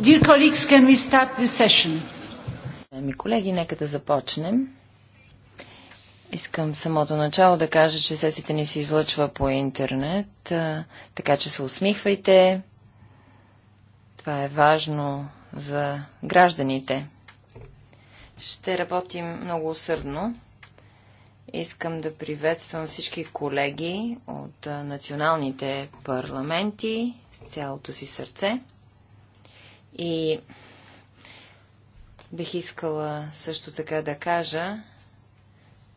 Dear colleagues, can we start the session? Ами колеги, нека да започнем. Искам самото начало да кажа, че сесията ни се излъчва по интернет, така че се усмихвайте. Това е важно за гражданите. Ще работим много усърдно. Искам да приветствам всички колеги от националните парламенти с цялото си сърце. И бих искала също така да кажа,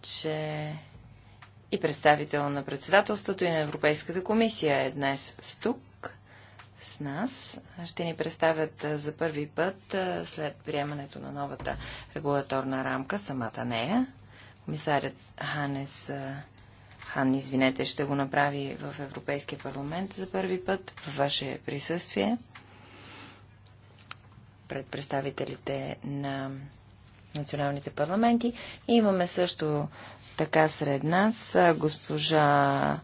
че и представител на председателството и на Европейската комисия е днес с тук, с нас. Ще ни представят за първи път, след приемането на новата регулаторна рамка, самата нея. Комисарят Ханес Хан, извинете, ще го направи в Европейския парламент за първи път, в ваше присъствие пред представителите на националните парламенти. И имаме също така сред нас госпожа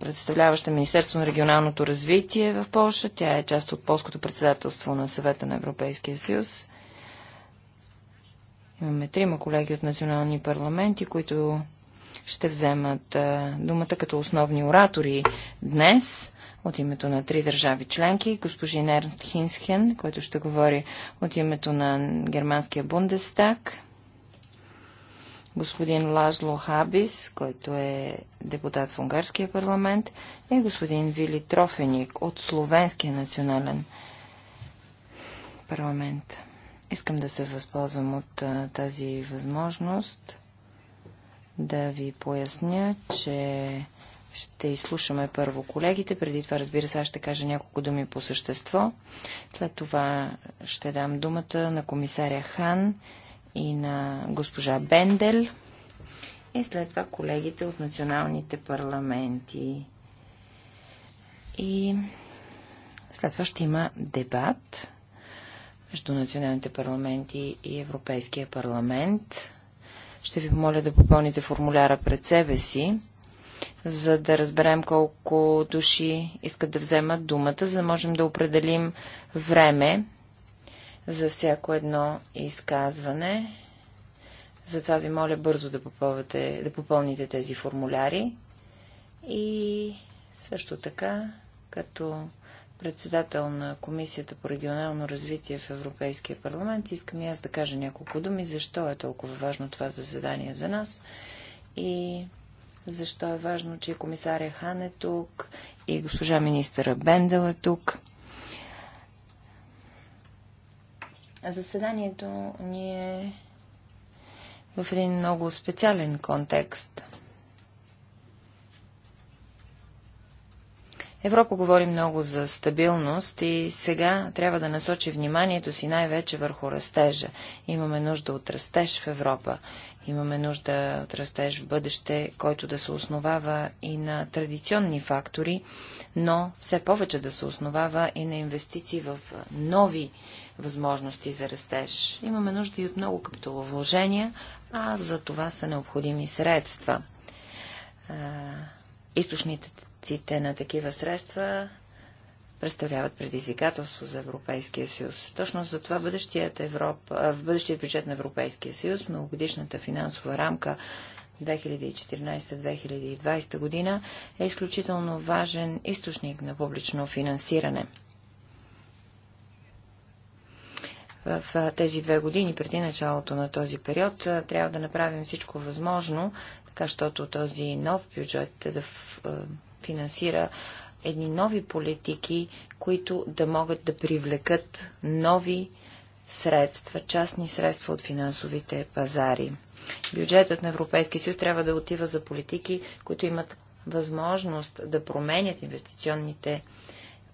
представляваща Министерство на регионалното развитие в Польша. Тя е част от полското председателство на съвета на Европейския съюз. Имаме трима колеги от национални парламенти, които ще вземат думата като основни оратори днес от името на три държави членки. госпожи Ернст Хинсхен, който ще говори от името на германския Бундестаг. Господин Лазло Хабис, който е депутат в Унгарския парламент. И господин Вили Трофеник от Словенския национален парламент. Искам да се възползвам от а, тази възможност да ви поясня, че ще изслушаме първо колегите, преди това разбира се аз ще кажа няколко думи по същество. След това ще дам думата на комисаря Хан и на госпожа Бендел и след това колегите от националните парламенти. И след това ще има дебат между националните парламенти и Европейския парламент. Ще ви помоля да попълните формуляра пред себе си за да разберем колко души искат да вземат думата, за да можем да определим време за всяко едно изказване. Затова ви моля бързо да, попълвате, да попълните тези формуляри. И също така, като председател на Комисията по регионално развитие в Европейския парламент, искам и аз да кажа няколко думи, защо е толкова важно това заседание за нас и защо е важно, че комисаря Хан е тук, и госпожа министъра Бендел е тук. Заседанието ни е в един много специален контекст. Европа говори много за стабилност и сега трябва да насочи вниманието си най-вече върху растежа. Имаме нужда от растеж в Европа. Имаме нужда от растеж в бъдеще, който да се основава и на традиционни фактори, но все повече да се основава и на инвестиции в нови възможности за растеж. Имаме нужда и от много капиталовложения, а за това са необходими средства. Източниците на такива средства представляват предизвикателство за Европейския съюз. Точно за това бъдещият, Европа, в бъдещият бюджет на Европейския съюз, многогодишната финансова рамка 2014-2020 година е изключително важен източник на публично финансиране. В тези две години преди началото на този период трябва да направим всичко възможно, така щото този нов бюджет да финансира едни нови политики, които да могат да привлекат нови средства, частни средства от финансовите пазари. Бюджетът на Европейския съюз трябва да отива за политики, които имат възможност да променят инвестиционните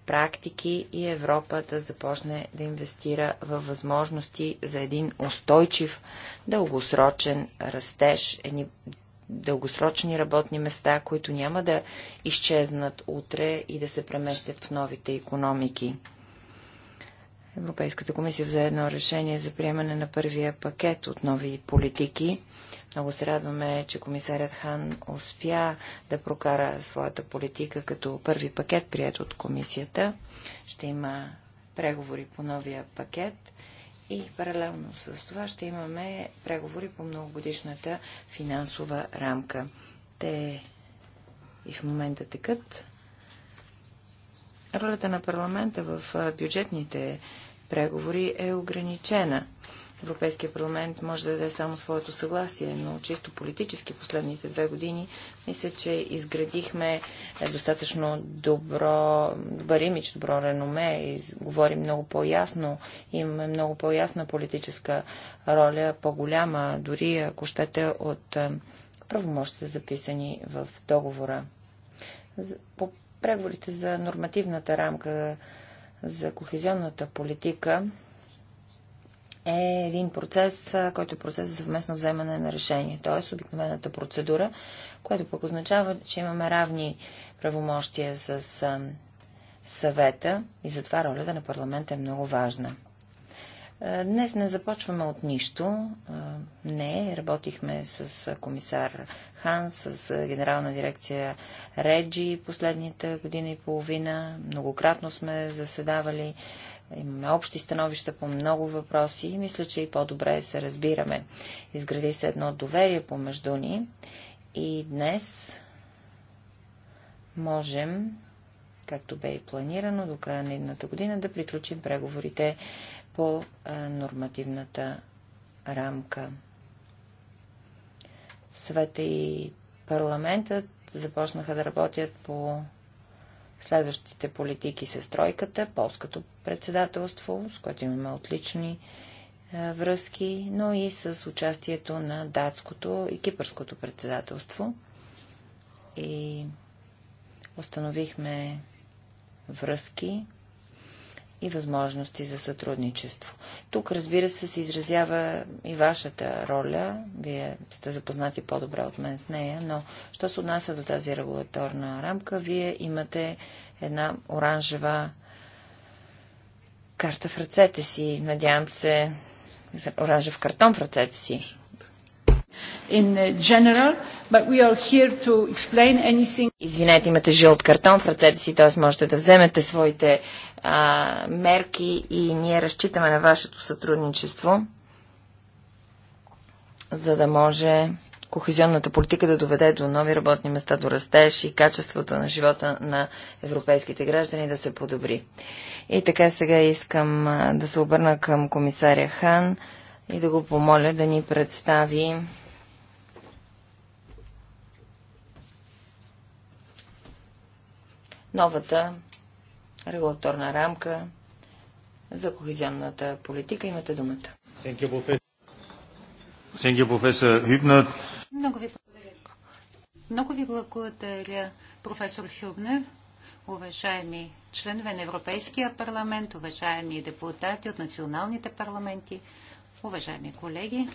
практики и Европа да започне да инвестира в възможности за един устойчив, дългосрочен растеж, едни дългосрочни работни места, които няма да изчезнат утре и да се преместят в новите економики. Европейската комисия взе едно решение за приемане на първия пакет от нови политики. Много се радваме, че комисарят Хан успя да прокара своята политика като първи пакет, прият от комисията. Ще има преговори по новия пакет – и паралелно с това ще имаме преговори по многогодишната финансова рамка. Те и в момента текат. Ролята на парламента в бюджетните преговори е ограничена. Европейския парламент може да даде само своето съгласие, но чисто политически последните две години мисля, че изградихме е, достатъчно добро, добър имидж, добро реноме и говорим много по-ясно. Имаме много по-ясна политическа роля, по-голяма, дори ако щете от е, правомощите записани в договора. По преговорите за нормативната рамка за кохезионната политика е един процес, който е процес за съвместно вземане на решение, т.е. обикновената процедура, което пък означава, че имаме равни правомощия с съвета и затова ролята на парламента е много важна. Днес не започваме от нищо. Не, работихме с комисар Ханс с генерална дирекция Реджи последните година и половина. Многократно сме заседавали Имаме общи становища по много въпроси и мисля, че и по-добре се разбираме. Изгради се едно доверие помежду ни и днес можем, както бе и планирано, до края на едната година да приключим преговорите по нормативната рамка. Съвета и парламентът започнаха да работят по Следващите политики с тройката, полското председателство, с което имаме отлични е, връзки, но и с участието на датското и кипърското председателство. И установихме връзки и възможности за сътрудничество. Тук, разбира се, се изразява и вашата роля. Вие сте запознати по-добре от мен с нея, но що се отнася до тази регулаторна рамка, вие имате една оранжева карта в ръцете си. Надявам се, оранжев картон в ръцете си in uh, general, but we are here to explain anything. Извинете, имате жълт картон в ръцете си, т.е. можете да вземете своите а, мерки и ние разчитаме на вашето сътрудничество, за да може кохезионната политика да доведе до нови работни места, до растеж и качеството на живота на европейските граждани да се подобри. И така сега искам да се обърна към комисаря Хан и да го помоля да ни представи новата регулаторна рамка за кохезионната политика. Имате думата. Много ви благодаря. Много ви благодаря, професор Хюбнер, уважаеми членове на Европейския парламент, уважаеми депутати от националните парламенти, уважаеми колеги.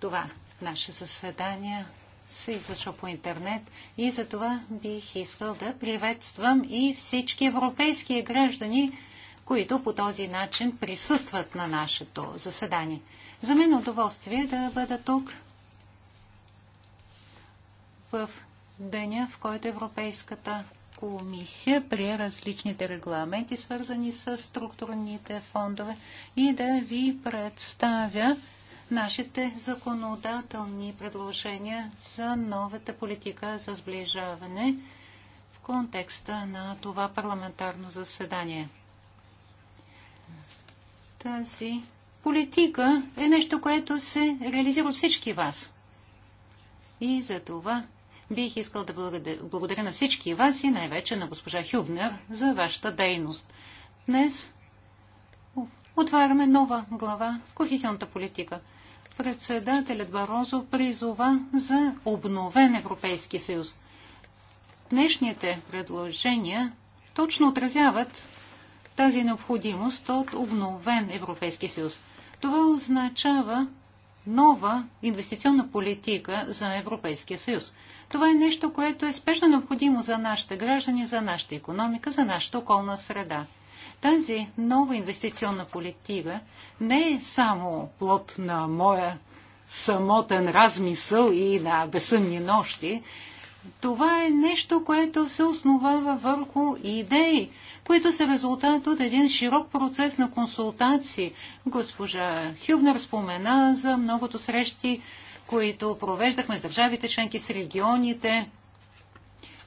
Това наше заседание се излъчва по интернет и за това бих искал да приветствам и всички европейски граждани, които по този начин присъстват на нашето заседание. За мен удоволствие да бъда тук в деня, в който Европейската комисия прие различните регламенти, свързани с структурните фондове и да ви представя нашите законодателни предложения за новата политика за сближаване в контекста на това парламентарно заседание. Тази политика е нещо, което се реализира от всички вас. И за това бих искал да благодаря на всички вас и най-вече на госпожа Хюбнер за вашата дейност. Днес отваряме нова глава в кохезионната политика – председателят Барозо призова за обновен Европейски съюз. Днешните предложения точно отразяват тази необходимост от обновен Европейски съюз. Това означава нова инвестиционна политика за Европейския съюз. Това е нещо, което е спешно необходимо за нашите граждани, за нашата економика, за нашата околна среда. Тази нова инвестиционна политика не е само плод на моя самотен размисъл и на безсънни нощи. Това е нещо, което се основава върху идеи, които са резултат от един широк процес на консултации. Госпожа Хюбнер спомена за многото срещи, които провеждахме с държавите членки, с регионите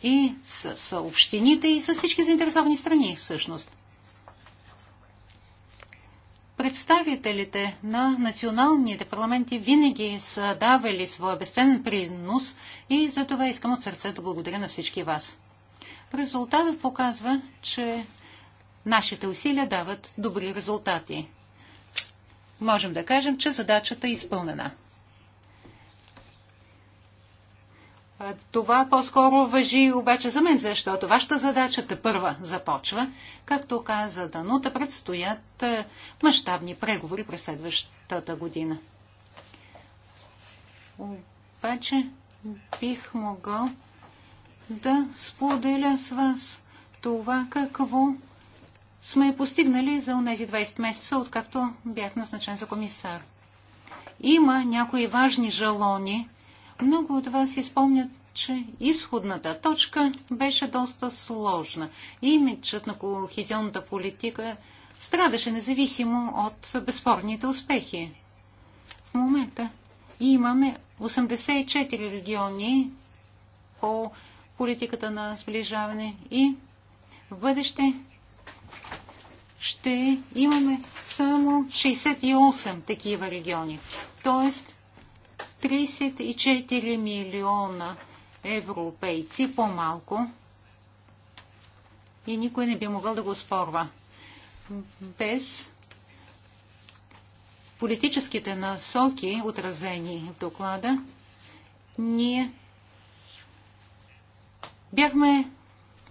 и с, с общините и с всички заинтересовани страни всъщност. Представителите на националните парламенти винаги са давали своя безценен принос и за това искам от сърце да благодаря на всички вас. Резултатът показва, че нашите усилия дават добри резултати. Можем да кажем, че задачата е изпълнена. Това по-скоро въжи обаче за мен, защото вашата задача те първа започва. Както каза Данута, предстоят мащабни преговори през следващата година. Обаче бих могъл да споделя с вас това какво сме постигнали за тези 20 месеца, откакто бях назначен за комисар. Има някои важни жалони, много от вас изпомнят, че изходната точка беше доста сложна. Имиджът на кохезионната политика страдаше независимо от безспорните успехи. В момента имаме 84 региони по политиката на сближаване и в бъдеще ще имаме само 68 такива региони. Тоест, 34 милиона европейци по-малко и никой не би могъл да го спорва. Без политическите насоки, отразени в доклада, ние бяхме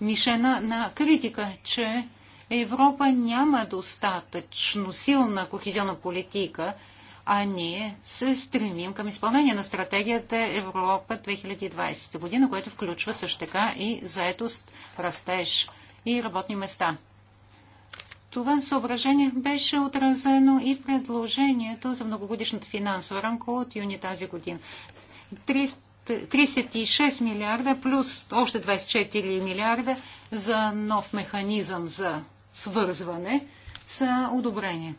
мишена на критика, че Европа няма достатъчно силна кохезионна политика – а ние се стремим към изпълнение на стратегията Европа 2020 година, което включва също така и заетост, растеж и работни места. Това съображение беше отразено и в предложението за многогодишната финансова рамка от юни тази година. 36 милиарда плюс още 24 милиарда за нов механизъм за свързване са одобрение.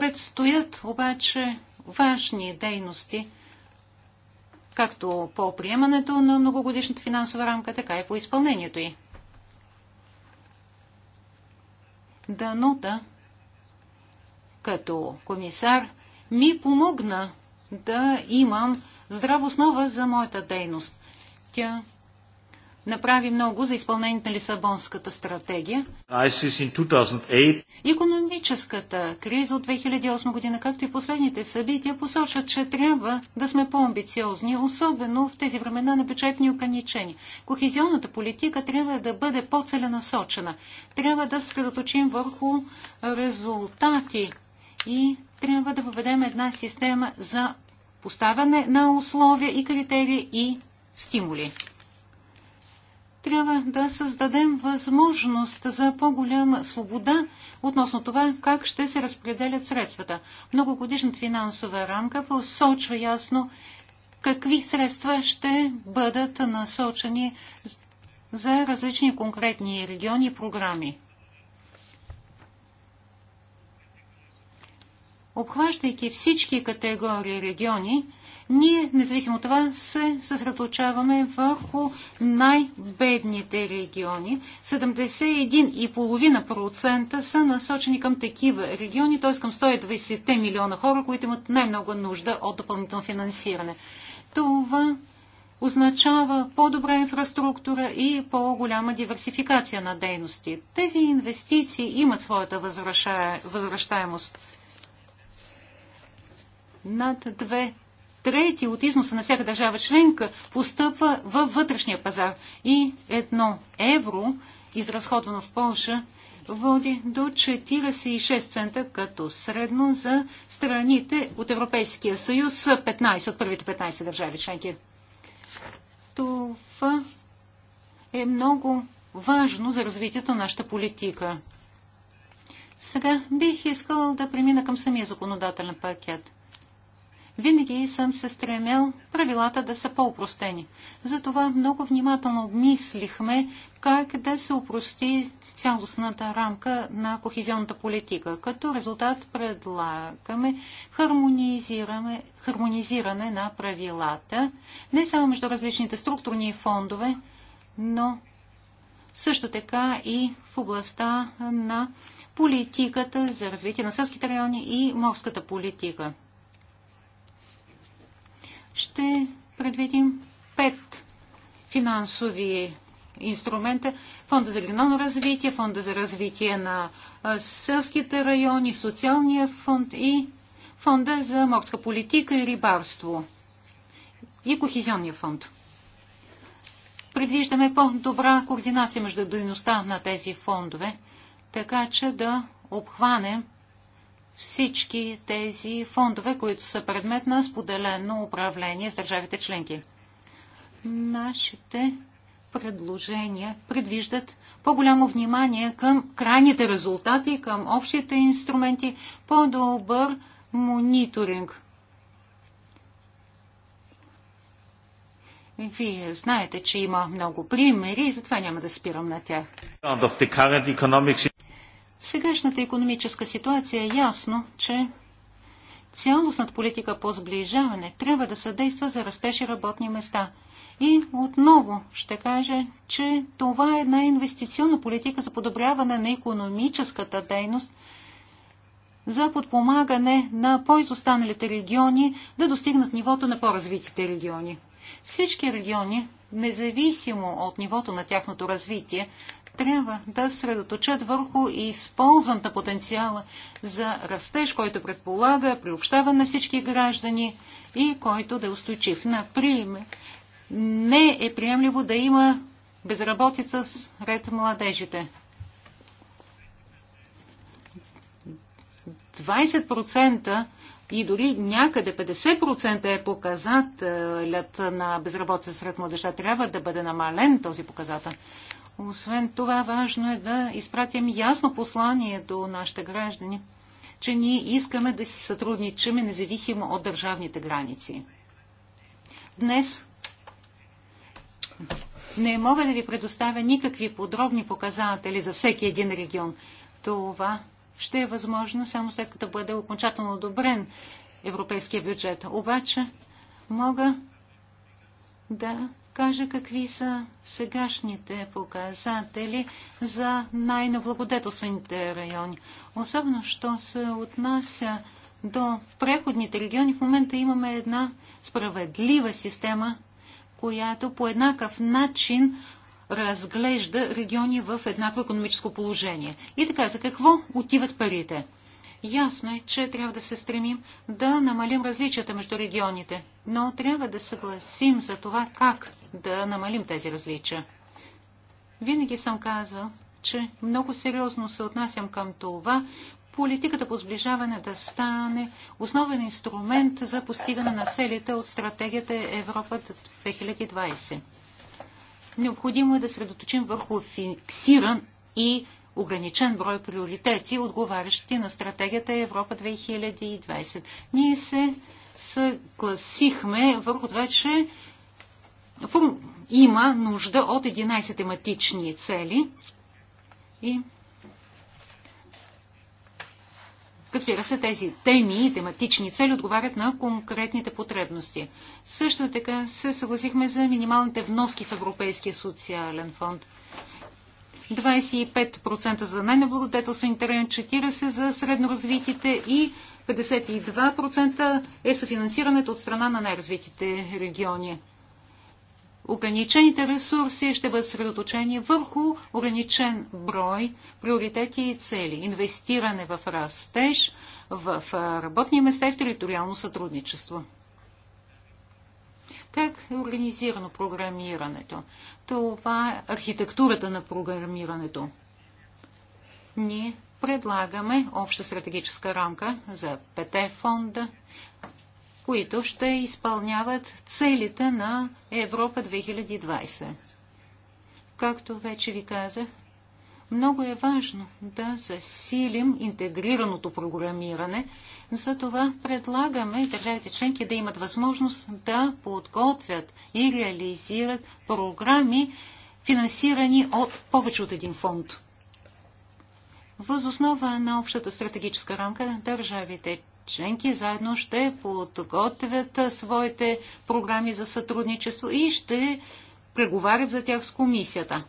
Предстоят обаче важни дейности, както по приемането на многогодишната финансова рамка, така и по изпълнението й. Данута, като комисар, ми помогна да имам здрава основа за моята дейност. Тя направи много за изпълнението на Лисабонската стратегия. Економическата криза от 2008 година, както и последните събития, посочват, че трябва да сме по-амбициозни, особено в тези времена на бюджетни ограничения. Кохезионната политика трябва да бъде по-целенасочена. Трябва да средоточим върху резултати и трябва да въведем една система за поставяне на условия и критерии и стимули трябва да създадем възможност за по-голяма свобода относно това как ще се разпределят средствата. Многогодишната финансова рамка посочва ясно какви средства ще бъдат насочени за различни конкретни региони и програми. Обхващайки всички категории региони, ние, независимо от това, се съсредоточаваме върху най-бедните региони. 71,5% са насочени към такива региони, т.е. към 120 милиона хора, които имат най-много нужда от допълнително финансиране. Това означава по-добра инфраструктура и по-голяма диверсификация на дейности. Тези инвестиции имат своята възвръщаемост. Над две трети от износа на всяка държава членка постъпва във вътрешния пазар. И едно евро, изразходвано в Польша, води до 46 цента като средно за страните от Европейския съюз, 15 от първите 15 държави членки. Това е много важно за развитието на нашата политика. Сега бих искал да премина към самия законодателен пакет винаги съм се стремял правилата да са по-упростени. Затова много внимателно обмислихме как да се упрости цялостната рамка на кохезионната политика. Като резултат предлагаме хармонизиране на правилата не само между различните структурни фондове, но също така и в областта на политиката за развитие на сълските райони и морската политика ще предвидим пет финансови инструмента. Фонда за регионално развитие, фонда за развитие на селските райони, социалния фонд и фонда за морска политика и рибарство и кохезионния фонд. Предвиждаме по-добра координация между дейността на тези фондове, така че да обхванем всички тези фондове, които са предмет на споделено управление с държавите членки. Нашите предложения предвиждат по-голямо внимание към крайните резултати, към общите инструменти, по-добър мониторинг. Вие знаете, че има много примери и затова няма да спирам на тях. В сегашната економическа ситуация е ясно, че цялостната политика по сближаване трябва да съдейства за растеж и работни места. И отново ще кажа, че това е една инвестиционна политика за подобряване на економическата дейност, за подпомагане на по-изостаналите региони да достигнат нивото на по-развитите региони. Всички региони, независимо от нивото на тяхното развитие, трябва да средоточат върху използването на потенциала за растеж, който предполага приобщаване на всички граждани и който да е устойчив. Например, не е приемливо да има безработица сред младежите. 20% и дори някъде 50% е показателят на безработица сред младежа. Трябва да бъде намален този показател. Освен това, важно е да изпратим ясно послание до нашите граждани, че ние искаме да си сътрудничиме независимо от държавните граници. Днес не мога да ви предоставя никакви подробни показатели за всеки един регион. Това ще е възможно само след като бъде окончателно одобрен европейския бюджет. Обаче мога да кажа какви са сегашните показатели за най-наблагодетелствените райони. Особено, що се отнася до преходните региони, в момента имаме една справедлива система, която по еднакъв начин разглежда региони в еднакво економическо положение. И така, за какво отиват парите? Ясно е, че трябва да се стремим да намалим различията между регионите, но трябва да съгласим за това как да намалим тези различия. Винаги съм казал, че много сериозно се отнасям към това, политиката по сближаване да стане основен инструмент за постигане на целите от стратегията Европа 2020. Необходимо е да средоточим върху фиксиран и ограничен брой приоритети, отговарящи на стратегията Европа 2020. Ние се съгласихме върху това, че има нужда от 11 тематични цели и Разбира се, тези теми и тематични цели отговарят на конкретните потребности. Също така се съгласихме за минималните вноски в Европейския социален фонд. 25% за най-неблагодетелствените район, 40% за средноразвитите и 52% е съфинансирането от страна на най-развитите региони ограничените ресурси ще бъдат средоточени върху ограничен брой приоритети и цели. Инвестиране в растеж, в работни места и в териториално сътрудничество. Как е организирано програмирането? Това е архитектурата на програмирането. Ние предлагаме обща стратегическа рамка за ПТ фонда – които ще изпълняват целите на Европа 2020. Както вече ви казах, много е важно да засилим интегрираното програмиране. Затова предлагаме държавите членки да имат възможност да подготвят и реализират програми, финансирани от повече от един фонд. Въз основа на общата стратегическа рамка държавите членки заедно ще подготвят своите програми за сътрудничество и ще преговарят за тях с комисията.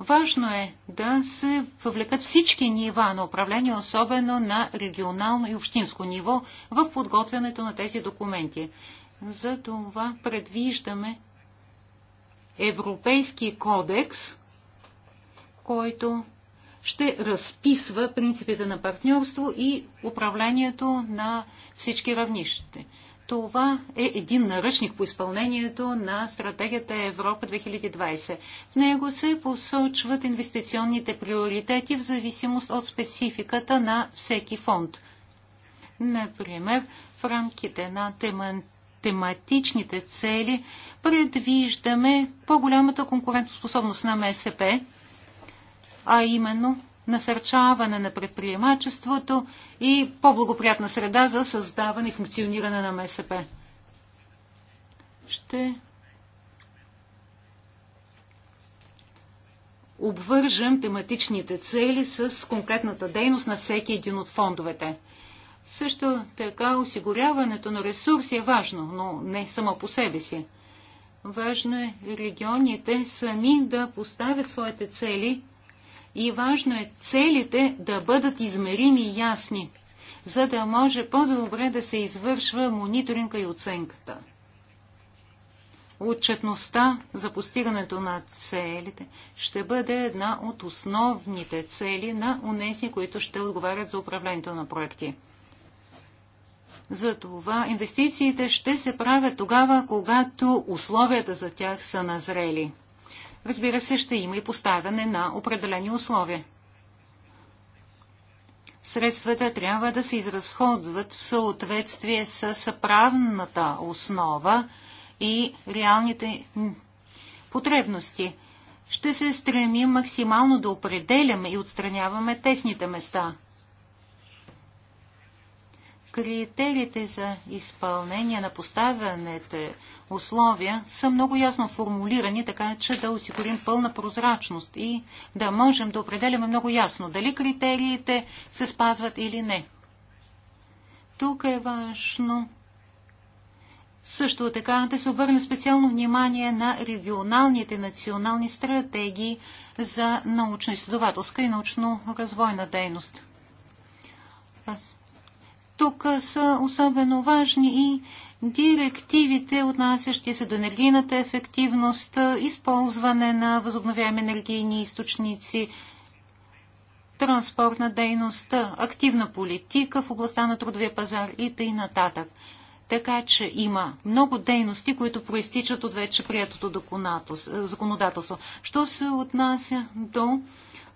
Важно е да се въвлекат всички нива на управление, особено на регионално и общинско ниво, в подготвянето на тези документи. За това предвиждаме Европейски кодекс, който ще разписва принципите на партньорство и управлението на всички равнищите. Това е един наръчник по изпълнението на стратегията Европа 2020. В него се посочват инвестиционните приоритети в зависимост от спецификата на всеки фонд. Например, в рамките на тема, тематичните цели предвиждаме по-голямата конкурентоспособност на МСП – а именно насърчаване на предприемачеството и по-благоприятна среда за създаване и функциониране на МСП. Ще обвържем тематичните цели с конкретната дейност на всеки един от фондовете. Също така осигуряването на ресурси е важно, но не само по себе си. Важно е регионите сами да поставят своите цели – и важно е целите да бъдат измерими и ясни, за да може по-добре да се извършва мониторинга и оценката. Отчетността за постигането на целите ще бъде една от основните цели на унези, които ще отговарят за управлението на проекти. Затова инвестициите ще се правят тогава, когато условията за тях са назрели разбира се, ще има и поставяне на определени условия. Средствата трябва да се изразходват в съответствие с правната основа и реалните потребности. Ще се стремим максимално да определяме и отстраняваме тесните места. Критериите за изпълнение на поставянето условия са много ясно формулирани, така че да осигурим пълна прозрачност и да можем да определяме много ясно дали критериите се спазват или не. Тук е важно също така да се обърне специално внимание на регионалните национални стратегии за научно-изследователска и научно-развойна дейност. Тук са особено важни и директивите, отнасящи се до енергийната ефективност, използване на възобновяеми енергийни източници, транспортна дейност, активна политика в областта на трудовия пазар и т.н. Така че има много дейности, които проистичат от вече приятото законодателство. Що се отнася до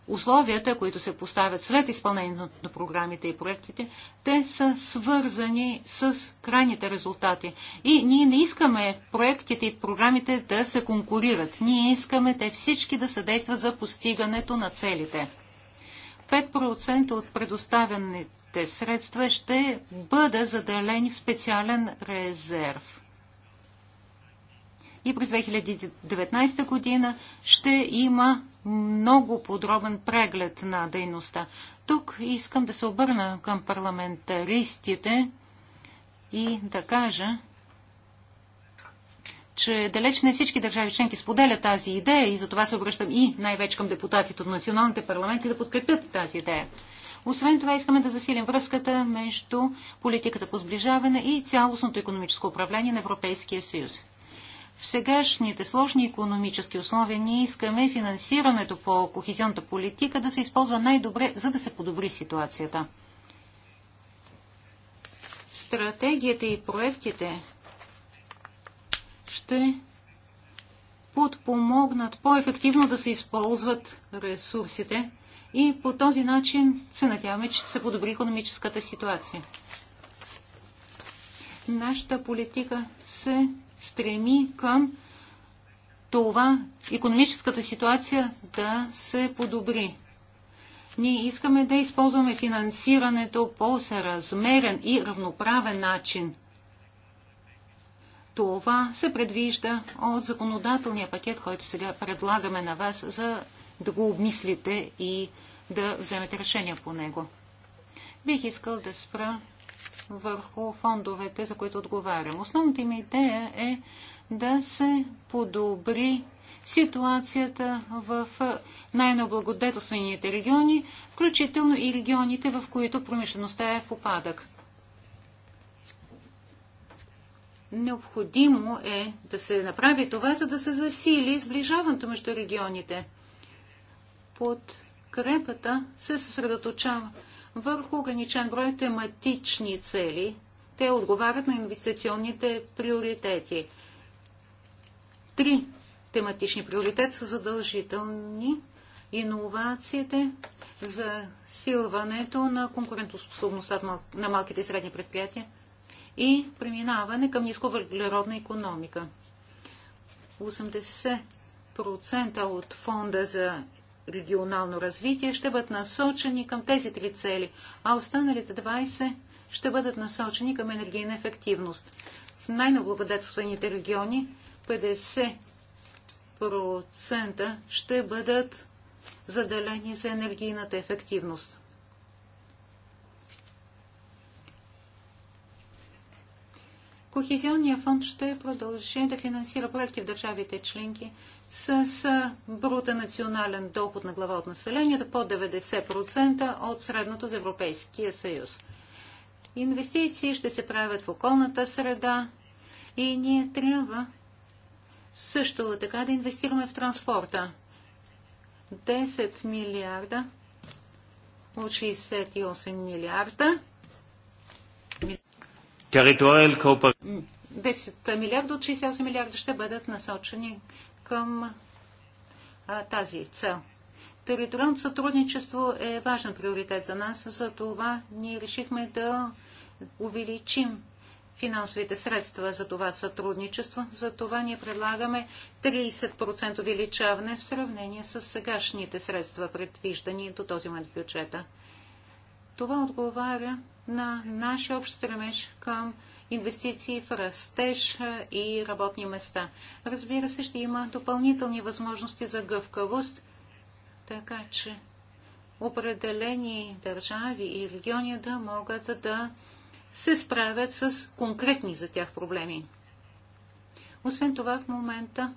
условията, които се поставят след изпълнението на програмите и проектите, те са свързани с крайните резултати. И ние не искаме проектите и програмите да се конкурират. Ние искаме те всички да съдействат за постигането на целите. 5% от предоставените средства ще бъдат заделени в специален резерв – и през 2019 година ще има много подробен преглед на дейността. Тук искам да се обърна към парламентаристите и да кажа, че далеч не всички държави членки споделят тази идея и затова се обръщам и най-вече към депутатите от националните парламенти да подкрепят тази идея. Освен това искаме да засилим връзката между политиката по сближаване и цялостното економическо управление на Европейския съюз в сегашните сложни економически условия ние искаме финансирането по кохезионната политика да се използва най-добре, за да се подобри ситуацията. Стратегията и проектите ще подпомогнат по-ефективно да се използват ресурсите и по този начин се надяваме, че се подобри економическата ситуация. Нашата политика се стреми към това економическата ситуация да се подобри. Ние искаме да използваме финансирането по съразмерен и равноправен начин. Това се предвижда от законодателния пакет, който сега предлагаме на вас, за да го обмислите и да вземете решение по него. Бих искал да спра върху фондовете, за които отговарям. Основната ми идея е да се подобри ситуацията в най наблагодетелствените региони, включително и регионите, в които промишлеността е в опадък. Необходимо е да се направи това, за да се засили сближаването между регионите. Под крепата се съсредоточава върху ограничен брой тематични цели. Те отговарят на инвестиционните приоритети. Три тематични приоритети са задължителни. Иновациите, засилването на конкурентоспособността на малките и средни предприятия и преминаване към нисковъглеродна економика. 80% от фонда за регионално развитие ще бъдат насочени към тези три цели, а останалите 20 ще бъдат насочени към енергийна ефективност. В най-наблагодетелствените региони 50% ще бъдат заделени за енергийната ефективност. Кохезионния фонд ще продължи да финансира проекти в държавите членки – с брута национален доход на глава от населението по 90% от средното за Европейския съюз. Инвестиции ще се правят в околната среда и ние трябва също така да инвестираме в транспорта. 10 милиарда от 68 милиарда. 10 милиарда от 68 милиарда ще бъдат насочени към а, тази цел. Териториалното сътрудничество е важен приоритет за нас, за това ние решихме да увеличим финансовите средства за това сътрудничество. За това ние предлагаме 30% увеличаване в сравнение с сегашните средства, предвиждани до този момент в бюджета. Това отговаря на нашия общ стремеж към инвестиции в растеж и работни места. Разбира се, ще има допълнителни възможности за гъвкавост, така че определени държави и региони да могат да се справят с конкретни за тях проблеми. Освен това, в момента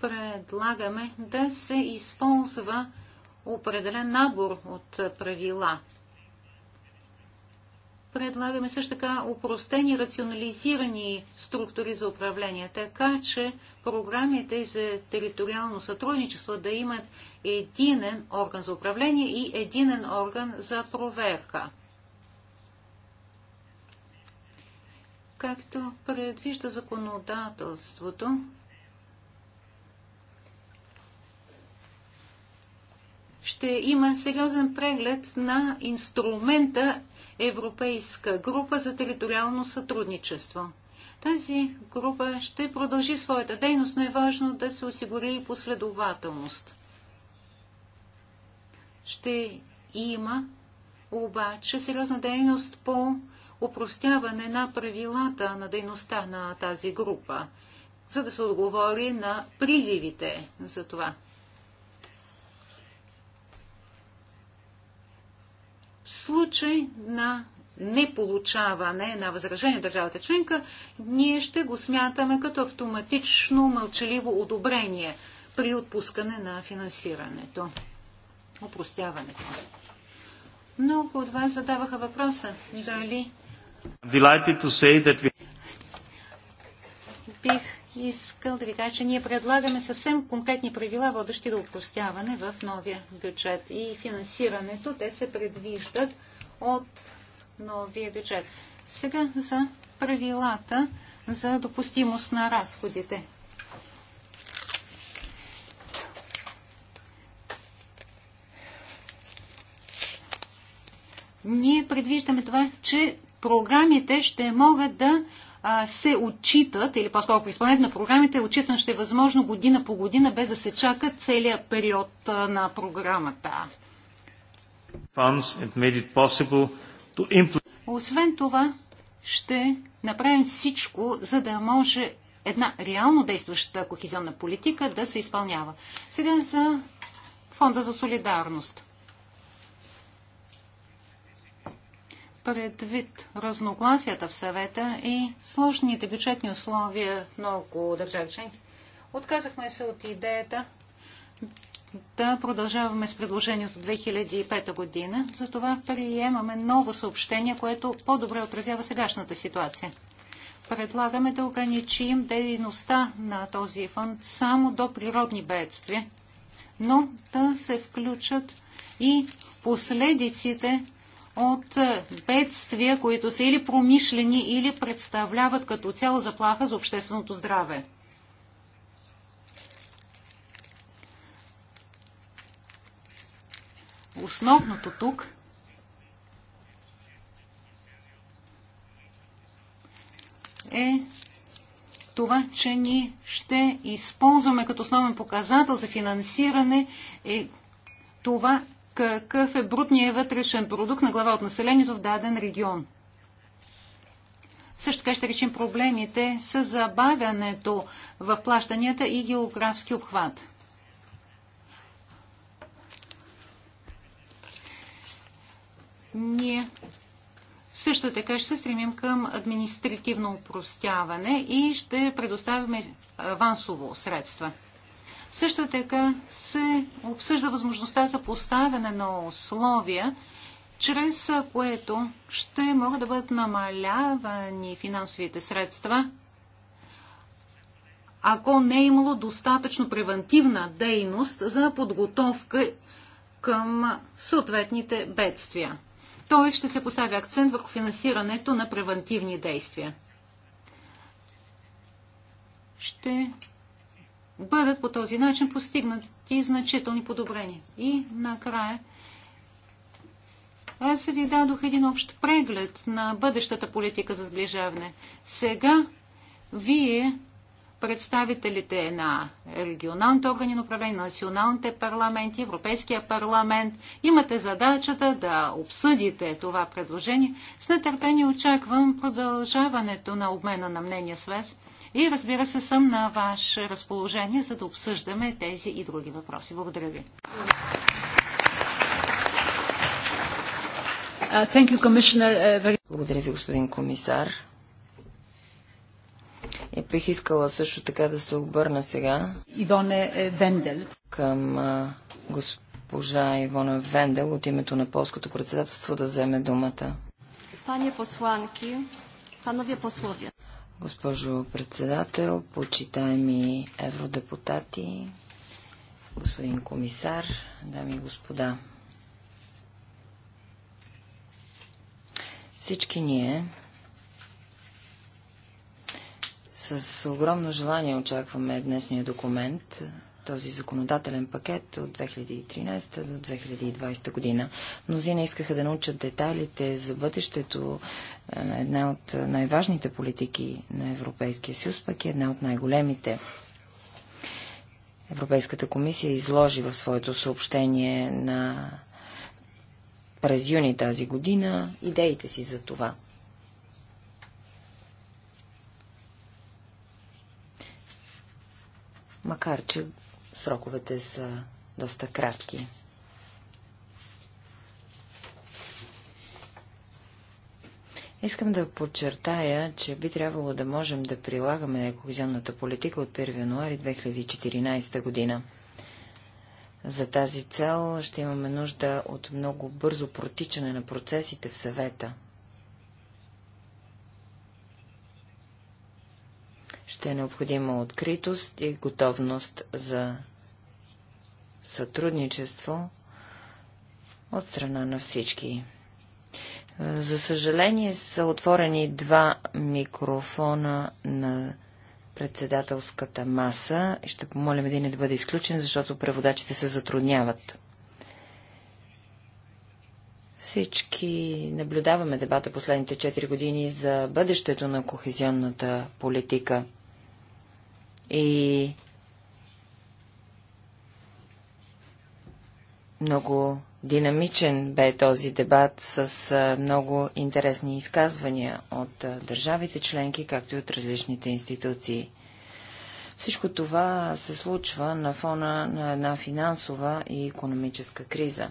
предлагаме да се използва определен набор от правила – Предлагаме също така упростени, рационализирани структури за управление, така че програмите за териториално сътрудничество да имат единен орган за управление и единен орган за проверка. Както предвижда законодателството, ще има сериозен преглед на инструмента Европейска група за териториално сътрудничество. Тази група ще продължи своята дейност, но е важно да се осигури и последователност. Ще има обаче сериозна дейност по упростяване на правилата на дейността на тази група, за да се отговори на призивите за това. случай на неполучаване на възражение от държавата членка, ние ще го смятаме като автоматично мълчаливо одобрение при отпускане на финансирането. Опростяването. Много от вас задаваха въпроса дали we бих искал да ви кажа, че ние предлагаме съвсем конкретни правила, водещи до упростяване в новия бюджет. И финансирането те се предвиждат от новия бюджет. Сега за правилата за допустимост на разходите. Ние предвиждаме това, че програмите ще могат да се отчитат, или по-скоро по изпълнението на програмите, е отчитан ще е възможно година по година, без да се чака целият период на програмата. Освен това, ще направим всичко, за да може една реално действаща кохезионна политика да се изпълнява. Сега за Фонда за солидарност. предвид разногласията в съвета и сложните бюджетни условия много държави членки, отказахме се от идеята да продължаваме с предложението 2005 година. Затова приемаме ново съобщение, което по-добре отразява сегашната ситуация. Предлагаме да ограничим дейността на този фонд само до природни бедствия, но да се включат и последиците от бедствия, които са или промишлени, или представляват като цяло заплаха за общественото здраве. Основното тук е това, че ни ще използваме като основен показател за финансиране е това какъв е брутният вътрешен продукт на глава от населението в даден регион. Също така ще речим проблемите с забавянето в плащанията и географски обхват. Ние също така ще се стремим към административно упростяване и ще предоставяме авансово средства. Също така се обсъжда възможността за поставяне на условия, чрез което ще могат да бъдат намалявани финансовите средства, ако не е имало достатъчно превентивна дейност за подготовка към съответните бедствия. Тоест ще се поставя акцент върху финансирането на превентивни действия. Ще бъдат по този начин постигнати значителни подобрения. И накрая аз ви дадох един общ преглед на бъдещата политика за сближаване. Сега вие, представителите на регионалните органи на управление, на националните парламенти, Европейския парламент, имате задачата да обсъдите това предложение. С нетърпение очаквам продължаването на обмена на мнения с вас и разбира се, съм на ваше разположение, за да обсъждаме тези и други въпроси. Благодаря ви. Uh, uh, Благодаря ви, господин комисар. Е, бих искала също така да се обърна сега Ивоне uh, Вендел. към госпожа Ивона Вендел от името на полското председателство да вземе думата. Пане посланки, панове пословия. Госпожо председател, почитаеми евродепутати, господин комисар, дами и господа. Всички ние с огромно желание очакваме днесния документ, този законодателен пакет от 2013 до 2020 година. Мнозина искаха да научат детайлите за бъдещето е, на една от най-важните политики на Европейския съюз, пък и една от най-големите. Европейската комисия изложи в своето съобщение на през юни тази година идеите си за това. Макар, че Сроковете са доста кратки. Искам да подчертая, че би трябвало да можем да прилагаме кохезионната политика от 1 януари 2014 година. За тази цел ще имаме нужда от много бързо протичане на процесите в съвета. Ще е необходима откритост и готовност за сътрудничество от страна на всички. За съжаление са отворени два микрофона на председателската маса. Ще помолим един да бъде изключен, защото преводачите се затрудняват. Всички наблюдаваме дебата последните 4 години за бъдещето на кохезионната политика. И Много динамичен бе този дебат с много интересни изказвания от държавите членки, както и от различните институции. Всичко това се случва на фона на една финансова и економическа криза.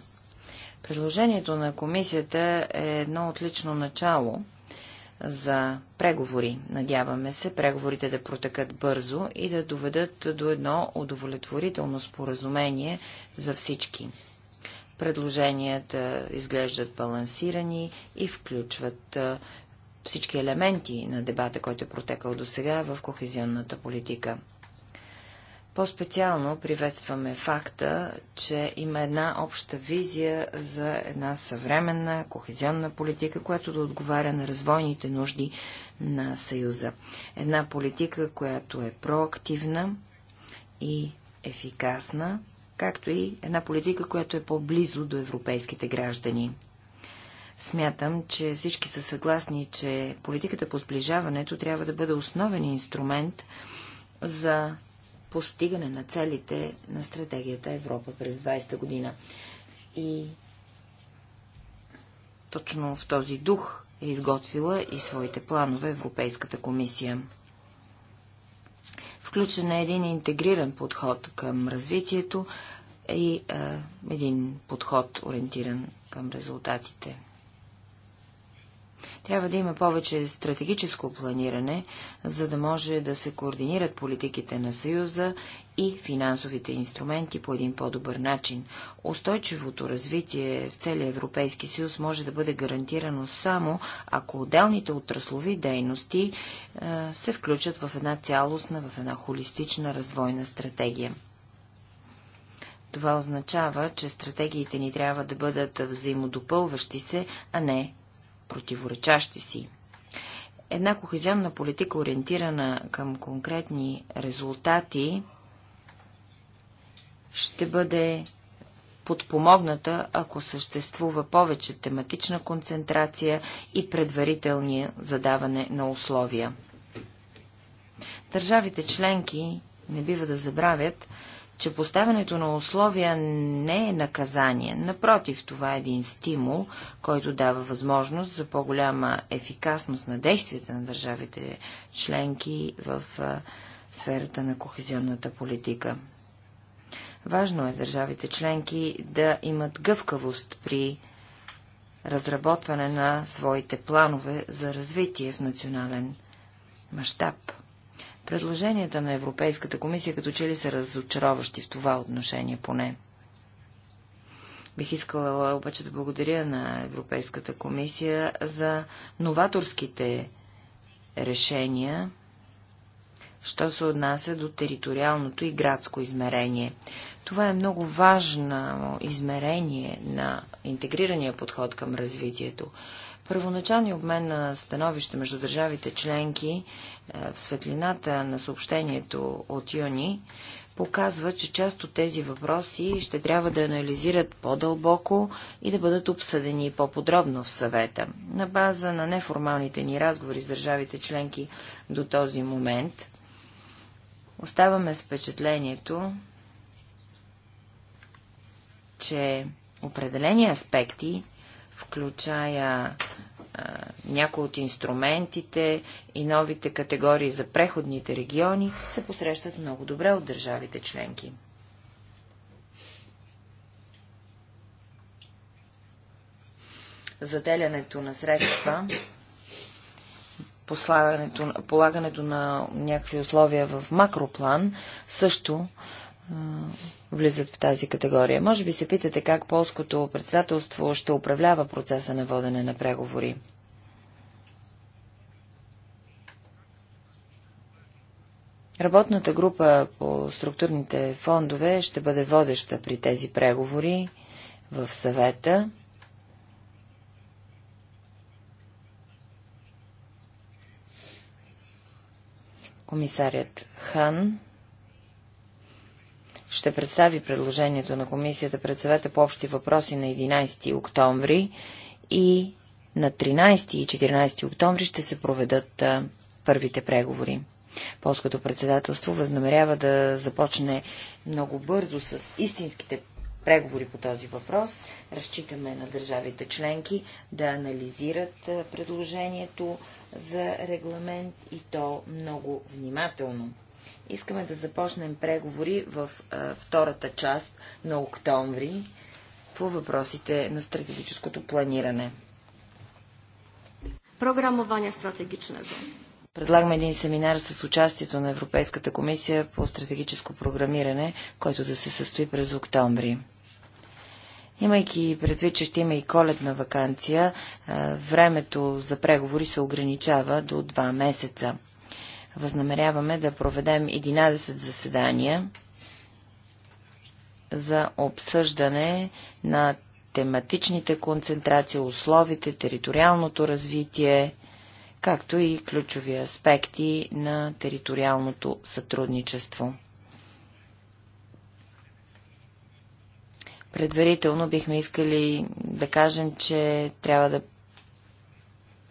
Предложението на комисията е едно отлично начало за преговори. Надяваме се преговорите да протекат бързо и да доведат до едно удовлетворително споразумение за всички. Предложенията изглеждат балансирани и включват всички елементи на дебата, който е протекал до сега в кохезионната политика. По-специално приветстваме факта, че има една обща визия за една съвременна кохезионна политика, която да отговаря на развойните нужди на Съюза. Една политика, която е проактивна и ефикасна, както и една политика, която е по-близо до европейските граждани. Смятам, че всички са съгласни, че политиката по сближаването трябва да бъде основен инструмент за постигане на целите на стратегията Европа през 20-та година. И точно в този дух е изготвила и своите планове Европейската комисия. Включен е един интегриран подход към развитието и е, един подход ориентиран към резултатите. Трябва да има повече стратегическо планиране, за да може да се координират политиките на Съюза и финансовите инструменти по един по-добър начин. Устойчивото развитие в целия Европейски съюз може да бъде гарантирано само ако отделните отраслови дейности е, се включат в една цялостна, в една холистична развойна стратегия. Това означава, че стратегиите ни трябва да бъдат взаимодопълващи се, а не противоречащи си. Една кохезионна политика, ориентирана към конкретни резултати, ще бъде подпомогната, ако съществува повече тематична концентрация и предварителни задаване на условия. Държавите членки не бива да забравят, че поставянето на условия не е наказание. Напротив, това е един стимул, който дава възможност за по-голяма ефикасност на действията на държавите членки в сферата на кохезионната политика. Важно е държавите членки да имат гъвкавост при разработване на своите планове за развитие в национален мащаб. Предложенията на Европейската комисия като че ли са разочароващи в това отношение поне. Бих искала обаче да благодаря на Европейската комисия за новаторските решения, що се отнася до териториалното и градско измерение. Това е много важно измерение на интегрирания подход към развитието. Първоначалният обмен на становище между държавите членки е, в светлината на съобщението от юни показва, че част от тези въпроси ще трябва да анализират по-дълбоко и да бъдат обсъдени по-подробно в съвета. На база на неформалните ни разговори с държавите членки до този момент, оставаме с впечатлението, че определени аспекти, включая някои от инструментите и новите категории за преходните региони се посрещат много добре от държавите членки. Заделянето на средства, полагането на някакви условия в макроплан също влизат в тази категория. Може би се питате как полското председателство ще управлява процеса на водене на преговори. Работната група по структурните фондове ще бъде водеща при тези преговори в съвета. Комисарият Хан ще представи предложението на комисията пред съвета по общи въпроси на 11 октомври и на 13 и 14 октомври ще се проведат а, първите преговори. Полското председателство възнамерява да започне много бързо с истинските преговори по този въпрос. Разчитаме на държавите членки да анализират предложението за регламент и то много внимателно. Искаме да започнем преговори в а, втората част на октомври по въпросите на стратегическото планиране. Програмование стратегична зона. Предлагаме един семинар с участието на Европейската комисия по стратегическо програмиране, който да се състои през октомври. Имайки предвид, че ще има и коледна вакансия, времето за преговори се ограничава до два месеца. Възнамеряваме да проведем 11 заседания за обсъждане на тематичните концентрации, условите, териториалното развитие, както и ключови аспекти на териториалното сътрудничество. Предварително бихме искали да кажем, че трябва да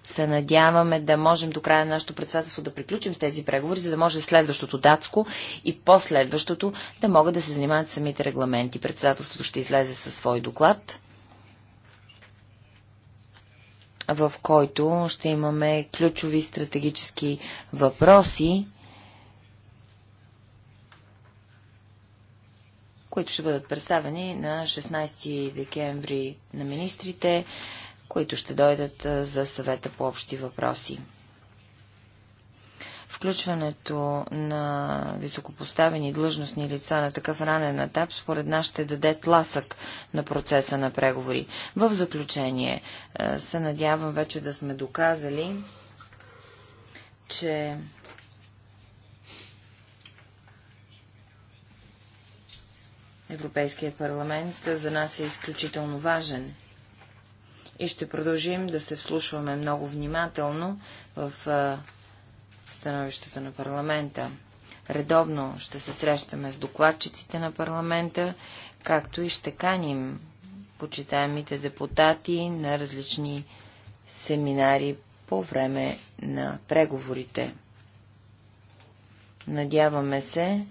се надяваме да можем до края на нашето председателство да приключим с тези преговори, за да може следващото датско и последващото да могат да се занимават самите регламенти. Председателството ще излезе със свой доклад, в който ще имаме ключови стратегически въпроси, които ще бъдат представени на 16 декември на министрите които ще дойдат за съвета по общи въпроси. Включването на високопоставени длъжностни лица на такъв ранен етап, според нас, ще даде тласък на процеса на преговори. В заключение, се надявам вече да сме доказали, че Европейския парламент за нас е изключително важен – и ще продължим да се вслушваме много внимателно в становищата на парламента. Редовно ще се срещаме с докладчиците на парламента, както и ще каним почитаемите депутати на различни семинари по време на преговорите. Надяваме се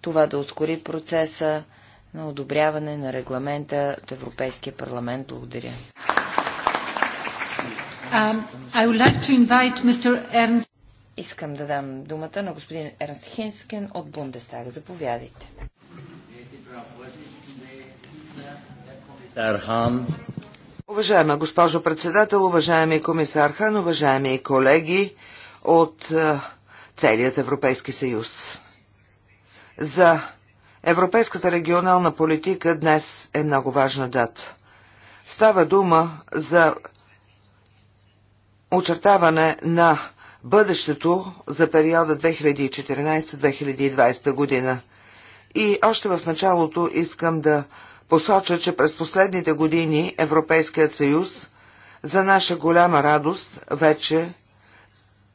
това да ускори процеса на одобряване на регламента от Европейския парламент. Благодаря. Um, Искам да дам думата на господин Ернст Хинскен от Бундестага. Заповядайте. Уважаема госпожо председател, уважаеми комисар Хан, уважаеми колеги от е, целият Европейски съюз. За Европейската регионална политика днес е много важна дата. Става дума за очертаване на бъдещето за периода 2014-2020 година. И още в началото искам да посоча, че през последните години Европейският съюз за наша голяма радост вече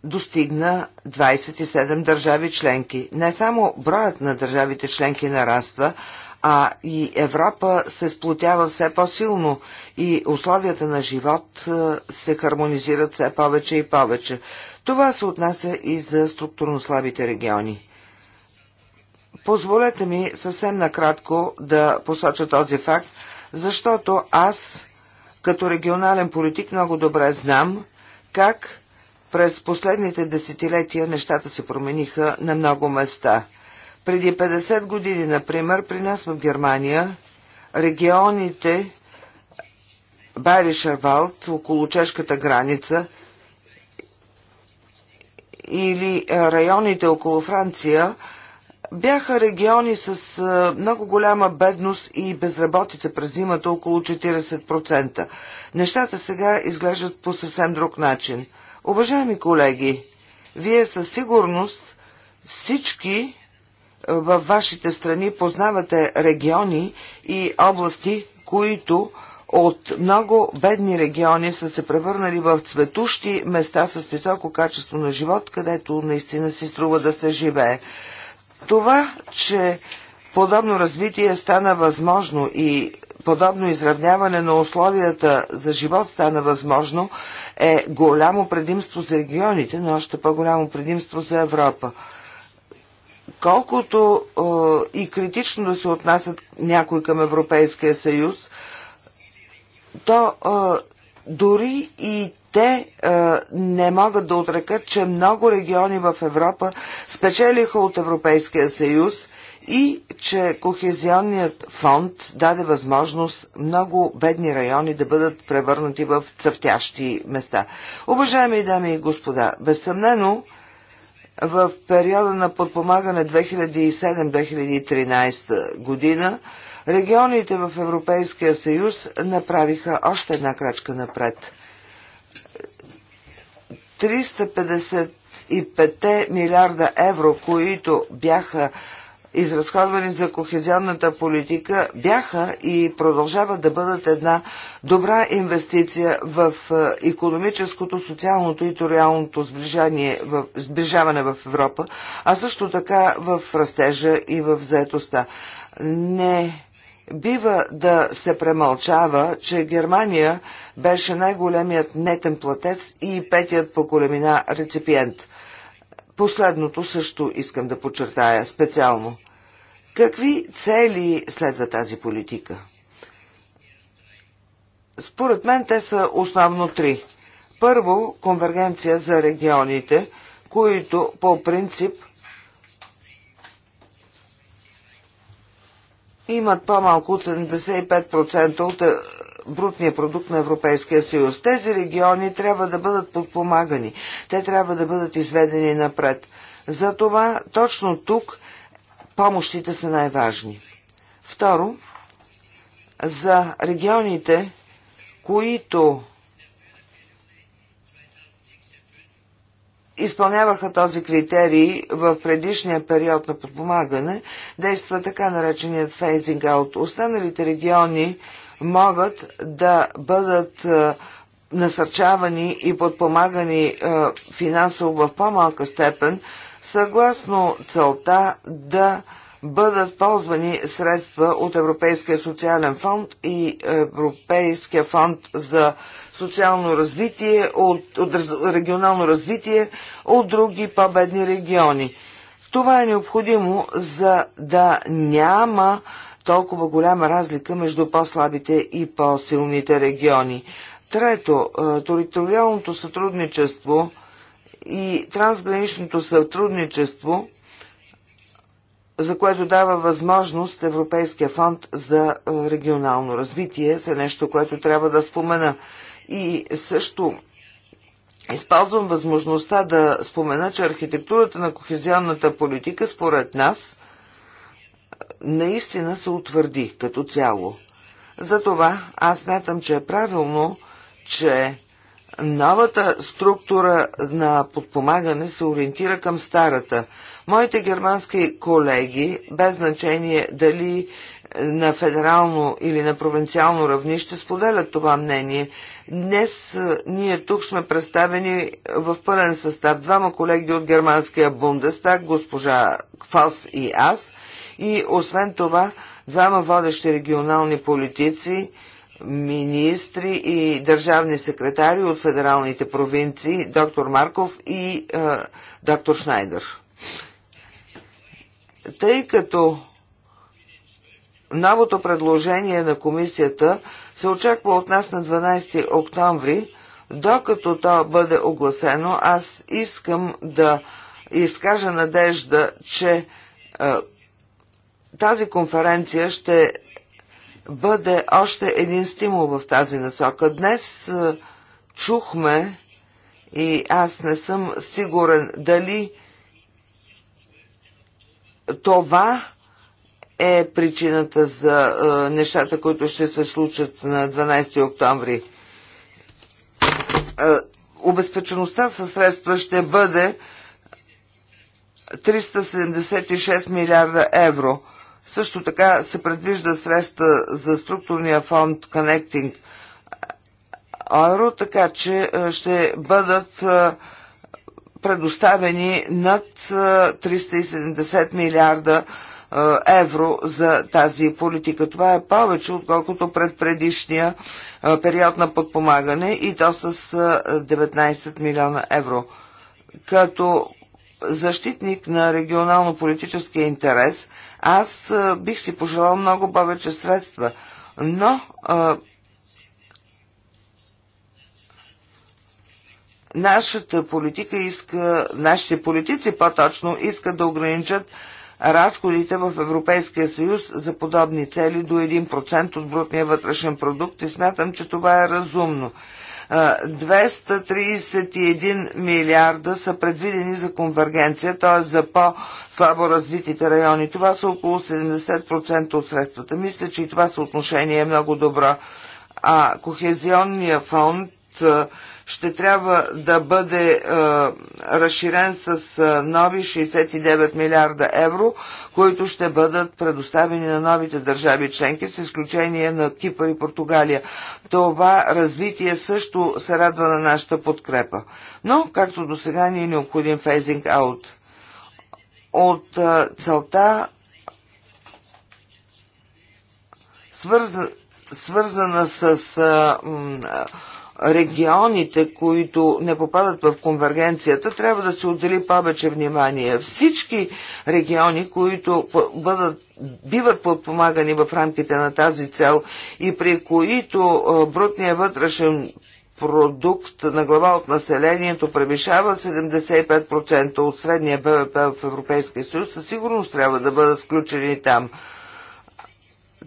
достигна 27 държави членки. Не само броят на държавите членки нараства, а и Европа се сплотява все по-силно и условията на живот е, се хармонизират все повече и повече. Това се отнася и за структурно слабите региони. Позволете ми съвсем накратко да посоча този факт, защото аз като регионален политик много добре знам как през последните десетилетия нещата се промениха на много места – преди 50 години, например, при нас в Германия, регионите Байришервалд, около чешката граница, или е, районите около Франция, бяха региони с е, много голяма бедност и безработица през зимата около 40%. Нещата сега изглеждат по съвсем друг начин. Уважаеми колеги, вие със сигурност всички във вашите страни познавате региони и области, които от много бедни региони са се превърнали в цветущи места с високо качество на живот, където наистина си струва да се живее. Това, че подобно развитие стана възможно и подобно изравняване на условията за живот стана възможно, е голямо предимство за регионите, но още по-голямо предимство за Европа. Колкото е, и критично да се отнасят някой към Европейския съюз, то е, дори и те е, не могат да отрекат, че много региони в Европа спечелиха от Европейския съюз и че Кохезионният фонд даде възможност много бедни райони да бъдат превърнати в цъфтящи места. Уважаеми дами и господа, безсъмнено, в периода на подпомагане 2007-2013 година регионите в Европейския съюз направиха още една крачка напред. 355 милиарда евро, които бяха изразходвани за кохезионната политика, бяха и продължават да бъдат една добра инвестиция в економическото, социалното и туриалното сближаване в Европа, а също така в растежа и в заетостта. Не бива да се премълчава, че Германия беше най-големият нетен платец и петият по големина реципиент – Последното също искам да подчертая специално. Какви цели следва тази политика? Според мен те са основно три. Първо, конвергенция за регионите, които по принцип имат по-малко от 75% от е, брутния продукт на Европейския съюз. Тези региони трябва да бъдат подпомагани. Те трябва да бъдат изведени напред. Затова точно тук помощите са най-важни. Второ, за регионите, които изпълняваха този критерий в предишния период на подпомагане, действа така нареченият фейзинг аут. Останалите региони, могат да бъдат е, насърчавани и подпомагани е, финансово в по-малка степен, съгласно целта да бъдат ползвани средства от Европейския социален фонд и Европейския фонд за социално развитие, от, от регионално развитие от други по-бедни региони. Това е необходимо, за да няма толкова голяма разлика между по-слабите и по-силните региони. Трето, е, териториалното сътрудничество и трансграничното сътрудничество, за което дава възможност Европейския фонд за е, регионално развитие, са нещо, което трябва да спомена. И също използвам възможността да спомена, че архитектурата на кохезионната политика според нас наистина се утвърди като цяло. Затова аз мятам, че е правилно, че новата структура на подпомагане се ориентира към старата. Моите германски колеги, без значение дали на федерално или на провинциално равнище споделят това мнение. Днес ние тук сме представени в пълен състав двама колеги от германския Бундестаг, госпожа Квас и аз и освен това двама водещи регионални политици, министри и държавни секретари от федералните провинции, доктор Марков и е, доктор Шнайдер. Тъй като новото предложение на комисията се очаква от нас на 12 октомври, докато то бъде огласено, аз искам да изкажа надежда, че е, тази конференция ще бъде още един стимул в тази насока. Днес е, чухме и аз не съм сигурен дали това е причината за е, нещата, които ще се случат на 12 октомври. Е, обезпечеността със средства ще бъде 376 милиарда евро – също така се предвижда средства за структурния фонд Connecting Euro, така че е, ще бъдат е, предоставени над 370 е, милиарда евро за тази политика. Това е повече, отколкото пред предишния период на подпомагане и то с 19 милиона евро. Като защитник на регионално-политическия интерес – аз бих си пожелал много повече средства, но а, нашата политика иска, нашите политици по-точно искат да ограничат разходите в Европейския съюз за подобни цели до 1% от брутния вътрешен продукт и смятам, че това е разумно. 231 милиарда са предвидени за конвергенция, т.е. за по-слабо развитите райони. Това са около 70% от средствата. Мисля, че и това съотношение е много добро. А Кохезионния фонд ще трябва да бъде е, разширен с е, нови 69 милиарда евро, които ще бъдат предоставени на новите държави членки, с изключение на Кипър и Португалия. Това развитие също се радва на нашата подкрепа. Но, както до сега, ни е необходим фейзинг аут. От е, целта свързана, свързана с а, е, регионите, които не попадат в конвергенцията, трябва да се отдели повече внимание. Всички региони, които бъдат биват подпомагани в рамките на тази цел и при които брутният вътрешен продукт на глава от населението превишава 75% от средния БВП в Европейския съюз, със сигурност трябва да бъдат включени там.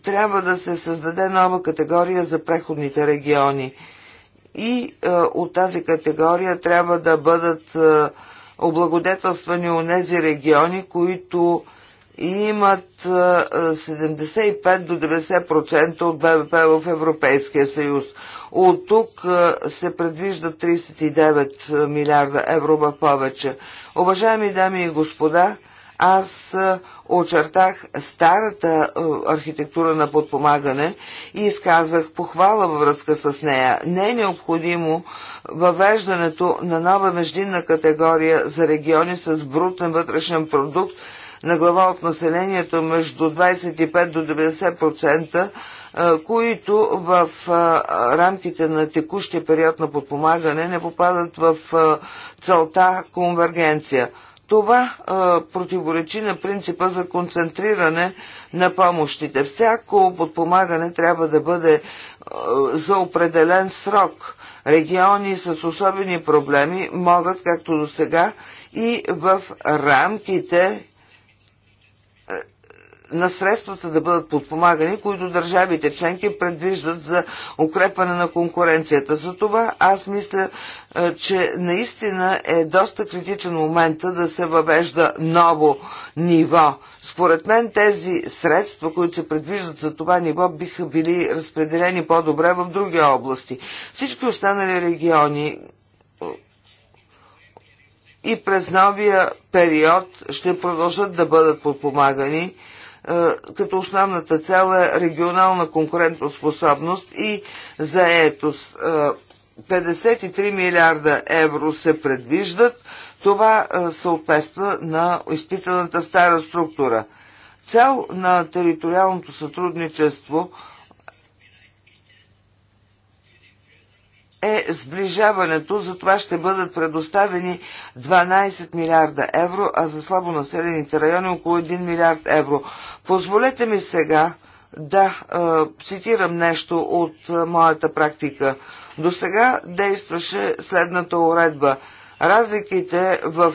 Трябва да се създаде нова категория за преходните региони и а, е, от тази категория трябва да бъдат а, е, облагодетелствани у нези региони, които имат а, е, 75 до 90% от БВП в Европейския съюз. От тук се предвижда 39 милиарда евро в повече. Уважаеми дами и господа, аз очертах старата е, архитектура на подпомагане и изказах похвала във връзка с нея. Не е необходимо въвеждането на нова междинна категория за региони с брутен вътрешен продукт на глава от населението между 25 до 90%, е, които в е, рамките на текущия период на подпомагане не попадат в целта конвергенция. Това а, противоречи на принципа за концентриране на помощите. Всяко подпомагане трябва да бъде а, за определен срок. Региони с особени проблеми могат, както до сега, и в рамките на средствата да бъдат подпомагани, които държавите членки предвиждат за укрепване на конкуренцията. За това аз мисля, е, че наистина е доста критичен момента да се въвежда ново ниво. Според мен тези средства, които се предвиждат за това ниво, биха били разпределени по-добре в други области. Всички останали региони, и през новия период ще продължат да бъдат подпомагани е, като основната цел е регионална конкурентоспособност и заетост. 53 е, милиарда евро се предвиждат. Това е, съответства на изпитаната стара структура. Цел на териториалното сътрудничество – е сближаването, за това ще бъдат предоставени 12 милиарда евро, а за слабо населените райони около 1 милиард евро. Позволете ми сега да е, цитирам нещо от е, моята практика. До сега действаше следната уредба – Разликите в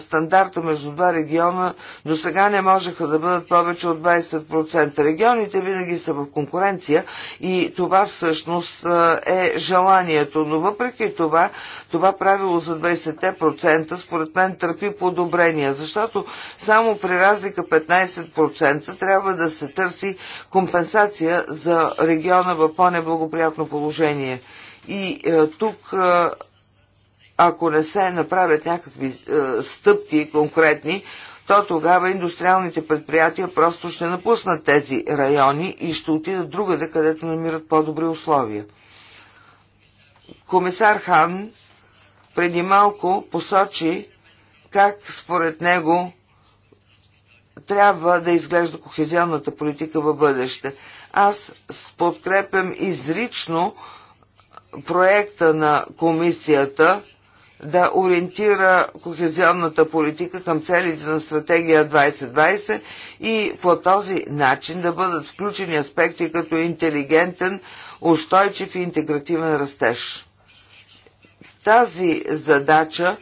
стандарта между два региона до сега не можеха да бъдат повече от 20%. Регионите винаги са в конкуренция и това всъщност е желанието. Но въпреки това, това правило за 20% според мен търпи подобрения, защото само при разлика 15% трябва да се търси компенсация за региона в по-неблагоприятно положение. И е, тук е, ако не се направят някакви е, стъпки конкретни, то тогава индустриалните предприятия просто ще напуснат тези райони и ще отидат другаде, където намират по-добри условия. Комисар Хан преди малко посочи как според него трябва да изглежда кохезионната политика във бъдеще. Аз подкрепям изрично проекта на комисията – да ориентира кохезионната политика към целите на стратегия 2020 и по този начин да бъдат включени аспекти като интелигентен, устойчив и интегративен растеж. Тази задача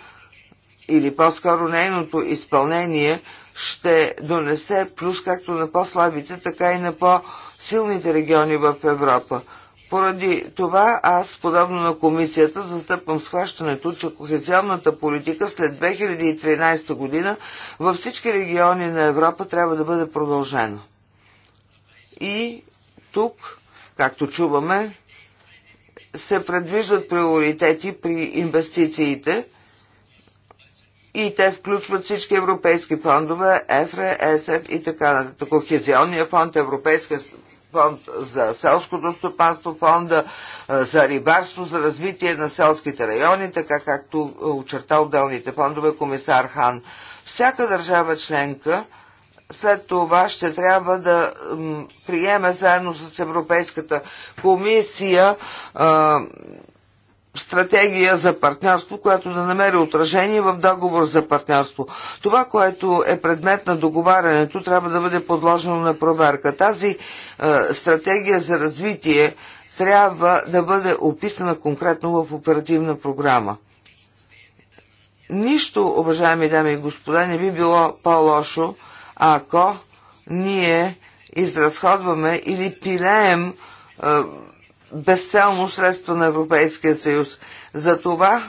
или по-скоро нейното изпълнение ще донесе плюс както на по-слабите, така и на по-силните региони в Европа – поради това аз, подобно на комисията, застъпвам схващането, че кохезионната политика след 2013 година във всички региони на Европа трябва да бъде продължена. И тук, както чуваме, се предвиждат приоритети при инвестициите и те включват всички европейски фондове, ЕФРЕ, ЕСЕФ и така нататък. Кохезионния фонд, Европейска фонд за селското стопанство, фонда е, за рибарство, за развитие на селските райони, така както е, очерта отделните фондове комисар Хан. Всяка държава членка след това ще трябва да приеме заедно с Европейската комисия е, стратегия за партньорство, която да намери отражение в договор за партньорство. Това, което е предмет на договарянето, трябва да бъде подложено на проверка. Тази е, стратегия за развитие трябва да бъде описана конкретно в оперативна програма. Нищо, уважаеми дами и господа, не би било по-лошо, ако ние изразходваме или пилеем е, безцелно средство на Европейския съюз. За това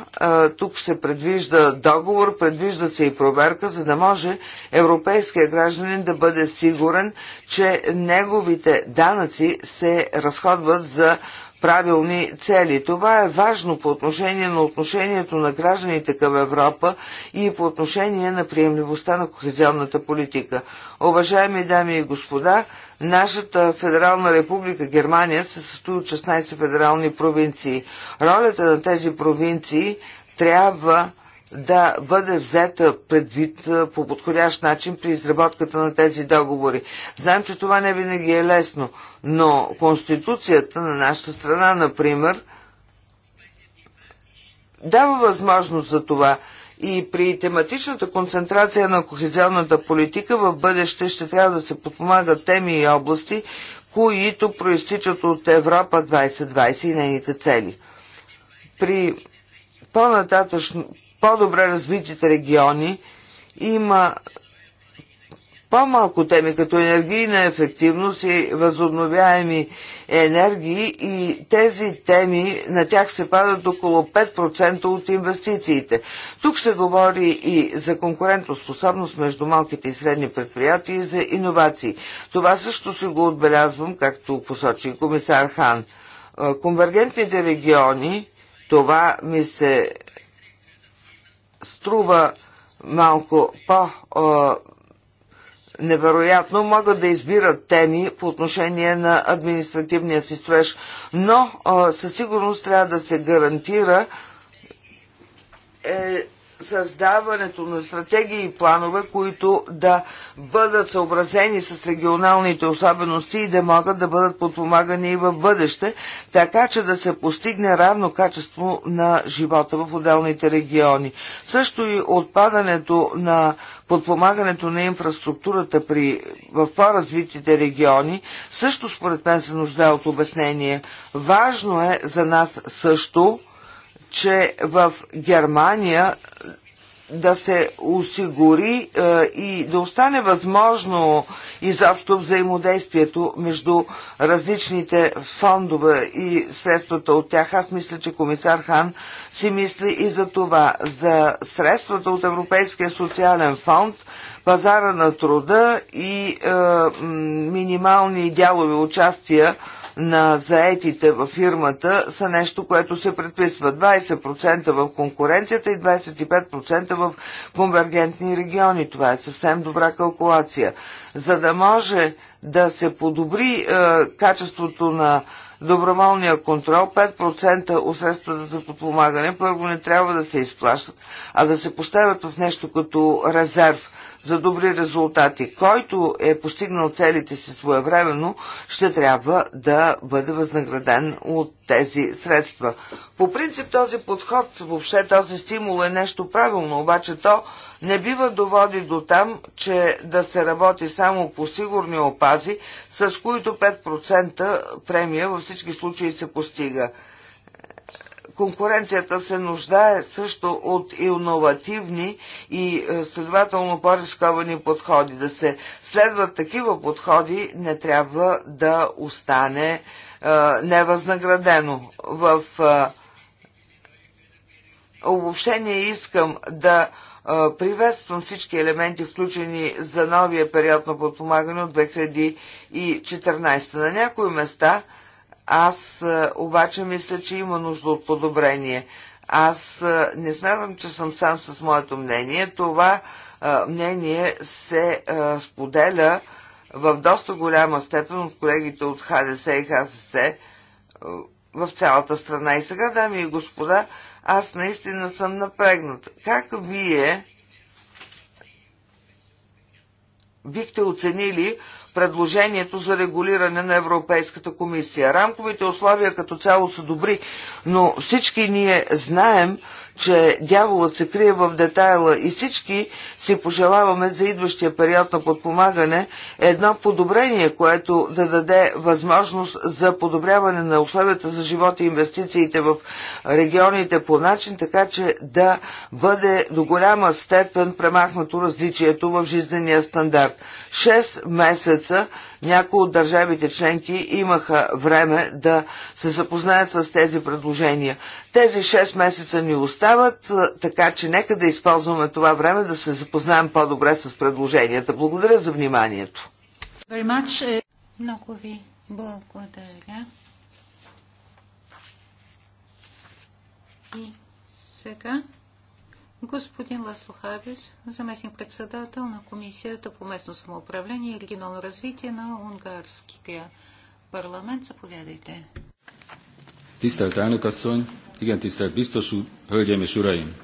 тук се предвижда договор, предвижда се и проверка, за да може европейския гражданин да бъде сигурен, че неговите данъци се разходват за правилни цели. Това е важно по отношение на отношението на гражданите към Европа и по отношение на приемливостта на кохезионната политика. Уважаеми дами и господа, Нашата федерална република Германия се състои от 16 федерални провинции. Ролята на тези провинции трябва да бъде взета предвид по подходящ начин при изработката на тези договори. Знаем, че това не винаги е лесно, но Конституцията на нашата страна, например, дава възможност за това – и при тематичната концентрация на кохезионната политика в бъдеще ще трябва да се подпомагат теми и области, които проистичат от Европа 2020 и нейните цели. При по-нататъчно, по-добре развитите региони има по-малко теми като енергийна ефективност и възобновяеми енергии и тези теми на тях се падат около 5% от инвестициите. Тук се говори и за конкурентоспособност между малките и средни предприятия и за иновации. Това също се го отбелязвам, както посочи комисар Хан. Е, конвергентните региони, това ми се струва малко по- е, невероятно, могат да избират теми по отношение на административния си строеж, но със сигурност трябва да се гарантира е, създаването на стратегии и планове, които да бъдат съобразени с регионалните особености и да могат да бъдат подпомагани и в бъдеще, така че да се постигне равно качество на живота в отделните региони. Също и отпадането на подпомагането на инфраструктурата при, в по-развитите региони също според мен се нуждае от обяснение. Важно е за нас също че в Германия да се осигури е, и да остане възможно изобщо взаимодействието между различните фондове и средствата от тях. Аз мисля, че комисар Хан си мисли и за това, за средствата от Европейския социален фонд, пазара на труда и е, минимални дялови участия на заетите във фирмата са нещо, което се предписва. 20% в конкуренцията и 25% в конвергентни региони. Това е съвсем добра калкулация. За да може да се подобри е, качеството на доброволния контрол, 5% от средствата за подпомагане първо не трябва да се изплащат, а да се поставят в нещо като резерв – за добри резултати. Който е постигнал целите си своевременно, ще трябва да бъде възнаграден от тези средства. По принцип този подход, въобще този стимул е нещо правилно, обаче то не бива доводи до там, че да се работи само по сигурни опази, с които 5% премия във всички случаи се постига конкуренцията се нуждае също от иновативни и е, следователно по-рисковани подходи. Да се следват такива подходи не трябва да остане е, невъзнаградено. В е, обобщение искам да приветствам всички елементи, включени за новия период на подпомагане от 2014. На някои места – аз е, обаче мисля, че има нужда от подобрение. Аз е, не смятам, че съм сам с моето мнение. Това е, мнение се споделя в доста голяма степен от колегите от ХДС и ХСС в цялата страна. И сега, дами и господа, аз наистина съм напрегнат. Как вие бихте оценили предложението за регулиране на Европейската комисия. Рамковите условия като цяло са добри, но всички ние знаем, че дяволът се крие в детайла и всички си пожелаваме за идващия период на подпомагане едно подобрение, което да даде възможност за подобряване на условията за живота и инвестициите в регионите по начин, така че да бъде до голяма степен премахнато различието в жизнения стандарт. 6 месеца някои от държавите членки имаха време да се запознаят с тези предложения. Тези 6 месеца ни остават, така че нека да използваме това време да се запознаем по-добре с предложенията. Благодаря за вниманието. Е, Много ви благодаря. И сега господин Ласло Хавис, заместник председател на Комисията по местно самоуправление и регионално развитие на унгарския парламент. Заповядайте. Tisztelt elnök igen tisztelt biztos úr, hölgyeim és uraim!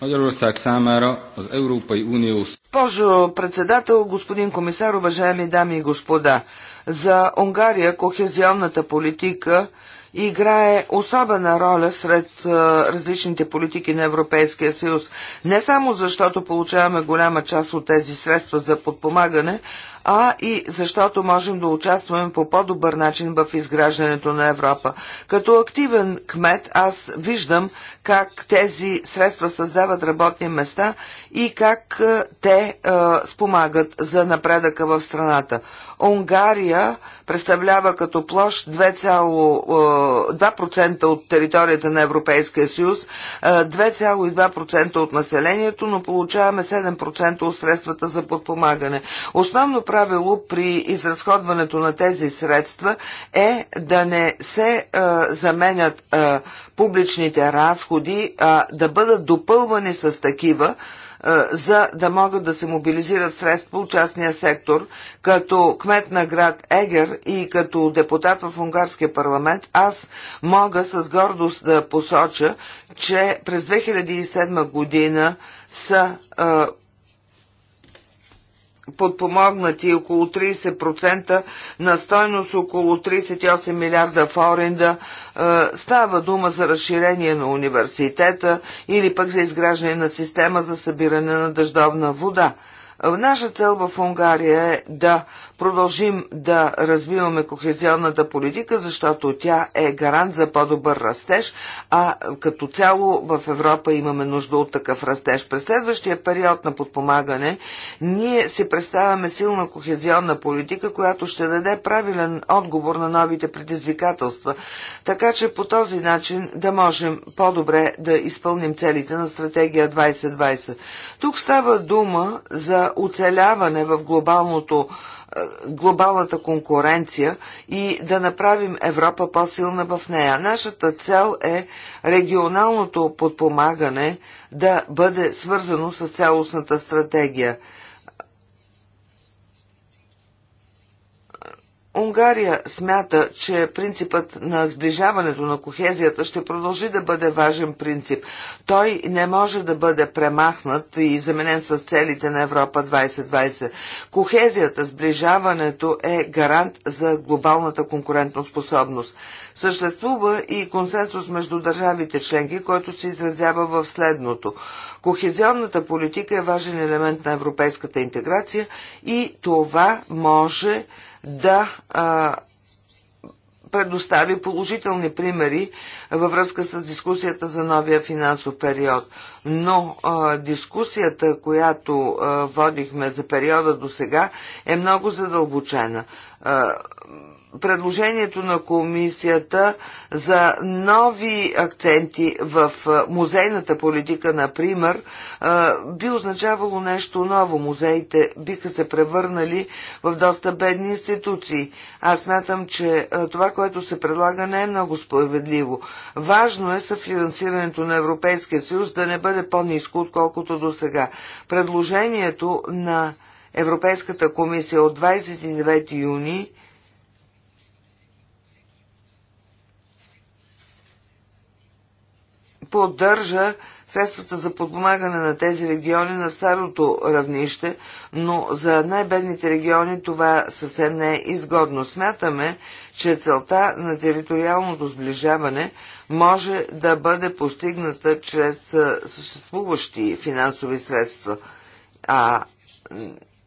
Magyarország számára az Európai Unió... Пожо председател, господин комисар, уважаеми дами и господа, за Унгария кохезионната политика – играе особена роля сред е, различните политики на Европейския съюз. Не само защото получаваме голяма част от тези средства за подпомагане, а и защото можем да участваме по по-добър начин в изграждането на Европа. Като активен кмет аз виждам как тези средства създават работни места и как е, те е, спомагат за напредъка в страната. Унгария представлява като площ 2,2% е, от територията на Европейския съюз, 2,2% е, от населението, но получаваме 7% от средствата за подпомагане. Основно правило при изразходването на тези средства е да не се е, заменят публичните разходи, а да бъдат допълвани с такива, за да могат да се мобилизират средства от частния сектор. Като кмет на град Егер и като депутат в унгарския парламент, аз мога с гордост да посоча, че през 2007 година са подпомогнати около 30% на стойност около 38 милиарда форинда. Е, става дума за разширение на университета или пък за изграждане на система за събиране на дъждовна вода. Е, наша цел в Унгария е да продължим да развиваме кохезионната политика, защото тя е гарант за по-добър растеж, а като цяло в Европа имаме нужда от такъв растеж. През следващия период на подпомагане ние си представяме силна кохезионна политика, която ще даде правилен отговор на новите предизвикателства, така че по този начин да можем по-добре да изпълним целите на стратегия 2020. Тук става дума за оцеляване в глобалното глобалната конкуренция и да направим Европа по-силна в нея. Нашата цел е регионалното подпомагане да бъде свързано с цялостната стратегия. Унгария смята, че принципът на сближаването на кохезията ще продължи да бъде важен принцип. Той не може да бъде премахнат и заменен с целите на Европа 2020. Кохезията, сближаването е гарант за глобалната конкурентоспособност. Съществува и консенсус между държавите членки, който се изразява в следното. Кохезионната политика е важен елемент на европейската интеграция и това може да а, предостави положителни примери във връзка с дискусията за новия финансов период. Но а, дискусията, която а, водихме за периода до сега, е много задълбочена. А, предложението на комисията за нови акценти в музейната политика, например, би означавало нещо ново. Музеите биха се превърнали в доста бедни институции. Аз смятам, че това, което се предлага, не е много справедливо. Важно е съфинансирането на Европейския съюз да не бъде по-низко, отколкото до сега. Предложението на Европейската комисия от 29 юни поддържа средствата за подпомагане на тези региони на старото равнище, но за най-бедните региони това съвсем не е изгодно. Смятаме, че целта на териториалното сближаване може да бъде постигната чрез съществуващи финансови средства, а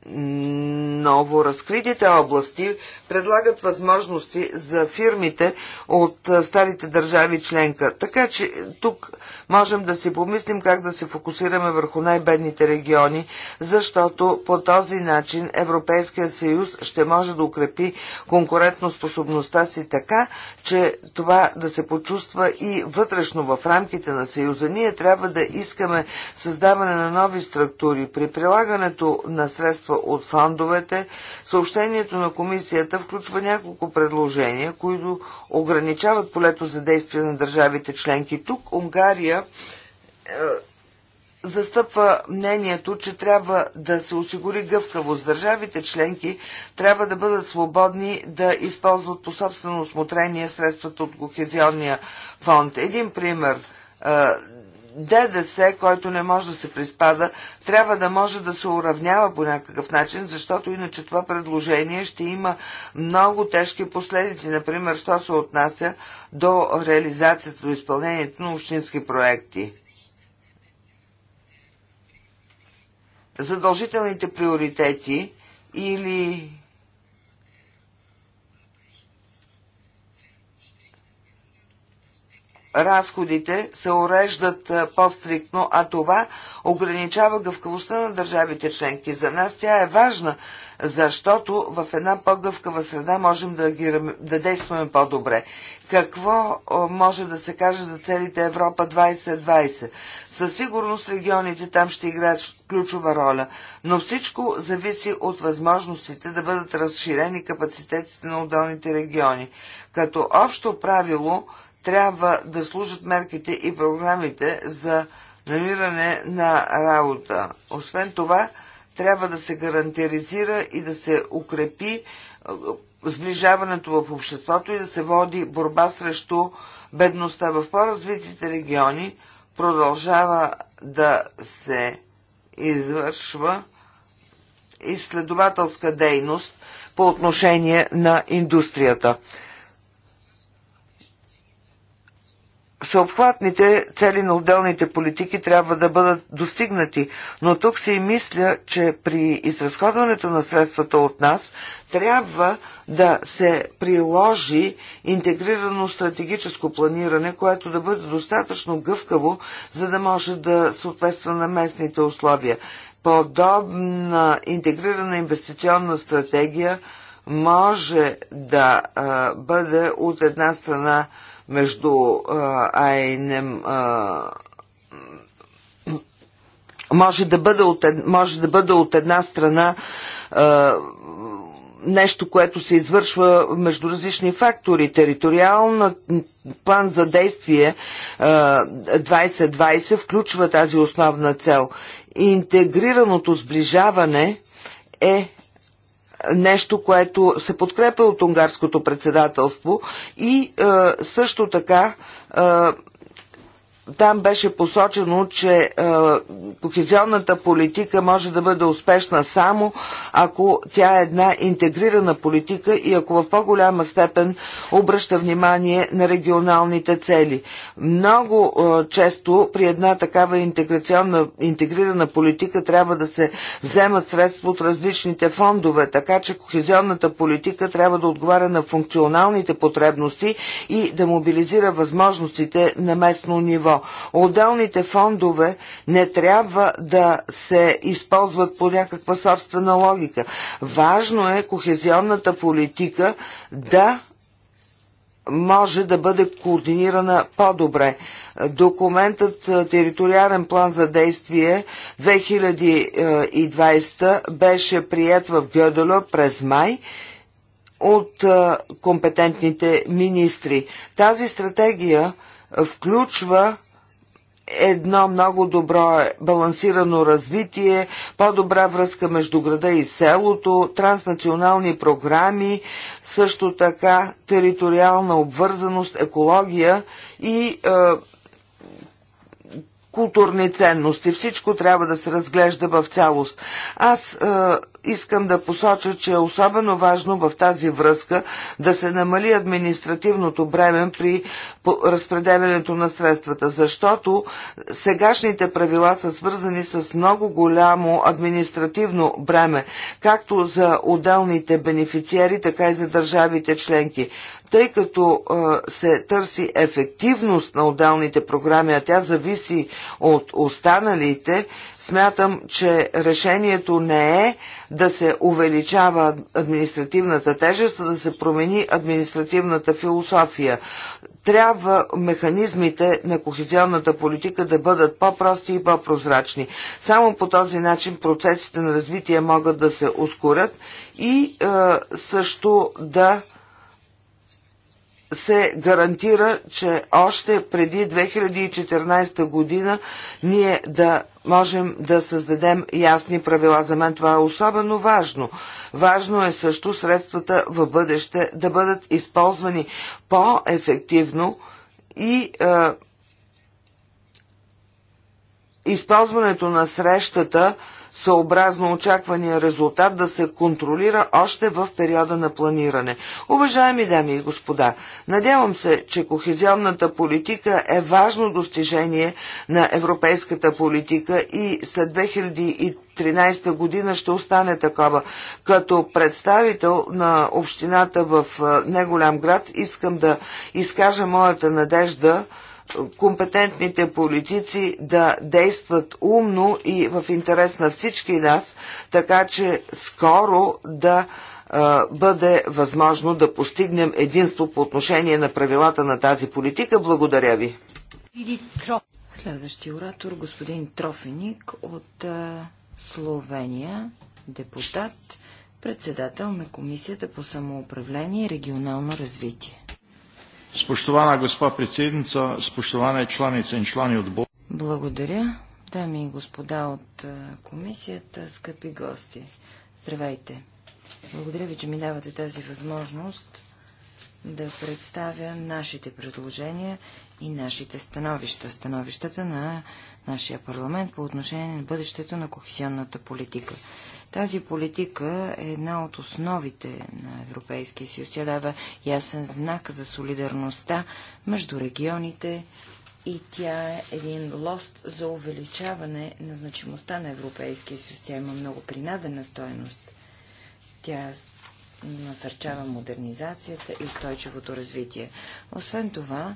ново разкритите области предлагат възможности за фирмите от старите държави членка. Така че тук можем да си помислим как да се фокусираме върху най-бедните региони, защото по този начин Европейския съюз ще може да укрепи конкурентоспособността си така, че това да се почувства и вътрешно в рамките на съюза. Ние трябва да искаме създаване на нови структури при прилагането на средства от фондовете. Съобщението на комисията включва няколко предложения, които ограничават полето за действие на държавите членки. Тук Унгария комисия е, застъпва мнението, че трябва да се осигури гъвкавост. Държавите членки трябва да бъдат свободни да използват по собствено осмотрение средствата от Кохезионния фонд. Един пример е, ДДС, който не може да се приспада, трябва да може да се уравнява по някакъв начин, защото иначе това предложение ще има много тежки последици, например, що се отнася до реализацията, до изпълнението на общински проекти. Задължителните приоритети или разходите се уреждат по-стриктно, а това ограничава гъвкавостта на държавите членки. За нас тя е важна, защото в една по-гъвкава среда можем да, ги, да действаме по-добре. Какво може да се каже за целите Европа 2020? Със сигурност регионите там ще играят ключова роля, но всичко зависи от възможностите да бъдат разширени капацитетите на отделните региони. Като общо правило – трябва да служат мерките и програмите за намиране на работа. Освен това, трябва да се гарантиризира и да се укрепи е, сближаването в обществото и да се води борба срещу бедността в по-развитите региони, продължава да се извършва изследователска дейност по отношение на индустрията. Съобхватните цели на отделните политики трябва да бъдат достигнати, но тук се и мисля, че при изразходването на средствата от нас трябва да се приложи интегрирано стратегическо планиране, което да бъде достатъчно гъвкаво, за да може да съответства на местните условия. Подобна интегрирана инвестиционна стратегия може да бъде от една страна между а, може да бъде от, може да бъде от една страна нещо, което се извършва между различни фактори. Териториална план за действие 2020 включва тази основна цел. Интегрираното сближаване е нещо, което се подкрепя от унгарското председателство и е, също така е, там беше посочено, че е, кохезионната политика може да бъде успешна само ако тя е една интегрирана политика и ако в по-голяма степен обръща внимание на регионалните цели. Много е, често при една такава интеграционна, интегрирана политика трябва да се вземат средства от различните фондове, така че кохезионната политика трябва да отговаря на функционалните потребности и да мобилизира възможностите на местно ниво. Отделните фондове не трябва да се използват по някаква собствена логика. Важно е кохезионната политика да може да бъде координирана по-добре. Документът е, Териториален план за действие 2020 беше прият в Гьодело през май от е, компетентните министри. Тази стратегия включва едно много добро балансирано развитие, по-добра връзка между града и селото, транснационални програми, също така териториална обвързаност, екология и е, културни ценности. Всичко трябва да се разглежда в цялост. Аз е, искам да посоча, че е особено важно в тази връзка да се намали административното бреме при разпределянето на средствата, защото сегашните правила са свързани с много голямо административно бреме, както за отделните бенефициери, така и за държавите членки тъй като се търси ефективност на отделните програми, а тя зависи от останалите, смятам, че решението не е да се увеличава административната тежест, а да се промени административната философия. Трябва механизмите на кохезионната политика да бъдат по-прости и по-прозрачни. Само по този начин процесите на развитие могат да се ускорят и е, също да се гарантира, че още преди 2014 година ние да можем да създадем ясни правила. За мен това е особено важно. Важно е също средствата в бъдеще да бъдат използвани по-ефективно и е, използването на срещата е, съобразно очаквания резултат да се контролира още в периода на планиране. Уважаеми дами и господа, надявам се, че кохезионната политика е важно достижение на европейската политика и след 2030 2013 година ще остане такова. Като представител на общината в неголям град искам да изкажа моята надежда компетентните политици да действат умно и в интерес на всички нас, така че скоро да бъде възможно да постигнем единство по отношение на правилата на тази политика. Благодаря ви. Следващия оратор, господин Трофеник от Словения, депутат, председател на Комисията по самоуправление и регионално развитие. Спощована госпа председница, спощована чланица и члани Бога. Благодаря. Дами и господа от е, комисията, скъпи гости, здравейте! Благодаря ви, че ми давате тази възможност да представя нашите предложения и нашите становища, становищата на нашия парламент по отношение на бъдещето на кохезионната политика. Тази политика е една от основите на Европейския съюз. Тя дава ясен знак за солидарността между регионите и тя е един лост за увеличаване на значимостта на Европейския съюз. Тя има много принадена стоеност. Тя насърчава модернизацията и устойчивото развитие. Освен това,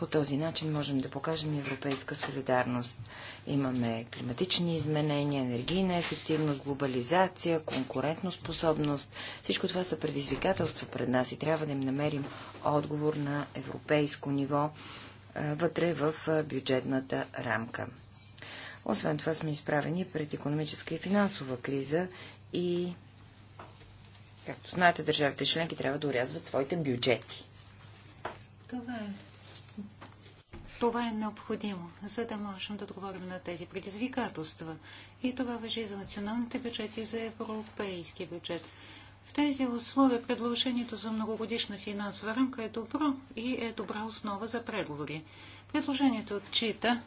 по този начин можем да покажем европейска солидарност. Имаме климатични изменения, енергийна ефективност, глобализация, конкурентоспособност. Всичко това са предизвикателства пред нас и трябва да им намерим отговор на европейско ниво вътре в бюджетната рамка. Освен това сме изправени пред економическа и финансова криза и, както знаете, държавите членки трябва да урязват своите бюджети. Това е това е необходимо, за да можем да отговорим на тези предизвикателства. И това въжи за националните бюджети и за европейски бюджет. В тези условия предложението за многогодишна финансова рамка е добро и е добра основа за преговори. Предложението отчита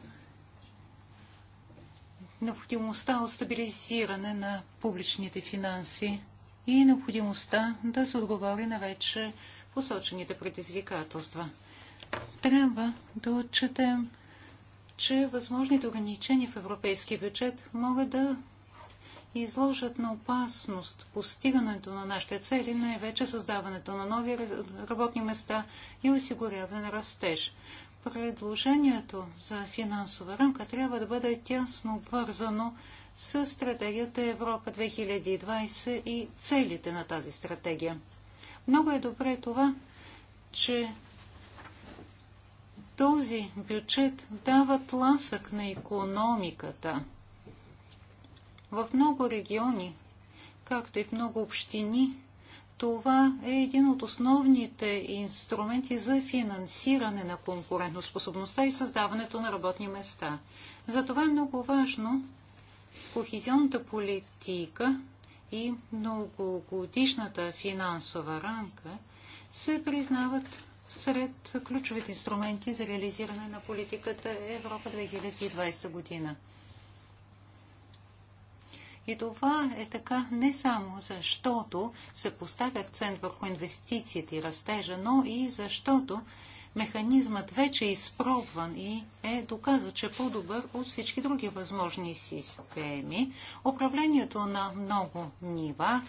необходимостта от стабилизиране на публичните финанси и необходимостта да се отговори на вече посочените предизвикателства. Трябва да отчетем, че възможните ограничения в европейския бюджет могат да изложат на опасност постигането на нашите цели, най-вече създаването на нови работни места и осигуряване на растеж. Предложението за финансова рамка трябва да бъде тясно обвързано с стратегията Европа 2020 и целите на тази стратегия. Много е добре това, че този бюджет дава тласък на економиката. В много региони, както и в много общини, това е един от основните инструменти за финансиране на конкурентоспособността и създаването на работни места. Затова е много важно кохезионната политика и многогодишната финансова рамка се признават сред ключовите инструменти за реализиране на политиката Европа 2020 година. И това е така не само защото се поставя акцент върху инвестициите и растежа, но и защото механизмът вече е изпробван и е доказал, че е по-добър от всички други възможни системи. Управлението на много нива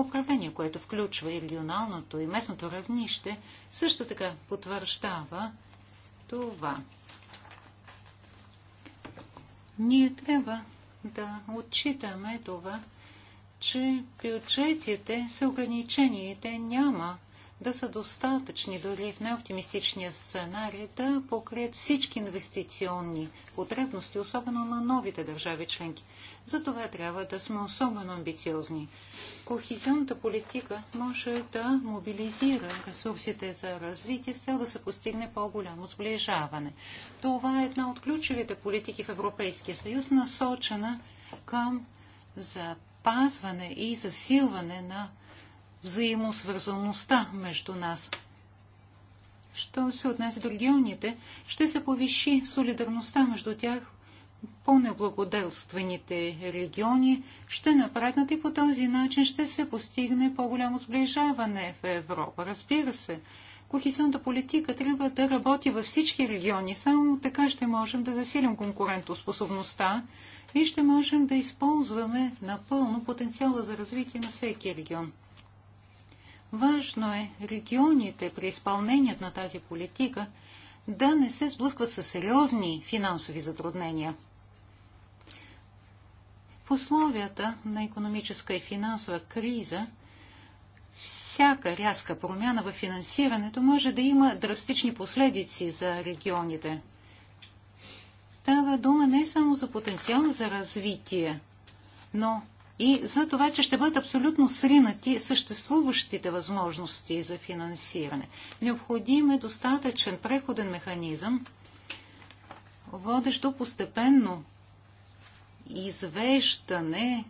управление, което включва и регионалното и местното равнище, също така потвърждава това. Ние трябва да отчитаме това, че бюджетите са ограничени и те няма да са достатъчни дори в най-оптимистичния сценарий да покрият всички инвестиционни потребности, особено на новите държави членки. Затова трябва да сме особено амбициозни. Кохизионната политика може да мобилизира ресурсите за развитие с цел да се постигне по-голямо сближаване. Това е една от ключовите политики в Европейския съюз, насочена към запазване и засилване на взаимосвързаността между нас. Що се отнася до регионите, ще се повиши солидарността между тях по-неблагоделствените региони ще напреднат и по този начин ще се постигне по-голямо сближаване в Европа. Разбира се, кохесионната политика трябва да работи във всички региони. Само така ще можем да засилим конкурентоспособността и ще можем да използваме напълно потенциала за развитие на всеки регион. Важно е регионите при изпълнението на тази политика да не се сблъскват с сериозни финансови затруднения – в условията на економическа и финансова криза всяка рязка промяна в финансирането може да има драстични последици за регионите. Става дума не само за потенциал за развитие, но и за това, че ще бъдат абсолютно сринати съществуващите възможности за финансиране. Необходим е достатъчен преходен механизъм, водещ до постепенно извеждане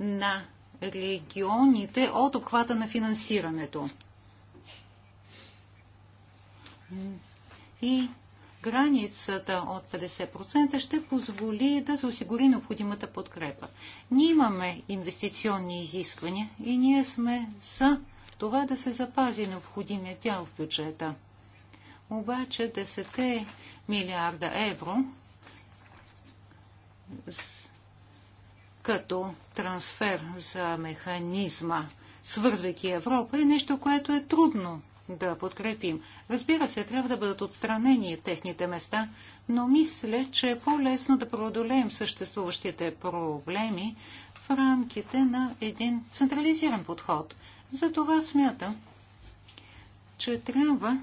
на регионите от обхвата на финансирането. И границата от 50% ще позволи да се осигури необходимата подкрепа. Ние имаме инвестиционни изисквания и ние сме за това да се запази необходимия дял в бюджета. Обаче 10 милиарда евро като трансфер за механизма, свързвайки Европа, е нещо, което е трудно да подкрепим. Разбира се, трябва да бъдат отстранени тесните места, но мисля, че е по-лесно да преодолеем съществуващите проблеми в рамките на един централизиран подход. Затова смятам, че трябва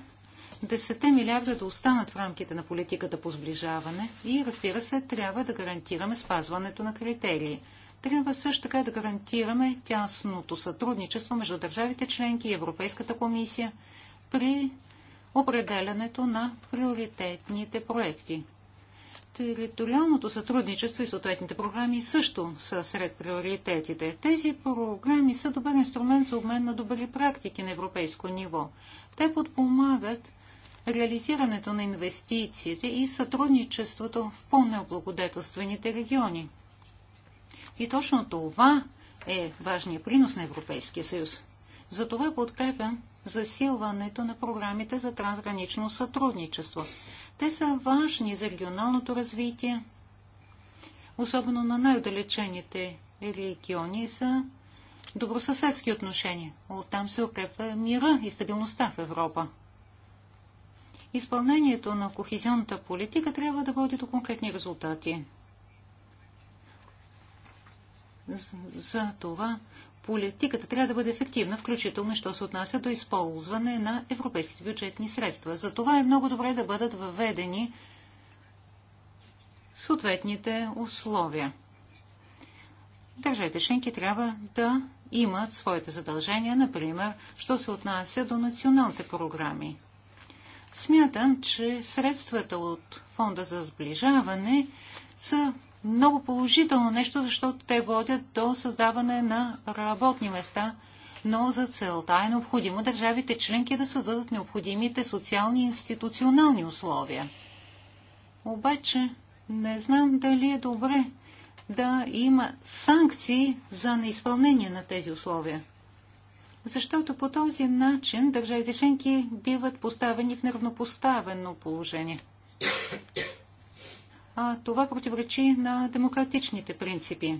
10 милиарда да останат в рамките на политиката по сближаване и, разбира се, трябва да гарантираме спазването на критерии. Трябва също така да гарантираме тясното сътрудничество между държавите членки и Европейската комисия при определянето на приоритетните проекти. Териториалното сътрудничество и съответните програми също са сред приоритетите. Тези програми са добър инструмент за обмен на добри практики на европейско ниво. Те подпомагат реализирането на инвестициите и сътрудничеството в по-необлагодетелствените региони. И точно това е важният принос на Европейския съюз. Затова подкрепя засилването на програмите за трансгранично сътрудничество. Те са важни за регионалното развитие, особено на най-отдалечените региони са добросъседски отношения. Оттам се укрепва мира и стабилността в Европа изпълнението на кохезионната политика трябва да води до конкретни резултати. За това политиката трябва да бъде ефективна, включително, що се отнася до използване на европейските бюджетни средства. За това е много добре да бъдат въведени съответните условия. Държавите членки трябва да имат своите задължения, например, що се отнася до националните програми. Смятам, че средствата от фонда за сближаване са много положително нещо, защото те водят до създаване на работни места, но за целта е необходимо държавите членки да създадат необходимите социални и институционални условия. Обаче не знам дали е добре да има санкции за неизпълнение на тези условия защото по този начин държавите членки биват поставени в неравнопоставено положение. А това противоречи на демократичните принципи.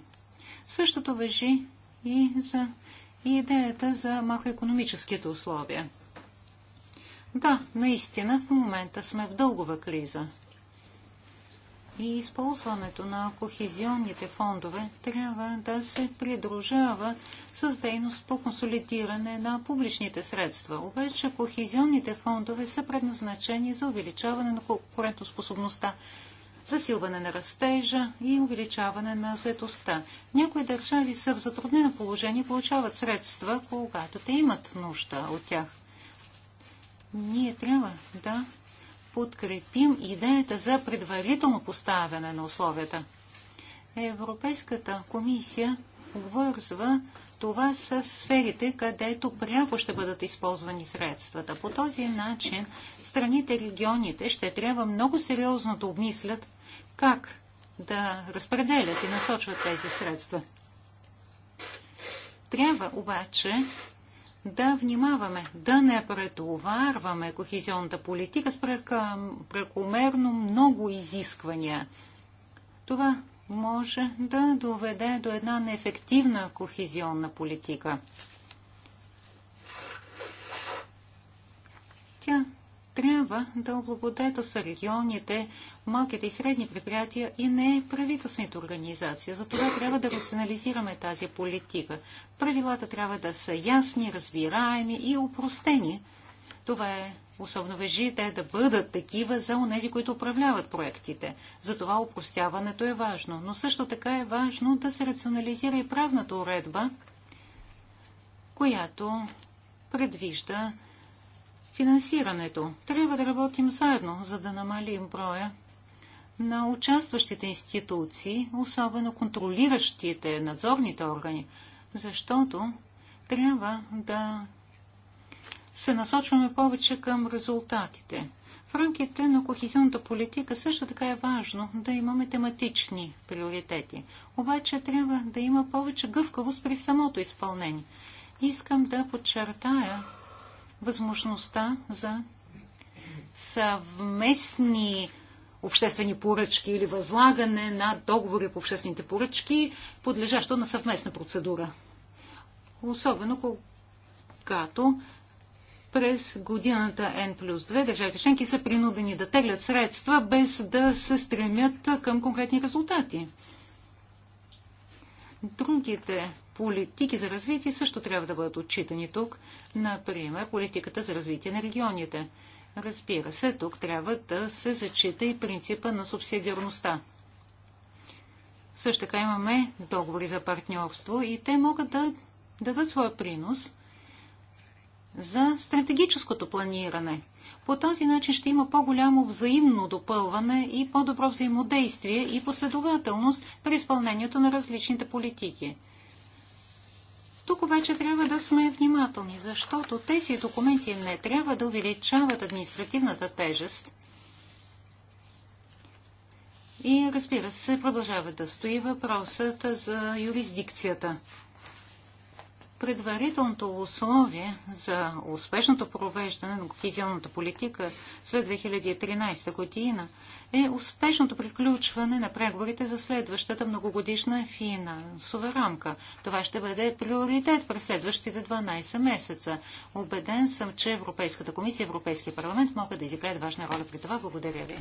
Същото въжи и за и идеята за макроекономическите условия. Да, наистина в момента сме в дългова криза – и използването на кохезионните фондове трябва да се придружава с дейност по консолидиране на публичните средства. Обаче кохезионните фондове са предназначени за увеличаване на конкурентоспособността, засилване на растежа и увеличаване на заедостта. Някои държави са в затруднено положение и получават средства, когато те имат нужда от тях. Ние трябва да подкрепим идеята за предварително поставяне на условията. Европейската комисия обвързва това с сферите, където пряко ще бъдат използвани средствата. По този начин страните и регионите ще трябва много сериозно да обмислят как да разпределят и насочват тези средства. Трябва обаче да внимаваме, да не претоварваме кохезионната политика с прекомерно много изисквания. Това може да доведе до една неефективна кохезионна политика. Тя трябва да облагодетелства регионите, малките и средни предприятия и не правителствените организации. Затова трябва да рационализираме тази политика. Правилата трябва да са ясни, разбираеми и упростени. Това е особено вежи те да бъдат такива за онези, които управляват проектите. Затова упростяването е важно. Но също така е важно да се рационализира и правната уредба, която предвижда финансирането. Трябва да работим заедно, за да намалим броя на участващите институции, особено контролиращите надзорните органи, защото трябва да се насочваме повече към резултатите. В рамките на кохезионната политика също така е важно да имаме тематични приоритети. Обаче трябва да има повече гъвкавост при самото изпълнение. Искам да подчертая възможността за съвместни обществени поръчки или възлагане на договори по обществените поръчки, подлежащо на съвместна процедура. Особено когато през годината N плюс 2 държавите членки са принудени да теглят средства, без да се стремят към конкретни резултати. Другите политики за развитие също трябва да бъдат отчитани тук, например политиката за развитие на регионите. Разбира се, тук трябва да се зачита и принципа на субсидиарността. Също така имаме договори за партньорство и те могат да дадат своя принос за стратегическото планиране. По този начин ще има по-голямо взаимно допълване и по-добро взаимодействие и последователност при изпълнението на различните политики. Тук обаче трябва да сме внимателни, защото тези документи не трябва да увеличават административната тежест. И разбира се, продължава да стои въпросът за юрисдикцията. Предварителното условие за успешното провеждане на кохизионната политика след 2013 година е успешното приключване на преговорите за следващата многогодишна финансова рамка. Това ще бъде приоритет през следващите 12 месеца. Обеден съм, че Европейската комисия и Европейския парламент могат да изиграят важна роля при това. Благодаря ви.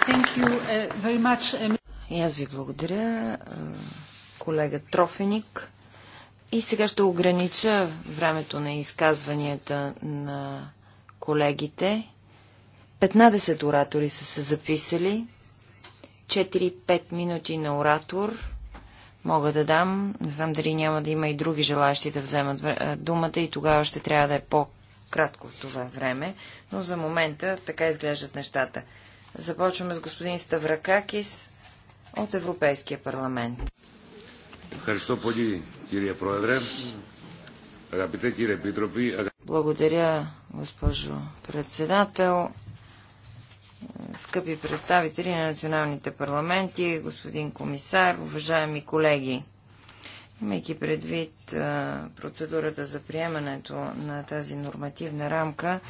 Thank you uh, very much. Uh, и аз ви благодаря, uh, колега Трофеник. И сега ще огранича времето на изказванията на колегите. 15 оратори са се записали. 4-5 минути на оратор мога да дам. Не знам дали няма да има и други желащи да вземат думата и тогава ще трябва да е по-кратко това време. Но за момента така изглеждат нещата. Започваме с господин Ставракакис от Европейския парламент. Благодаря, госпожо председател скъпи представители на националните парламенти, господин комисар, уважаеми колеги. Имайки предвид процедурата за приемането на тази нормативна рамка,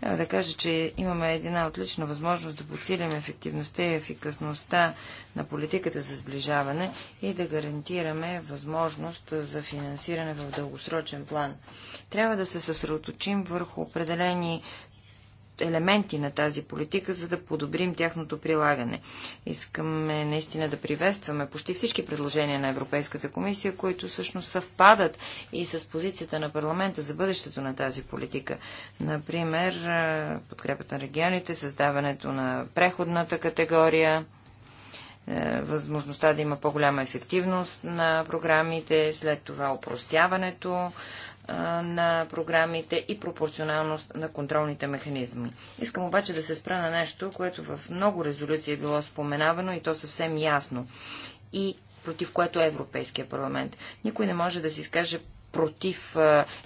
трябва да кажа, че имаме една отлична възможност да подсилим ефективността и ефикасността на политиката за сближаване и да гарантираме възможност за финансиране в дългосрочен план. Трябва да се съсредоточим върху определени елементи на тази политика, за да подобрим тяхното прилагане. Искаме наистина да приветстваме почти всички предложения на Европейската комисия, които всъщност съвпадат и с позицията на парламента за бъдещето на тази политика. Например, е, подкрепата на регионите, създаването на преходната категория, е, възможността да има по-голяма ефективност на програмите, след това опростяването на програмите и пропорционалност на контролните механизми. Искам обаче да се спра на нещо, което в много резолюции е било споменавано и то съвсем ясно и против което е Европейския парламент. Никой не може да си изкаже против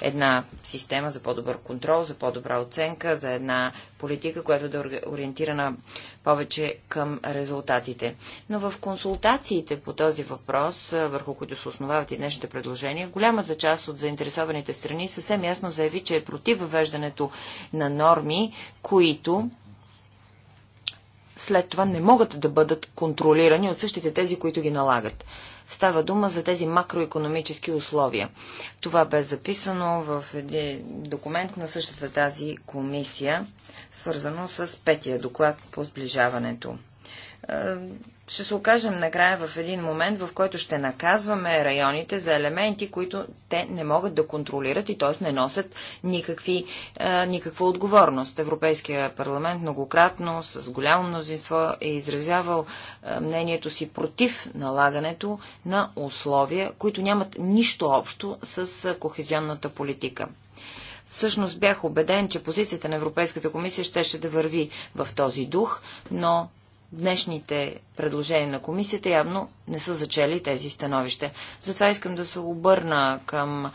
една система за по-добър контрол, за по-добра оценка, за една политика, която да е ориентирана повече към резултатите. Но в консултациите по този въпрос, върху които се основават и днешните предложения, голямата част от заинтересованите страни съвсем ясно заяви, че е против въвеждането на норми, които след това не могат да бъдат контролирани от същите тези, които ги налагат. Става дума за тези макроекономически условия. Това бе записано в един документ на същата тази комисия, свързано с петия доклад по сближаването. Е, ще се окажем накрая в един момент, в който ще наказваме районите за елементи, които те не могат да контролират и т.е. не носят никакви, никаква отговорност. Европейския парламент многократно с голямо мнозинство е изразявал мнението си против налагането на условия, които нямат нищо общо с кохезионната политика. Всъщност бях убеден, че позицията на Европейската комисия щеше да върви в този дух, но днешните предложения на комисията явно не са зачели тези становища. Затова искам да се обърна към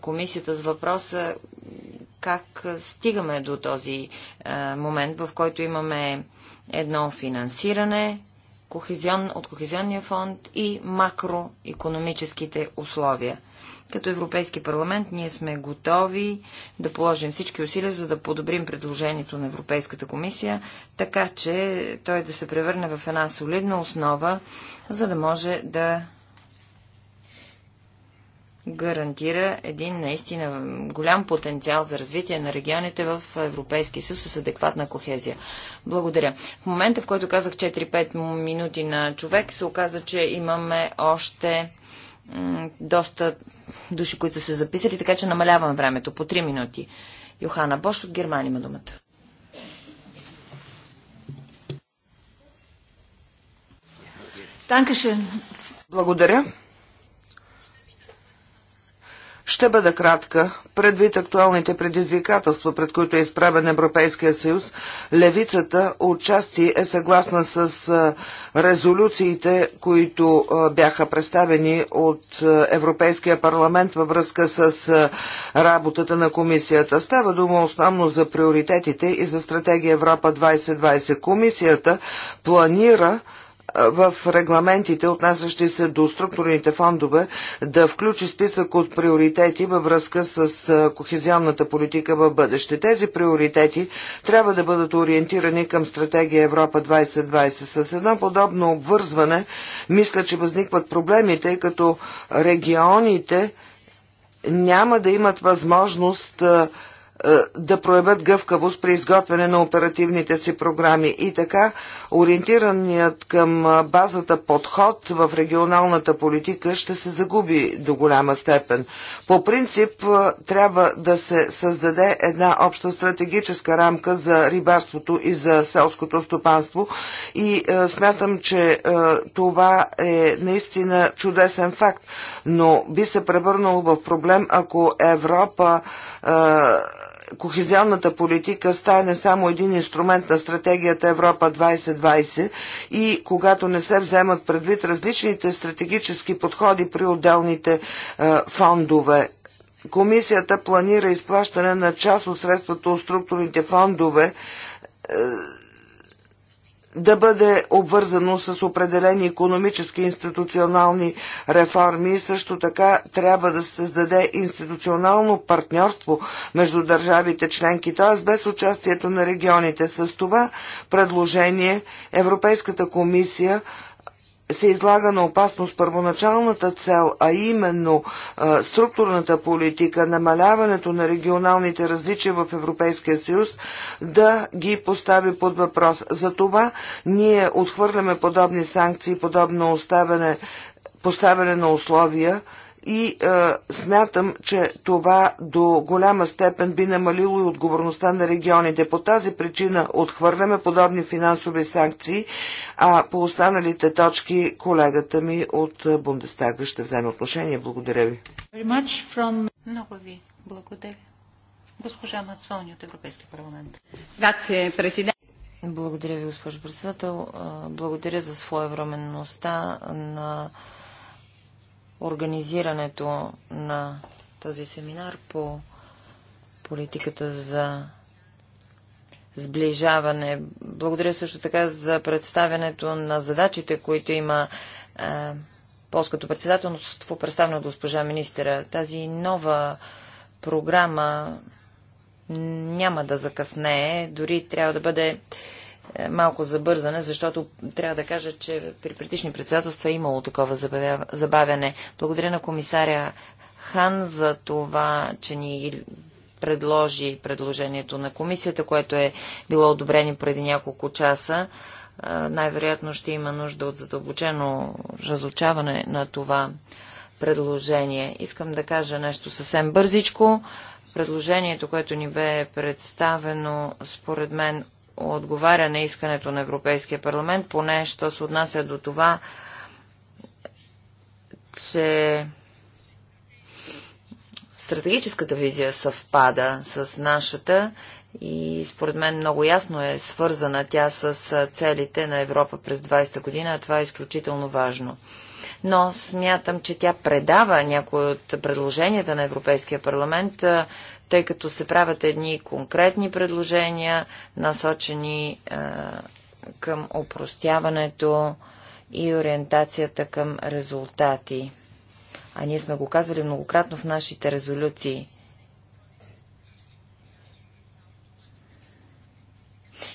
комисията с въпроса как стигаме до този момент, в който имаме едно финансиране от Кохезионния фонд и макроекономическите условия. Като Европейски парламент ние сме готови да положим всички усилия, за да подобрим предложението на Европейската комисия, така че той да се превърне в една солидна основа, за да може да гарантира един наистина голям потенциал за развитие на регионите в Европейския съюз с адекватна кохезия. Благодаря. В момента, в който казах 4-5 минути на човек, се оказа, че имаме още доста души, които са се записали, така че намалявам времето по 3 минути. Йохана Бош от Германия има думата. Танкашен. Благодаря. Ще бъда кратка. Предвид актуалните предизвикателства, пред които е изправен Европейския съюз, левицата отчасти е съгласна с резолюциите, които бяха представени от Европейския парламент във връзка с работата на комисията. Става дума основно за приоритетите и за стратегия Европа 2020. Комисията планира в регламентите, отнасящи се до структурните фондове, да включи списък от приоритети във връзка с кохезионната политика в бъдеще. Тези приоритети трябва да бъдат ориентирани към стратегия Европа 2020. С едно подобно обвързване, мисля, че възникват проблемите, тъй като регионите няма да имат възможност е, да проявят гъвкавост при изготвяне на оперативните си програми. И така, ориентираният към базата подход в регионалната политика ще се загуби до голяма степен. По принцип, трябва да се създаде една обща стратегическа рамка за рибарството и за селското стопанство. И смятам, че това е наистина чудесен факт, но би се превърнал в проблем, ако Европа кохезионната политика стане само един инструмент на стратегията Европа 2020 и когато не се вземат предвид различните стратегически подходи при отделните е, фондове. Комисията планира изплащане на част от средствата от структурните фондове е, да бъде обвързано с определени економически институционални реформи. Също така трябва да се създаде институционално партньорство между държавите членки, т.е. без участието на регионите. С това предложение Европейската комисия се излага на опасност първоначалната цел, а именно а, структурната политика, намаляването на регионалните различия в Европейския съюз, да ги постави под въпрос. За това ние отхвърляме подобни санкции, подобно оставяне, поставяне на условия, и а, е, смятам, че това до голяма степен би намалило и отговорността на регионите. По тази причина отхвърляме подобни финансови санкции, а по останалите точки колегата ми от Бундестага ще вземе отношение. Благодаря ви. From... Много ви благодаря. Госпожа Мацони от Европейски парламент. Грация, президент. Благодаря ви, госпожо председател. Благодаря за своевременността на организирането на този семинар по политиката за сближаване. Благодаря също така за представянето на задачите, които има е, полското председателство, представено от госпожа министера. Тази нова програма няма да закъснее, дори трябва да бъде е, малко забързане, защото трябва да кажа, че при предишни председателства е имало такова забавяне. Благодаря на комисаря Хан за това, че ни предложи предложението на комисията, което е било одобрено преди няколко часа. Е, най-вероятно ще има нужда от задълбочено разучаване на това предложение. Искам да кажа нещо съвсем бързичко. Предложението, което ни бе представено, според мен, отговаря на искането на Европейския парламент, поне що се отнася до това, че стратегическата визия съвпада с нашата и според мен много ясно е свързана тя с целите на Европа през 20-та година, а това е изключително важно. Но смятам, че тя предава някои от предложенията на Европейския парламент тъй като се правят едни конкретни предложения, насочени е, към опростяването и ориентацията към резултати. А ние сме го казвали многократно в нашите резолюции.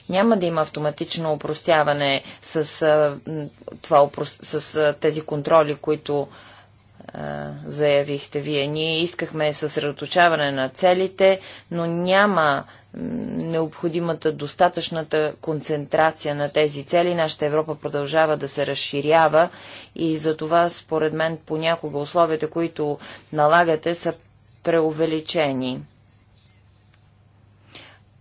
Няма да има автоматично опростяване с, това, с тези контроли, които заявихте вие. Ние искахме съсредоточаване на целите, но няма необходимата, достатъчната концентрация на тези цели. Нашата Европа продължава да се разширява и за това, според мен, понякога условията, които налагате, са преувеличени.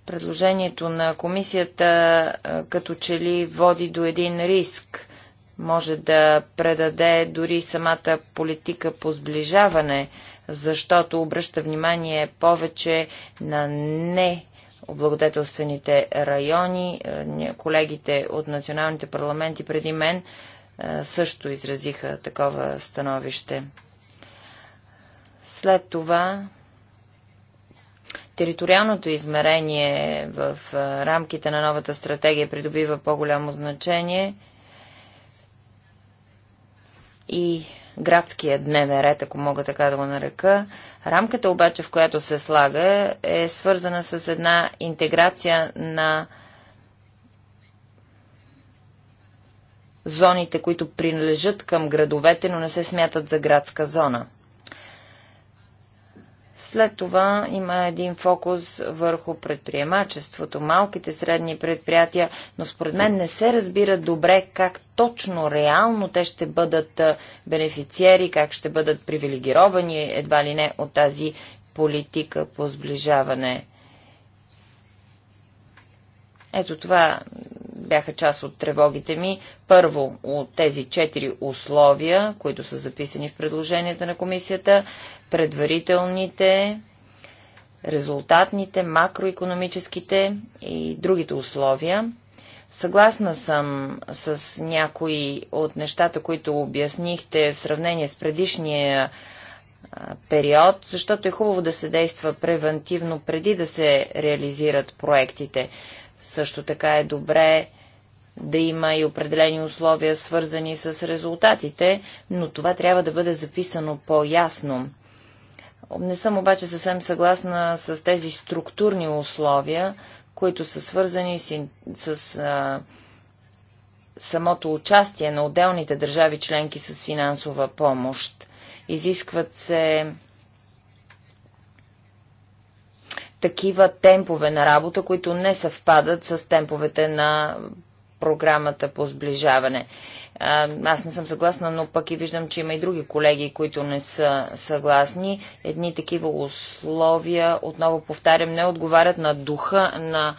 Предложението на комисията като че ли води до един риск – може да предаде дори самата политика по сближаване, защото обръща внимание повече на не облагодетелствените райони. Е, колегите от националните парламенти преди мен е, също изразиха такова становище. След това териториалното измерение в е, рамките на новата стратегия придобива по-голямо значение – и градския дневен ред, ако мога така да го нарека. Рамката обаче, в която се слага, е свързана с една интеграция на зоните, които принадлежат към градовете, но не се смятат за градска зона. След това има един фокус върху предприемачеството, малките средни предприятия, но според мен не се разбира добре как точно, реално те ще бъдат бенефициери, как ще бъдат привилегировани едва ли не от тази политика по сближаване. Ето това бяха част от тревогите ми. Първо, от тези четири условия, които са записани в предложенията на комисията, предварителните, резултатните, макроекономическите и другите условия. Съгласна съм с някои от нещата, които обяснихте в сравнение с предишния период, защото е хубаво да се действа превентивно преди да се реализират проектите. Също така е добре да има и определени условия, свързани с резултатите, но това трябва да бъде записано по-ясно. Не съм обаче съвсем съгласна с тези структурни условия, които са свързани с, с а, самото участие на отделните държави членки с финансова помощ. Изискват се такива темпове на работа, които не съвпадат с темповете на програмата по сближаване. Аз не съм съгласна, но пък и виждам, че има и други колеги, които не са съгласни. Едни такива условия, отново повтарям, не отговарят на духа на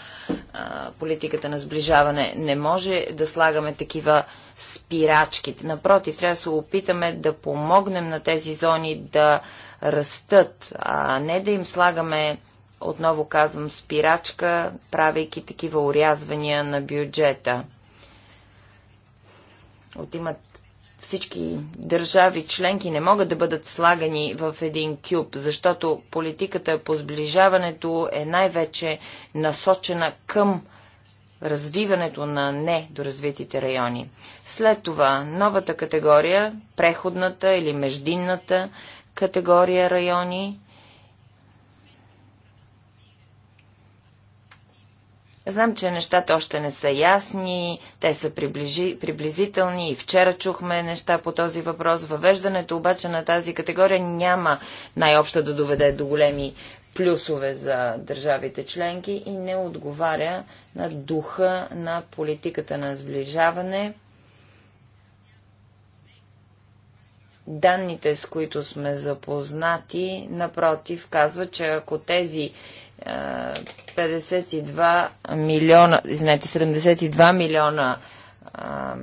политиката на сближаване. Не може да слагаме такива спирачки. Напротив, трябва да се опитаме да помогнем на тези зони да растат, а не да им слагаме отново казвам, спирачка, правейки такива урязвания на бюджета. Отимат всички държави членки не могат да бъдат слагани в един кюб, защото политиката по сближаването е най-вече насочена към развиването на недоразвитите райони. След това новата категория, преходната или междинната категория райони, Знам, че нещата още не са ясни, те са приближи, приблизителни и вчера чухме неща по този въпрос. Въвеждането обаче на тази категория няма най-общо да доведе до големи плюсове за държавите членки и не отговаря на духа на политиката на сближаване. Данните, с които сме запознати, напротив, казват, че ако тези 52 милиона, извинете, 72 милиона а,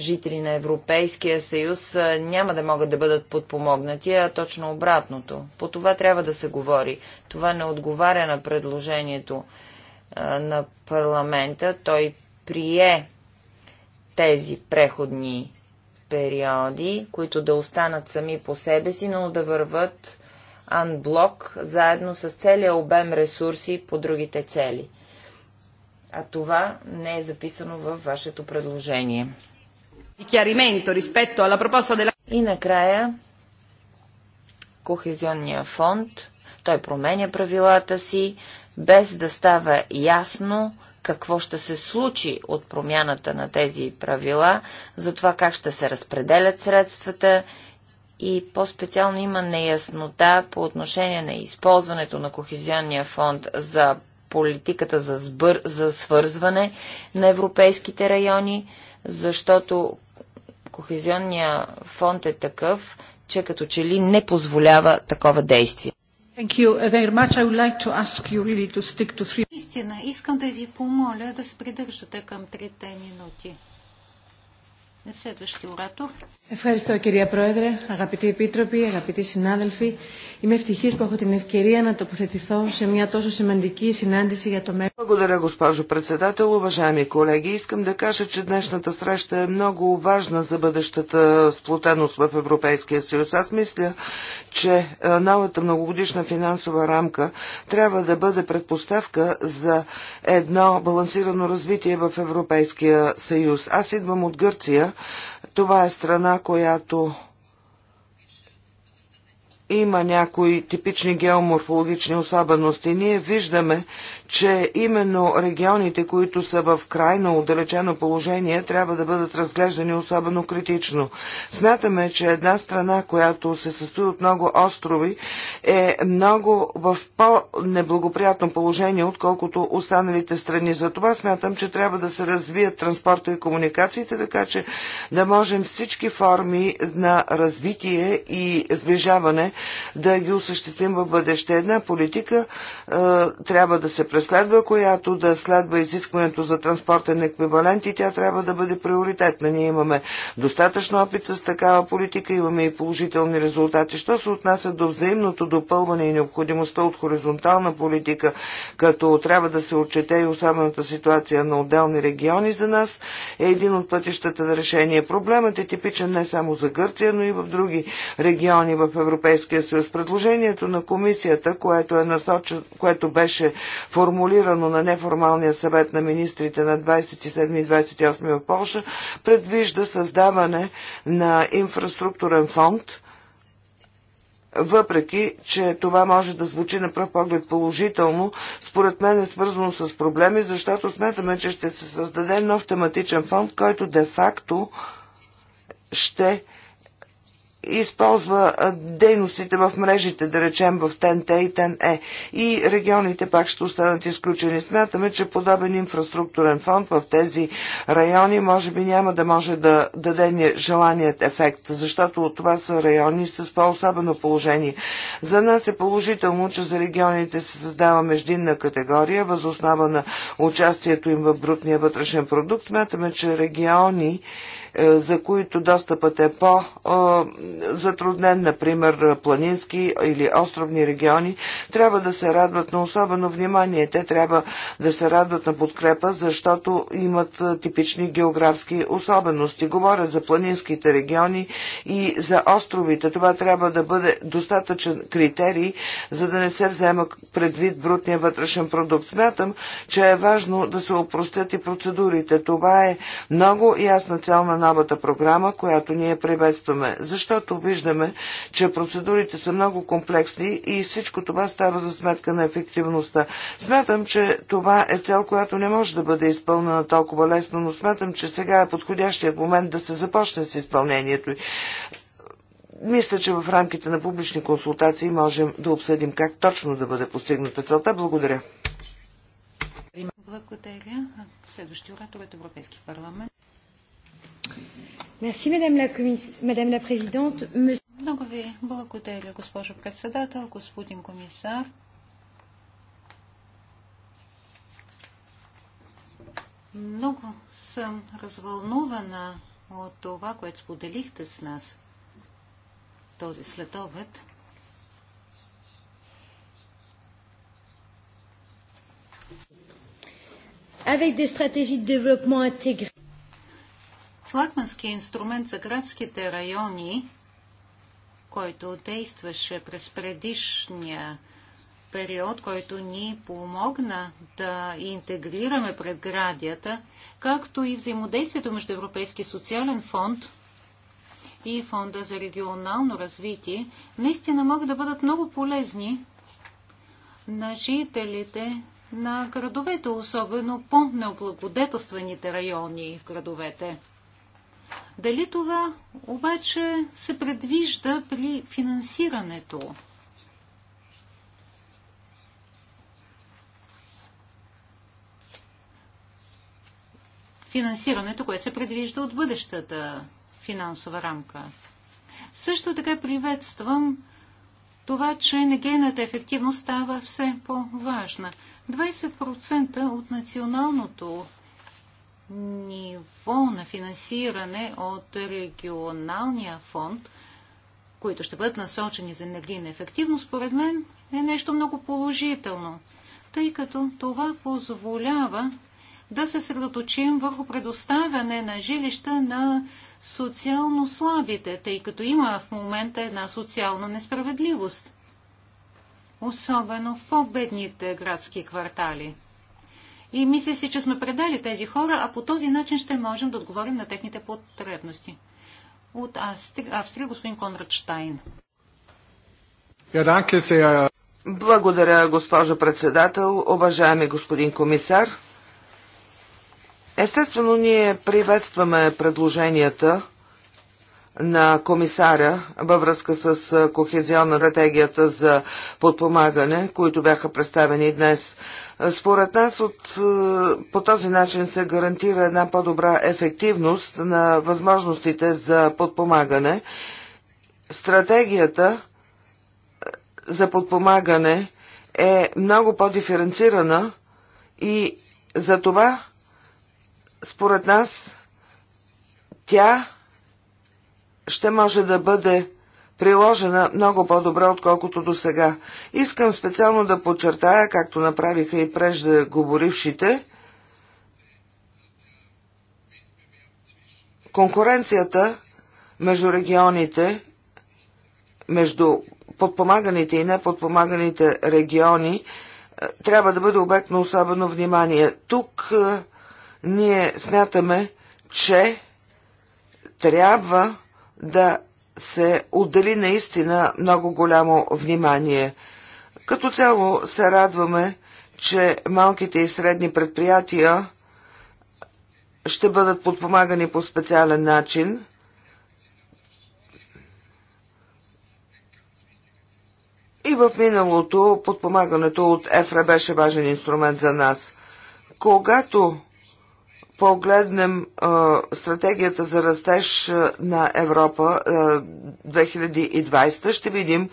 жители на Европейския съюз а, няма да могат да бъдат подпомогнати, а точно обратното. По това трябва да се говори. Това не отговаря на предложението а, на парламента. Той прие тези преходни периоди, които да останат сами по себе си, но да върват анблок, заедно с целия обем ресурси по другите цели. А това не е записано във вашето предложение. И накрая, Кохезионния фонд, той променя правилата си, без да става ясно какво ще се случи от промяната на тези правила, за това как ще се разпределят средствата и по-специално има неяснота по отношение на използването на Кохезионния фонд за политиката за, сбър, за свързване на европейските райони, защото Кохезионния фонд е такъв, че като че ли не позволява такова действие. Истина, искам да ви помоля да се придържате към трите минути. Ευχαριστώ κυρία Πρόεδρε, αγαπητοί επίτροποι, αγαπητοί συνάδελφοι. Είμαι ευτυχή που έχω την ευκαιρία να τοποθετηθώ σε μια τόσο σημαντική συνάντηση για το μέλλον. Благодаря, госпожо председател. Уважаеми колеги, искам да кажа, че днешната среща е много важна за бъдещата сплотеност в Европейския съюз. Аз мисля, че е, новата многогодишна финансова рамка трябва да бъде предпоставка за едно балансирано развитие в Европейския съюз. Аз идвам от Гърция, това е страна, която има някои типични геоморфологични особености. Ние виждаме, че именно регионите, които са в крайно отдалечено положение, трябва да бъдат разглеждани особено критично. Смятаме, че една страна, която се състои от много острови, е много в по-неблагоприятно положение, отколкото останалите страни. Затова смятам, че трябва да се развият транспорта и комуникациите, така че да можем всички форми на развитие и сближаване да ги осъществим в бъдеще. Една политика а, е, трябва да се преследва, която да следва изискването за транспортен еквивалент и тя трябва да бъде приоритетна. Ние имаме достатъчно опит с такава политика, имаме и положителни резултати. Що се отнася до взаимното допълване и необходимостта от хоризонтална политика, като трябва да се отчете и особената ситуация на отделни региони за нас, е един от пътищата на решение. Проблемът е типичен не само за Гърция, но и в други региони в Европейския Европейския съюз. Предложението на комисията, което, е насочен, което беше формулирано на неформалния съвет на министрите на 27 и 28 в Польша, предвижда създаване на инфраструктурен фонд, въпреки, че това може да звучи на пръв поглед положително, според мен е свързано с проблеми, защото смятаме, че ще се създаде нов тематичен фонд, който де-факто ще използва дейностите в мрежите, да речем в ТНТ и ТНЕ. И регионите пак ще останат изключени. Смятаме, че подобен инфраструктурен фонд в тези райони може би няма да може да даде желаният ефект, защото това са райони с по-особено положение. За нас е положително, че за регионите се създава междинна категория, възоснова на участието им в брутния вътрешен продукт. Смятаме, че региони е, за които достъпът е по-затруднен, например планински или островни региони, трябва да се радват на особено внимание. Те трябва да се радват на подкрепа, защото имат е, типични географски особености. Говоря за планинските региони и за островите. Това трябва да бъде достатъчен критерий, за да не се взема предвид брутния вътрешен продукт. Смятам, че е важно да се опростят и процедурите. Това е много ясна цел на новата програма, която ние приветстваме, защото виждаме, че процедурите са много комплексни и всичко това става за сметка на ефективността. Смятам, че това е цел, която не може да бъде изпълнена толкова лесно, но смятам, че сега е подходящият момент да се започне с изпълнението й. Мисля, че в рамките на публични консултации можем да обсъдим как точно да бъде постигната целта. Благодаря. Благодаря. Следващия оратор е от Европейски парламент. Merci, madame la, comис... madame la présidente. monsieur. ви Много съм развълнувана от това, което споделихте с нас този следобед. Avec des stratégies de développement intégré флагмански инструмент за градските райони, който действаше през предишния период, който ни помогна да интегрираме предградията, както и взаимодействието между Европейски социален фонд и Фонда за регионално развитие, наистина могат да бъдат много полезни на жителите на градовете, особено по-необлагодетелстваните райони в градовете. Дали това обаче се предвижда при финансирането? Финансирането, което се предвижда от бъдещата финансова рамка. Също така приветствам това, че енергийната ефективност става все по-важна. 20% от националното ниво на финансиране от регионалния фонд, които ще бъдат насочени за енергийна ефективност, според мен е нещо много положително, тъй като това позволява да се средоточим върху предоставяне на жилища на социално слабите, тъй като има в момента една социална несправедливост, особено в по-бедните градски квартали – и мисля си, че сме предали тези хора, а по този начин ще можем да отговорим на техните потребности. От Австрия, Австрия господин Конрад Штайн. Благодаря, госпожо председател, уважаеми господин комисар. Естествено, ние приветстваме предложенията на комисаря във връзка с кохезионна стратегията за подпомагане, които бяха представени днес. Според нас от, по този начин се гарантира една по-добра ефективност на възможностите за подпомагане. Стратегията за подпомагане е много по-диференцирана и за това според нас тя ще може да бъде приложена много по-добре, отколкото до сега. Искам специално да подчертая, както направиха и преждеговорившите, конкуренцията между регионите, между подпомаганите и неподпомаганите региони, е, трябва да бъде обект на особено внимание. Тук е, ние смятаме, че трябва да се отдели наистина много голямо внимание. Като цяло се радваме, че малките и средни предприятия ще бъдат подпомагани по специален начин. И в миналото подпомагането от ЕФРА беше важен инструмент за нас. Когато погледнем а, стратегията за растеж на Европа а, 2020, ще видим,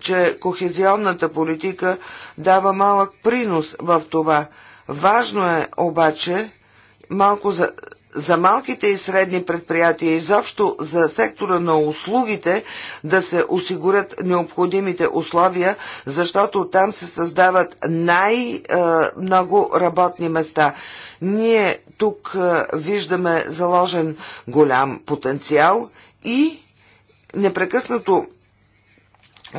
че кохезионната политика дава малък принос в това. Важно е обаче малко за, за малките и средни предприятия, изобщо за сектора на услугите, да се осигурят необходимите условия, защото там се създават най-много работни места. Ние тук виждаме заложен голям потенциал и непрекъснато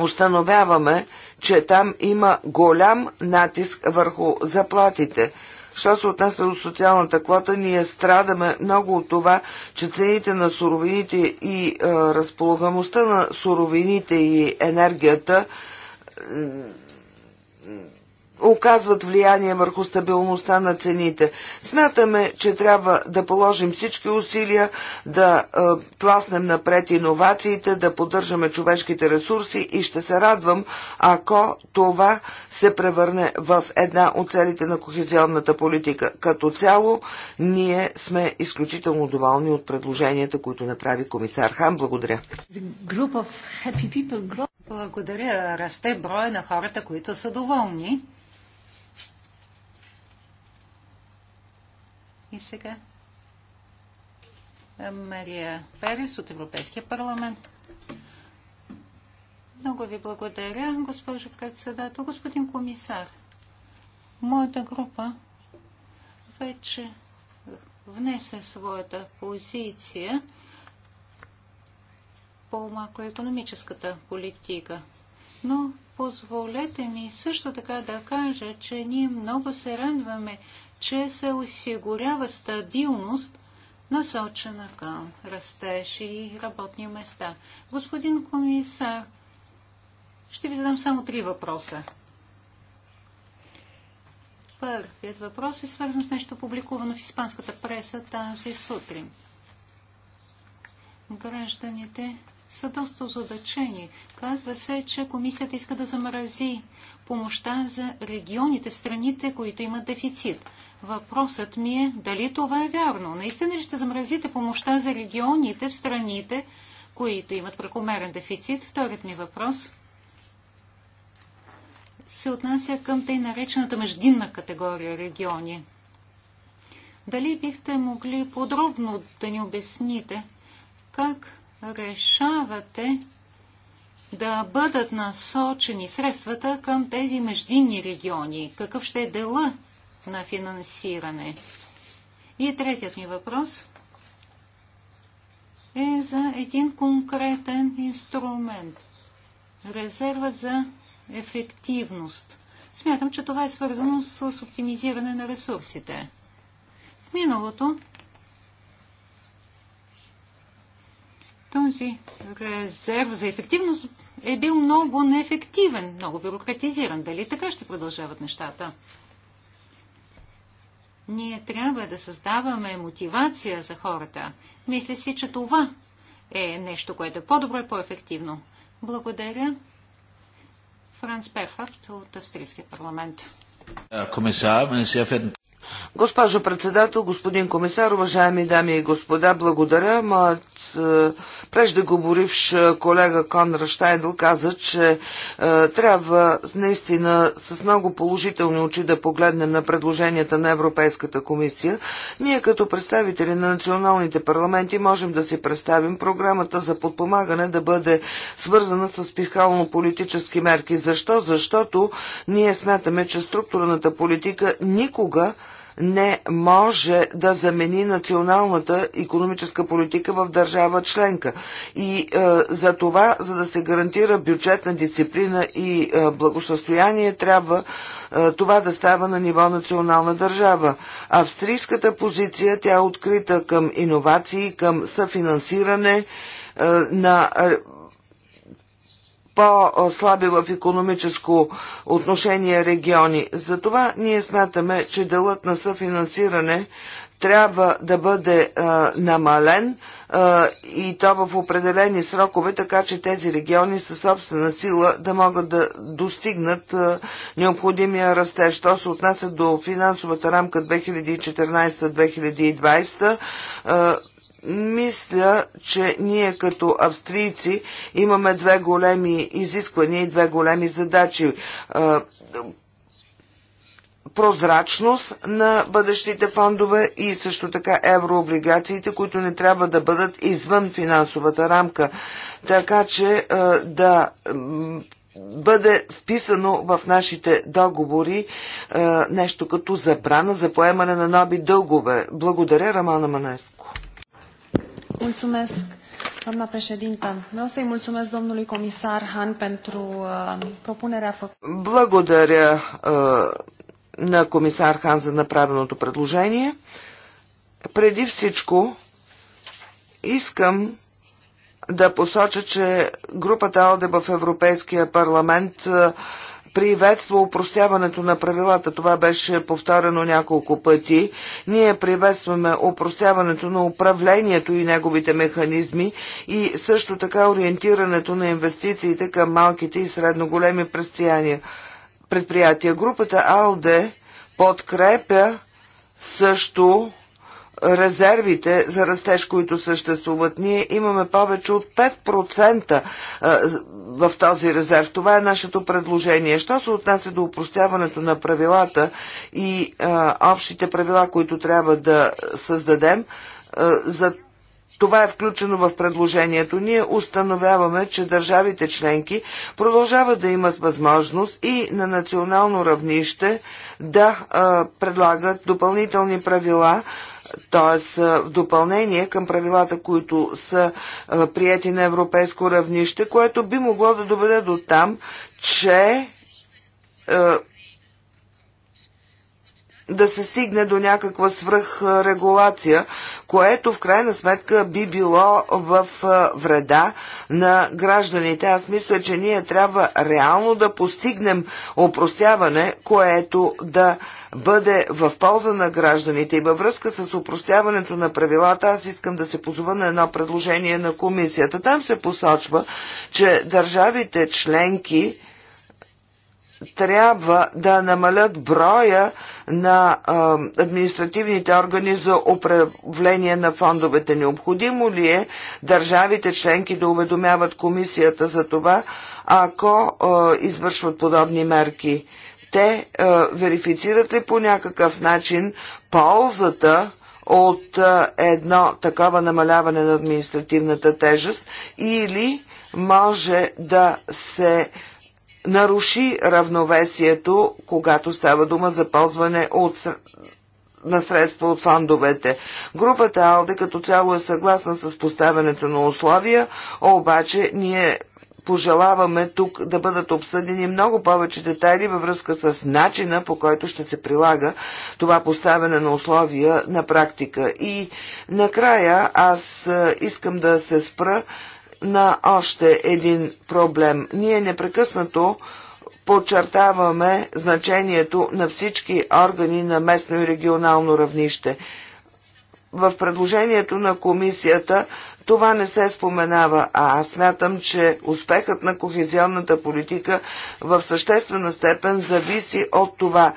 установяваме, че там има голям натиск върху заплатите. Що се отнася до социалната квота, ние страдаме много от това, че цените на суровините и е, на суровините и енергията е, оказват влияние върху стабилността на цените. Смятаме, че трябва да положим всички усилия да е, тласнем напред иновациите, да поддържаме човешките ресурси и ще се радвам, ако това се превърне в една от целите на кохезионната политика. Като цяло, ние сме изключително доволни от предложенията, които направи комисар Хан. Благодаря. Благодаря. Расте броя на хората, които са доволни. И сега Мария Перес от Европейския парламент. Много ви благодаря, госпожо председател. Господин комисар, моята група вече внесе своята позиция по макроекономическата политика. Но позволете ми също така да кажа, че ние много се радваме, че се осигурява стабилност, насочена към растеж и работни места. Господин комисар, ще ви задам само три въпроса. Първият въпрос е свързан с нещо публикувано в испанската преса тази сутрин. Гражданите са доста озадачени. Казва се, че комисията иска да замрази помощта за регионите в страните, които имат дефицит. Въпросът ми е дали това е вярно. Наистина ли ще замразите помощта за регионите в страните, които имат прекомерен дефицит? Вторият ми въпрос се отнася към тъй наречената междинна категория региони. Дали бихте могли подробно да ни обясните как решавате да бъдат насочени средствата към тези междинни региони? Какъв ще е дела на финансиране? И третият ми въпрос е за един конкретен инструмент. Резервът за ефективност. Смятам, че това е свързано с оптимизиране на ресурсите. В миналото Този резерв за ефективност е бил много неефективен, много бюрократизиран. Дали така ще продължават нещата? Ние трябва да създаваме мотивация за хората. Мисля си, че това е нещо, което е по-добро и по-ефективно. Благодаря. Франц Перхарт от Австрийския парламент. Комисар, Госпожо председател, господин комисар, уважаеми дами и господа, благодаря. Моят е, преждеговоривш е, колега Конра Штайдл каза, че е, трябва наистина с много положителни очи да погледнем на предложенията на Европейската комисия. Ние като представители на националните парламенти можем да си представим програмата за подпомагане да бъде свързана с фискално-политически мерки. Защо? Защото ние смятаме, че структурната политика никога не може да замени националната економическа политика в държава членка. И е, за това, за да се гарантира бюджетна дисциплина и е, благосъстояние, трябва е, това да става на ниво национална държава. Австрийската позиция, тя е открита към иновации, към съфинансиране е, на по-слаби в економическо отношение региони. Затова ние смятаме, че делът на съфинансиране трябва да бъде а, намален а, и то в определени срокове, така че тези региони със собствена сила да могат да достигнат а, необходимия растеж. Що се отнася до финансовата рамка 2014-2020, мисля, че ние като австрийци имаме две големи изисквания и две големи задачи прозрачност на бъдещите фондове и също така еврооблигациите, които не трябва да бъдат извън финансовата рамка. Така че да бъде вписано в нашите договори нещо като забрана за поемане на нови дългове. Благодаря, Романа Манеско. Mulțumesc, doamna președintă. Vreau să-i mulțumesc domnului comisar Han pentru uh, propunerea făcută. Благодаря uh, на комисар Хан за направеното предложение. Преди всичко, искам да посоча, че групата АЛДЕ в Европейския парламент uh, приветства упростяването на правилата. Това беше повторено няколко пъти. Ние приветстваме упростяването на управлението и неговите механизми и също така ориентирането на инвестициите към малките и средно големи предприятия. Групата АЛДЕ подкрепя също резервите за растеж, които съществуват. Ние имаме повече от 5% в този резерв. Това е нашето предложение. Що се отнася до упростяването на правилата и общите правила, които трябва да създадем, за това е включено в предложението. Ние установяваме, че държавите членки продължават да имат възможност и на национално равнище да предлагат допълнителни правила, т.е. в допълнение към правилата, които са прияти на европейско равнище, което би могло да доведе до там, че да се стигне до някаква свръхрегулация, което в крайна сметка би било в вреда на гражданите. Аз мисля, че ние трябва реално да постигнем опростяване, което да бъде в полза на гражданите и във връзка с упростяването на правилата, аз искам да се позова на едно предложение на комисията. Там се посочва, че държавите членки трябва да намалят броя на а, административните органи за управление на фондовете. Необходимо ли е държавите членки да уведомяват комисията за това, ако а, извършват подобни мерки? те а, е, верифицират ли по някакъв начин ползата от а, е, едно такова намаляване на административната тежест или може да се наруши равновесието, когато става дума за ползване от на средства от фондовете. Групата АЛДЕ като цяло е съгласна с поставянето на условия, обаче ние пожелаваме тук да бъдат обсъдени много повече детайли във връзка с начина по който ще се прилага това поставяне на условия на практика. И накрая аз е, искам да се спра на още един проблем. Ние непрекъснато подчертаваме значението на всички органи на местно и регионално равнище. В предложението на комисията това не се споменава, а аз смятам, че успехът на кохезионната политика в съществена степен зависи от това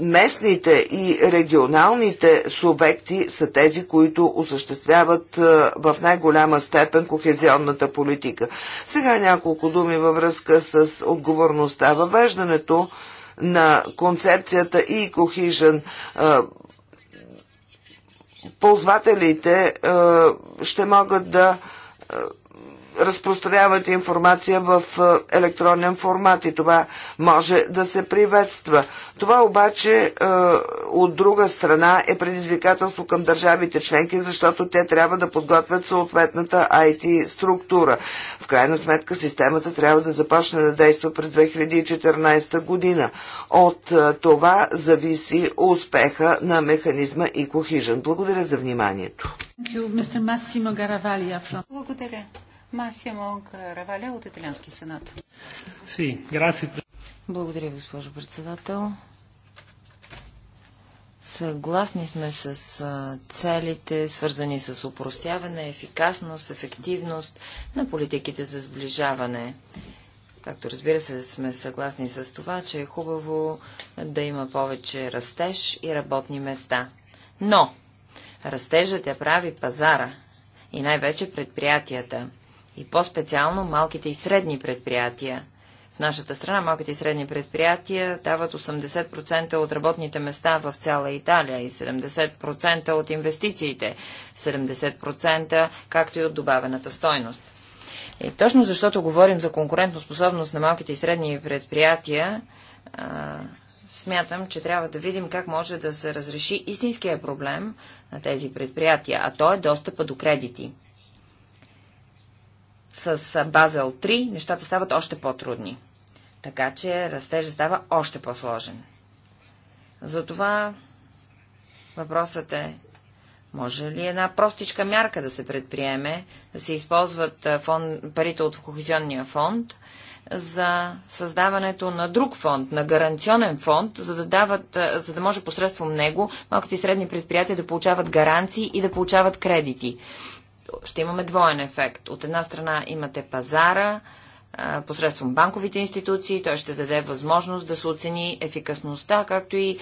местните и регионалните субекти са тези, които осъществяват в най-голяма степен кохезионната политика. Сега няколко думи във връзка с отговорността. Въвеждането на концепцията и кохижен ползвателите е, ще могат да е, разпространяват информация в е, електронен формат и това може да се приветства. Това обаче е, от друга страна е предизвикателство към държавите членки, защото те трябва да подготвят съответната IT структура. В крайна сметка системата трябва да започне да действа през 2014 година. От е, това зависи успеха на механизма и Cohesion. Благодаря за вниманието. Благодаря. Масимо Караваля от Италиански сенат. Благодаря, госпожо председател. Съгласни сме с целите, свързани с упростяване, ефикасност, ефективност на политиките за сближаване. Както разбира се, сме съгласни с това, че е хубаво да има повече растеж и работни места. Но растежът я прави пазара и най-вече предприятията и по-специално малките и средни предприятия. В нашата страна малките и средни предприятия дават 80% от работните места в цяла Италия и 70% от инвестициите, 70% както и от добавената стойност. И точно защото говорим за конкурентоспособност на малките и средни предприятия, а, смятам, че трябва да видим как може да се разреши истинския проблем на тези предприятия, а то е достъпа до кредити с Базел 3 нещата стават още по-трудни. Така че растежа става още по-сложен. Затова въпросът е, може ли една простичка мярка да се предприеме, да се използват фон, парите от Кохезионния фонд за създаването на друг фонд, на гаранционен фонд, за да, дават, за да може посредством него малките и средни предприятия да получават гаранции и да получават кредити ще имаме двоен ефект. От една страна имате пазара, посредством банковите институции. Той ще даде възможност да се оцени ефикасността, както и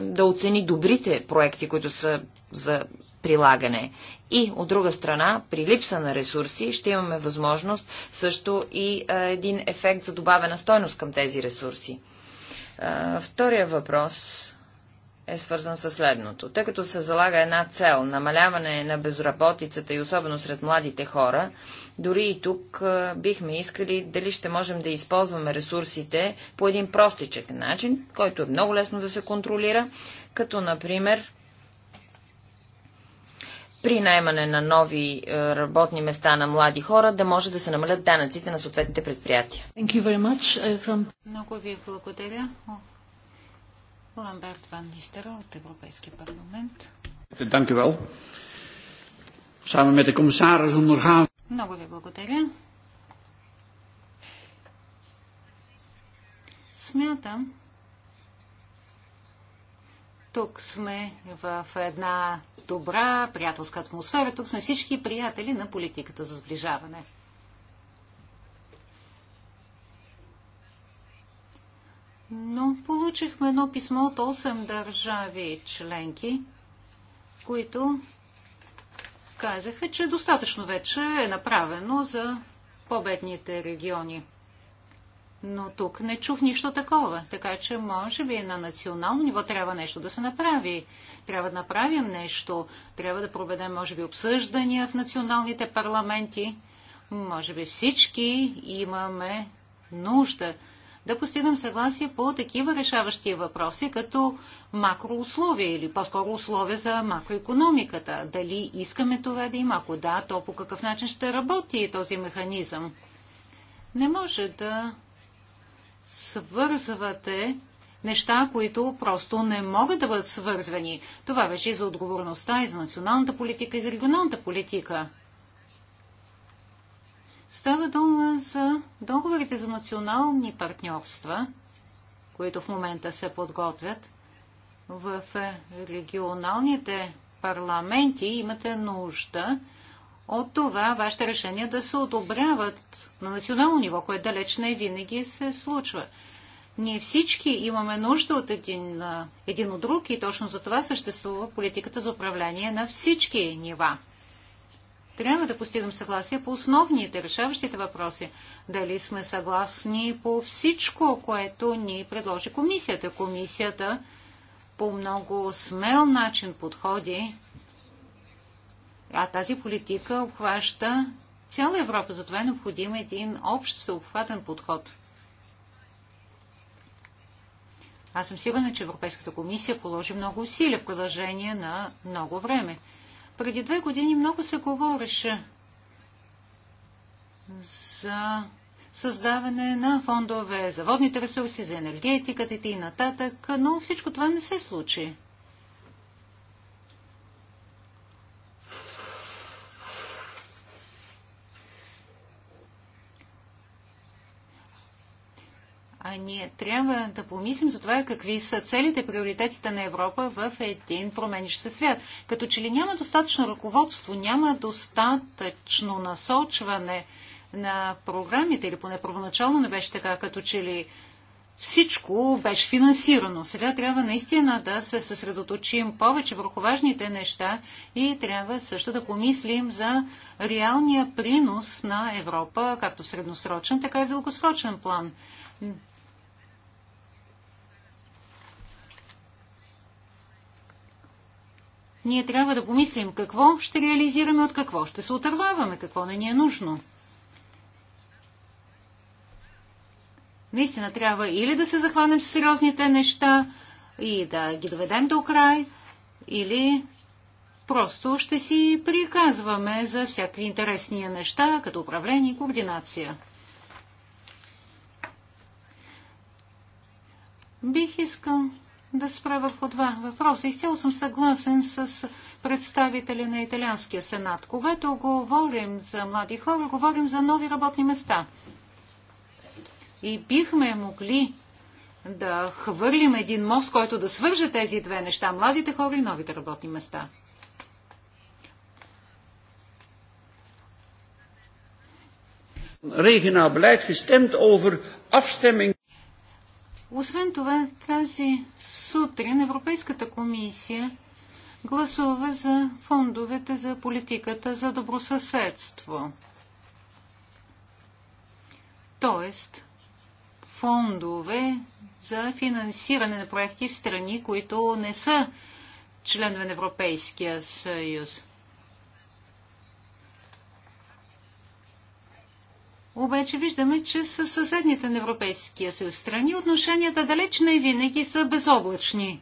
да оцени добрите проекти, които са за прилагане. И от друга страна, при липса на ресурси ще имаме възможност също и един ефект за добавена стойност към тези ресурси. Втория въпрос е свързан със следното. Тъй като се залага една цел – намаляване на безработицата и особено сред младите хора, дори и тук бихме искали дали ще можем да използваме ресурсите по един простичък начин, който е много лесно да се контролира, като например при наймане на нови работни места на млади хора да може да се намалят данъците на съответните предприятия. Uh, from... Много ви благодаря. Ламберт Ван Нистера от Европейския парламент. Dank u wel. Samen met de commissaris ondergaan. Много ви благодаря. Смятам, тук сме в една добра приятелска атмосфера. Тук сме всички приятели на политиката за сближаване. но получихме едно писмо от 8 държави членки, които казаха, че достатъчно вече е направено за победните региони. Но тук не чух нищо такова, така че може би на национално ниво трябва нещо да се направи. Трябва да направим нещо, трябва да проведем, може би, обсъждания в националните парламенти. Може би всички имаме нужда да постигнем съгласие по такива решаващи въпроси, като макроусловия или по-скоро условия за макроекономиката. Дали искаме това да има? Ако да, то по какъв начин ще работи този механизъм? Не може да свързвате неща, които просто не могат да бъдат свързвани. Това беше и за отговорността и за националната политика, и за регионалната политика. Става дума за договорите за национални партньорства, които в момента се подготвят. В регионалните парламенти имате нужда от това вашите решения да се одобряват на национално ниво, което далеч не винаги се случва. Ние всички имаме нужда от един, един от друг и точно за това съществува политиката за управление на всички нива трябва да постигам съгласие по основните, решаващите въпроси. Дали сме съгласни по всичко, което ни предложи комисията. Комисията по много смел начин подходи, а тази политика обхваща цяла Европа. Затова е необходим един общ съобхватен подход. Аз съм сигурна, че Европейската комисия положи много усилия в продължение на много време. Преди две години много се говореше за създаване на фондове за водните ресурси, за енергетиката и нататък, но всичко това не се случи. А ние трябва да помислим за това какви са целите и приоритетите на Европа в един променящ се свят. Като че ли няма достатъчно ръководство, няма достатъчно насочване на програмите, или поне първоначално не беше така, като че ли всичко беше финансирано. Сега трябва наистина да се съсредоточим повече върху важните неща и трябва също да помислим за реалния принос на Европа, както в средносрочен, така и в дългосрочен план. ние трябва да помислим какво ще реализираме, от какво ще се отърваваме, какво не ни е нужно. Наистина трябва или да се захванем с сериозните неща и да ги доведем до край, или просто ще си приказваме за всякакви интересни неща, като управление и координация. Бих искал да спра върху два въпроса. Изцяло съм съгласен с представители на Италианския сенат. Когато говорим за млади хора, говорим за нови работни места. И бихме могли да хвърлим един мост, който да свърже тези две неща младите хора и новите работни места. regionaal beleid gestemd over afstemming освен това, тази сутрин Европейската комисия гласува за фондовете за политиката за добросъседство. Тоест, фондове за финансиране на проекти в страни, които не са членове на Европейския съюз. Обаче виждаме, че с съседните на Европейския съюз страни отношенията далеч не винаги са безоблачни.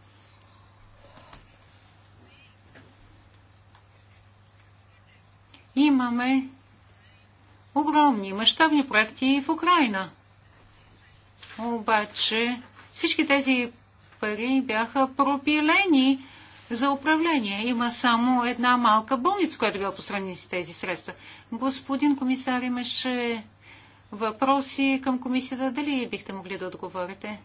Имаме огромни мащабни проекти в Украина. Обаче всички тези пари бяха пропилени за управление. Има само една малка болница, която е била по с тези средства. Господин комисар имаше въпроси към комисията. Дали бихте могли да отговорите?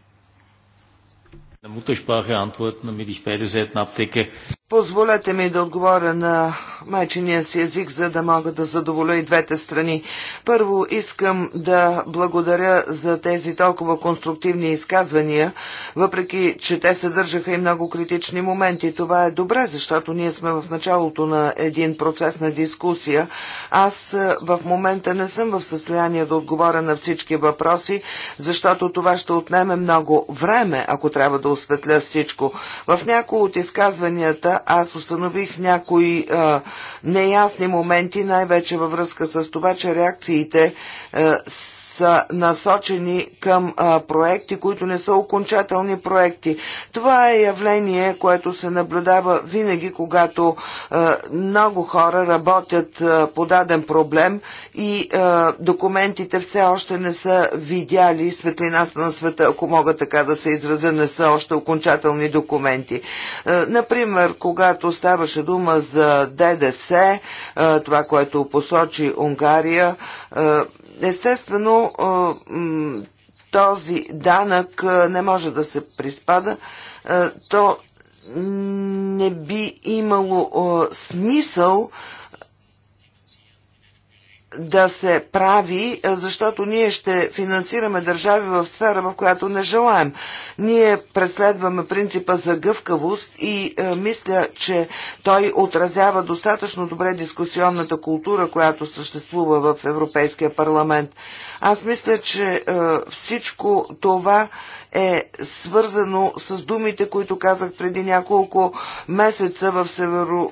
Позволете ми да отговоря на майчиния си език, за да мога да задоволя и двете страни. Първо искам да благодаря за тези толкова конструктивни изказвания, въпреки че те съдържаха и много критични моменти. Това е добре, защото ние сме в началото на един процес на дискусия. Аз в момента не съм в състояние да отговоря на всички въпроси, защото това ще отнеме много време, ако трябва да осветля всичко. В някои от изказванията аз установих някои а, неясни моменти, най-вече във връзка с това, че реакциите а, са насочени към а, проекти, които не са окончателни проекти. Това е явление, което се наблюдава винаги, когато а, много хора работят а, по даден проблем и а, документите все още не са видяли светлината на света, ако мога така да се изразя, не са още окончателни документи. А, например, когато ставаше дума за ДДС, а, това, което посочи Унгария, а, Естествено, този данък не може да се приспада. То не би имало смисъл да се прави, защото ние ще финансираме държави в сфера, в която не желаем. Ние преследваме принципа за гъвкавост и мисля, че той отразява достатъчно добре дискусионната култура, която съществува в Европейския парламент. Аз мисля, че всичко това е свързано с думите, които казах преди няколко месеца в Северо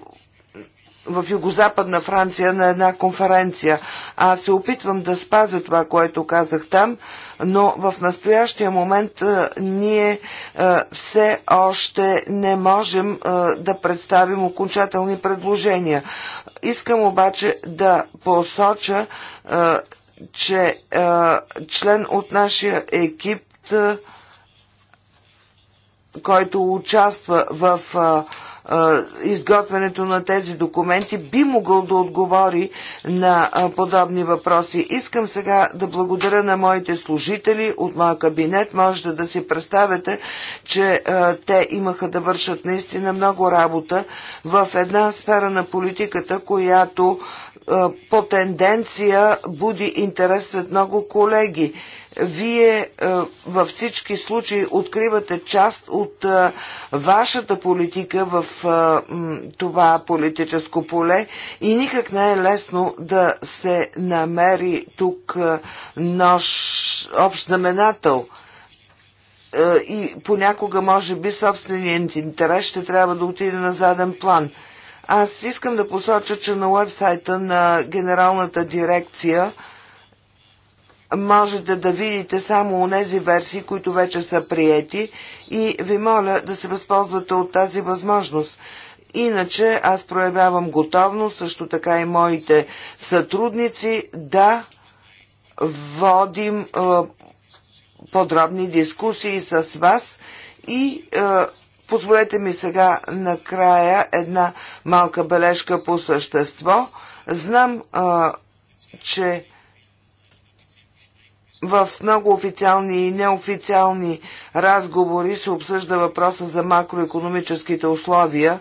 в Югозападна Франция на една конференция. Аз се опитвам да спазя това, което казах там, но в настоящия момент а, ние а, все още не можем а, да представим окончателни предложения. Искам обаче да посоча, а, че а, член от нашия екип, а, който участва в а, изготвянето на тези документи би могъл да отговори на подобни въпроси. Искам сега да благодаря на моите служители от моя кабинет. Можете да си представяте, че те имаха да вършат наистина много работа в една сфера на политиката, която по тенденция буди интерес след много колеги вие е, във всички случаи откривате част от е, вашата политика в е, това политическо поле и никак не е лесно да се намери тук наш общ знаменател и понякога, може би, собственият интерес ще трябва да отиде на заден план. Аз искам да посоча, че на уебсайта на Генералната дирекция можете да видите само онези версии, които вече са приети и ви моля да се възползвате от тази възможност. Иначе аз проявявам готовност, също така и моите сътрудници, да водим е, подробни дискусии с вас и е, позволете ми сега накрая една малка бележка по същество. Знам, е, че в много официални и неофициални разговори се обсъжда въпроса за макроекономическите условия,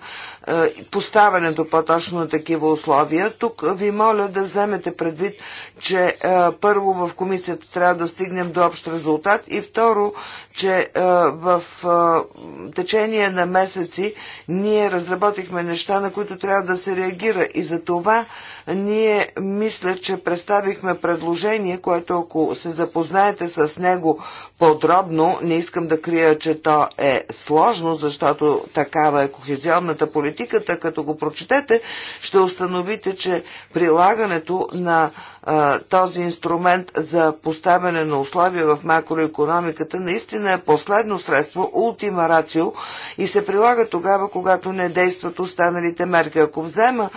е, поставянето по-точно на такива условия. Тук ви моля да вземете предвид, че е, първо в комисията трябва да стигнем до общ резултат и второ, че е, в е, течение на месеци ние разработихме неща, на които трябва да се реагира и за това ние мисля, че представихме предложение, което ако се запознаете с него подробно, не искам да крия, че то е сложно, защото такава е кохезионната политика, като го прочетете, ще установите, че прилагането на този инструмент за поставяне на условия в макроекономиката наистина е последно средство, ултима рацио и се прилага тогава, когато не действат останалите мерки. Ако взема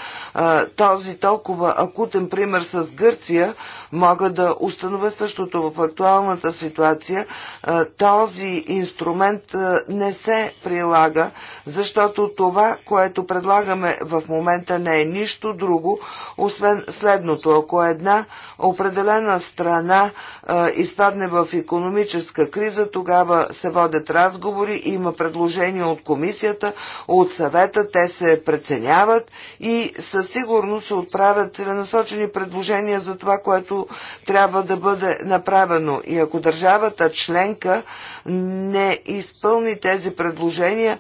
този толкова акутен пример с Гърция, Мога да установя същото в актуалната ситуация. Този инструмент не се прилага, защото това, което предлагаме в момента не е нищо друго, освен следното. Ако една определена страна изпадне в економическа криза, тогава се водят разговори, има предложения от комисията, от съвета, те се преценяват и със сигурност се отправят целенасочени предложения за това, което което трябва да бъде направено. И ако държавата членка не изпълни тези предложения,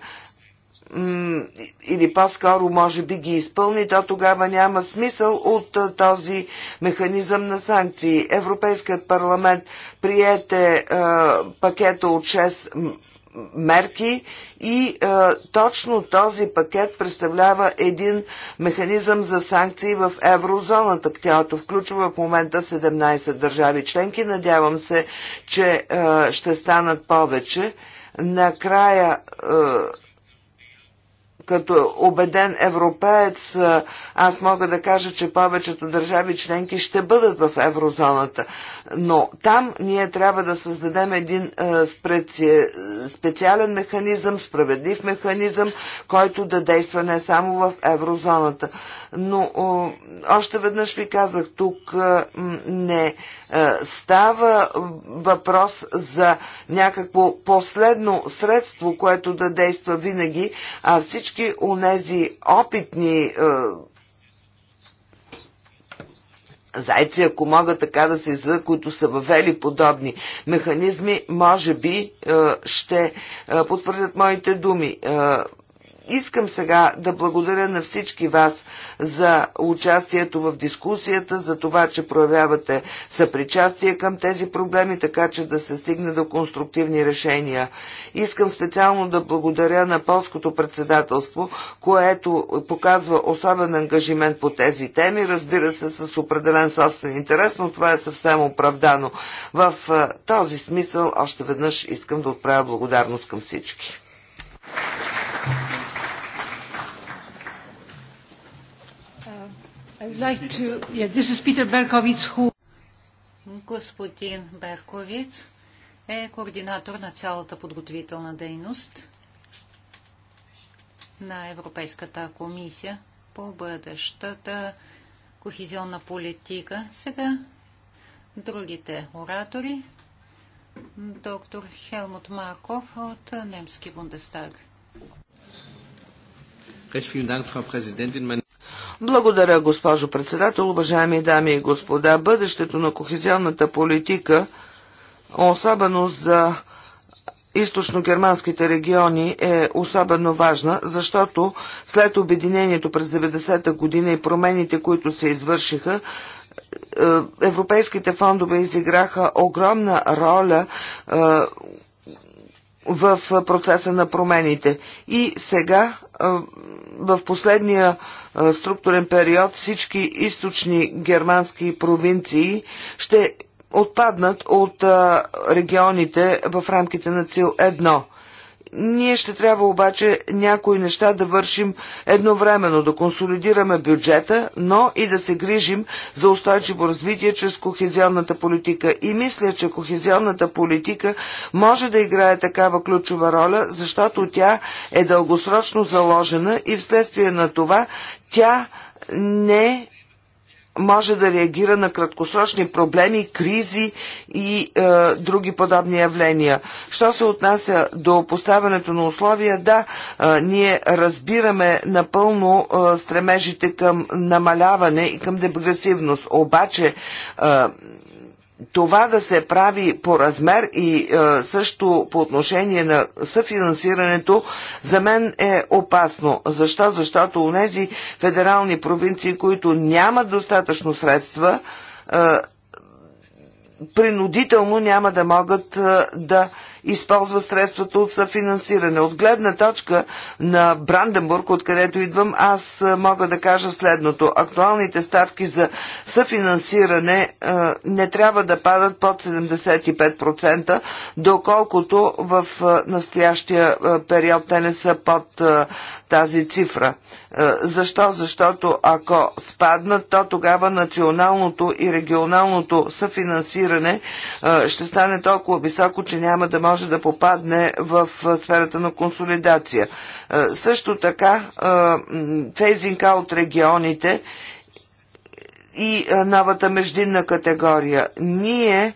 или по-скоро може би ги изпълни, то тогава няма смисъл от този механизъм на санкции. Европейският парламент приете е, пакета от 6 мерки и а, е, точно този пакет представлява един механизъм за санкции в еврозоната, която включва в момента 17 държави членки. Надявам се, че а, е, ще станат повече. Накрая, а, е, като убеден европеец, а, аз мога да кажа, че повечето държави членки ще бъдат в еврозоната, но там ние трябва да създадем един е, специален механизъм, справедлив механизъм, който да действа не само в еврозоната. Но е, още веднъж ви казах, тук е, не става въпрос за някакво последно средство, което да действа винаги, а всички онези опитни зайци, ако мога така да се изразя, които са въвели подобни механизми, може би е, ще е, потвърдят моите думи. Е, Искам сега да благодаря на всички вас за участието в дискусията, за това, че проявявате съпричастие към тези проблеми, така че да се стигне до конструктивни решения. Искам специално да благодаря на полското председателство, което показва особен ангажимент по тези теми, разбира се с определен собствен интерес, но това е съвсем оправдано. В този смисъл още веднъж искам да отправя благодарност към всички. Thank you. like to... yeah, who... Господин Берковиц е координатор на цялата подготовителна дейност на Европейската комисия по бъдещата кохезионна политика. Сега другите оратори. Доктор Хелмут Марков от Немски Бундестаг. Recht vielen Dank, Frau Präsidentin. Meine благодаря, госпожо председател, уважаеми дами и господа. Бъдещето на кохезионната политика, особено за източно-германските региони е особено важна, защото след обединението през 90-та година и промените, които се извършиха, е, европейските фондове изиграха огромна роля е, в процеса на промените. И сега, в последния структурен период, всички източни германски провинции ще отпаднат от регионите в рамките на цил 1. Ние ще трябва обаче някои неща да вършим едновременно, да консолидираме бюджета, но и да се грижим за устойчиво развитие чрез кохезионната политика. И мисля, че кохезионната политика може да играе такава ключова роля, защото тя е дългосрочно заложена и вследствие на това тя не може да реагира на краткосрочни проблеми, кризи и е, други подобни явления. Що се отнася до поставянето на условия, да, е, ние разбираме напълно е, стремежите към намаляване и към депресивност. Обаче, е, това да се прави по размер и е, също по отношение на съфинансирането, за мен е опасно. Защо? Защото у нези федерални провинции, които нямат достатъчно средства, е, принудително няма да могат е, да използва средството от съфинансиране. От гледна точка на Бранденбург, откъдето идвам, аз мога да кажа следното. Актуалните ставки за съфинансиране не трябва да падат под 75%, доколкото в настоящия период те не са под тази цифра. Е, защо? Защото ако спаднат, то тогава националното и регионалното съфинансиране е, ще стане толкова високо, че няма да може да попадне в е, сферата на консолидация. Също така, фейзинг от регионите и новата междинна категория. Ние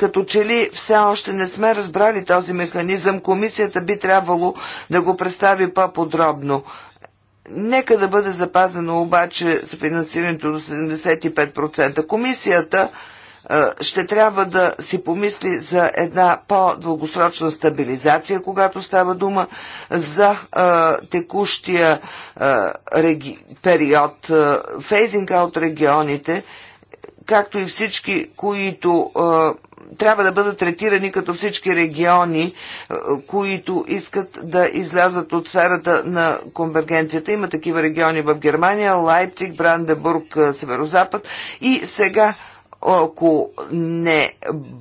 като че ли все още не сме разбрали този механизъм, комисията би трябвало да го представи по-подробно. Нека да бъде запазено обаче с финансирането до 75%. Комисията ще трябва да си помисли за една по-дългосрочна стабилизация, когато става дума за а, текущия а, реги, период, а, фейзинг от регионите, както и всички, които а, трябва да бъдат третирани като всички региони, е, които искат да излязат от сферата на конвергенцията. Има такива региони в Германия, Лайпциг, Бранденбург, е, Северозапад. И сега ако не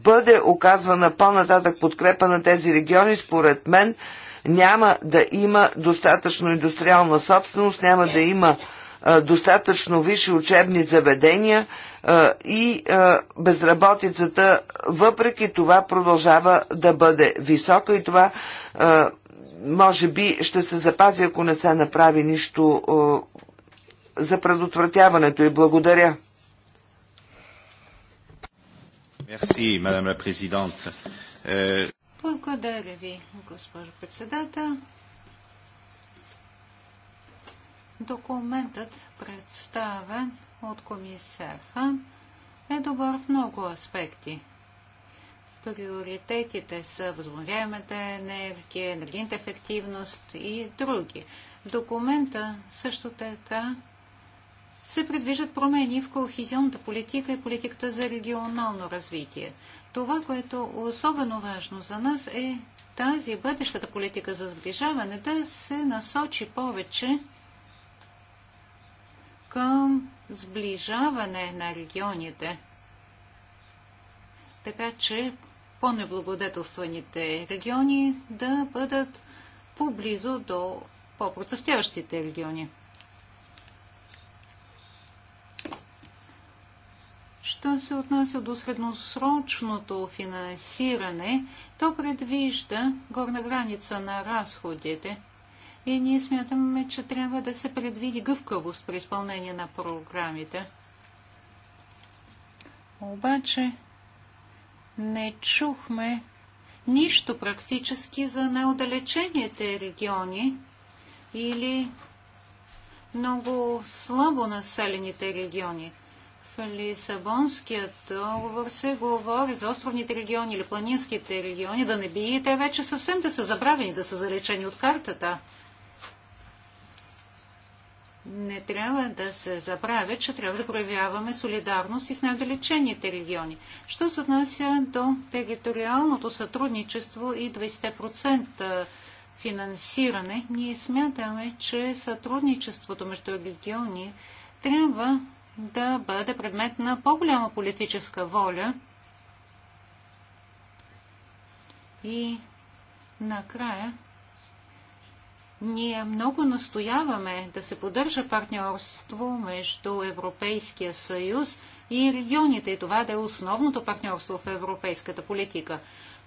бъде оказвана по-нататък подкрепа на тези региони, според мен няма да има достатъчно индустриална собственост, няма да има достатъчно висши учебни заведения и безработицата въпреки това продължава да бъде висока и това може би ще се запази, ако не се направи нищо за предотвратяването и благодаря. Мерси, мадам ла президент. Благодаря ви, госпожо председател. Документът, представен от комисар Хан, е добър в много аспекти. Приоритетите са възобновяемата енергия, енергийната ефективност и други. В документа също така се предвиждат промени в кохезионната политика и политиката за регионално развитие. Това, което е особено важно за нас е тази бъдещата политика за сближаване да се насочи повече към сближаване на регионите, така че по-неблагодетелстваните региони да бъдат поблизо до по-процъфтяващите региони. Що се отнася до средносрочното финансиране, то предвижда горна граница на разходите – и ние смятаме, че трябва да се предвиди гъвкавост при изпълнение на програмите. Обаче не чухме нищо практически за неодалечените региони или много слабо населените региони. В Лисабонският договор се говори за островните региони или планинските региони, да не би и те вече съвсем да са забравени, да са залечени от картата не трябва да се забравя, че трябва да проявяваме солидарност и с най-далечените региони. Що се отнася до териториалното сътрудничество и 20% финансиране, ние смятаме, че сътрудничеството между региони трябва да бъде предмет на по-голяма политическа воля и накрая ние много настояваме да се поддържа партньорство между Европейския съюз и регионите и това да е основното партньорство в европейската политика.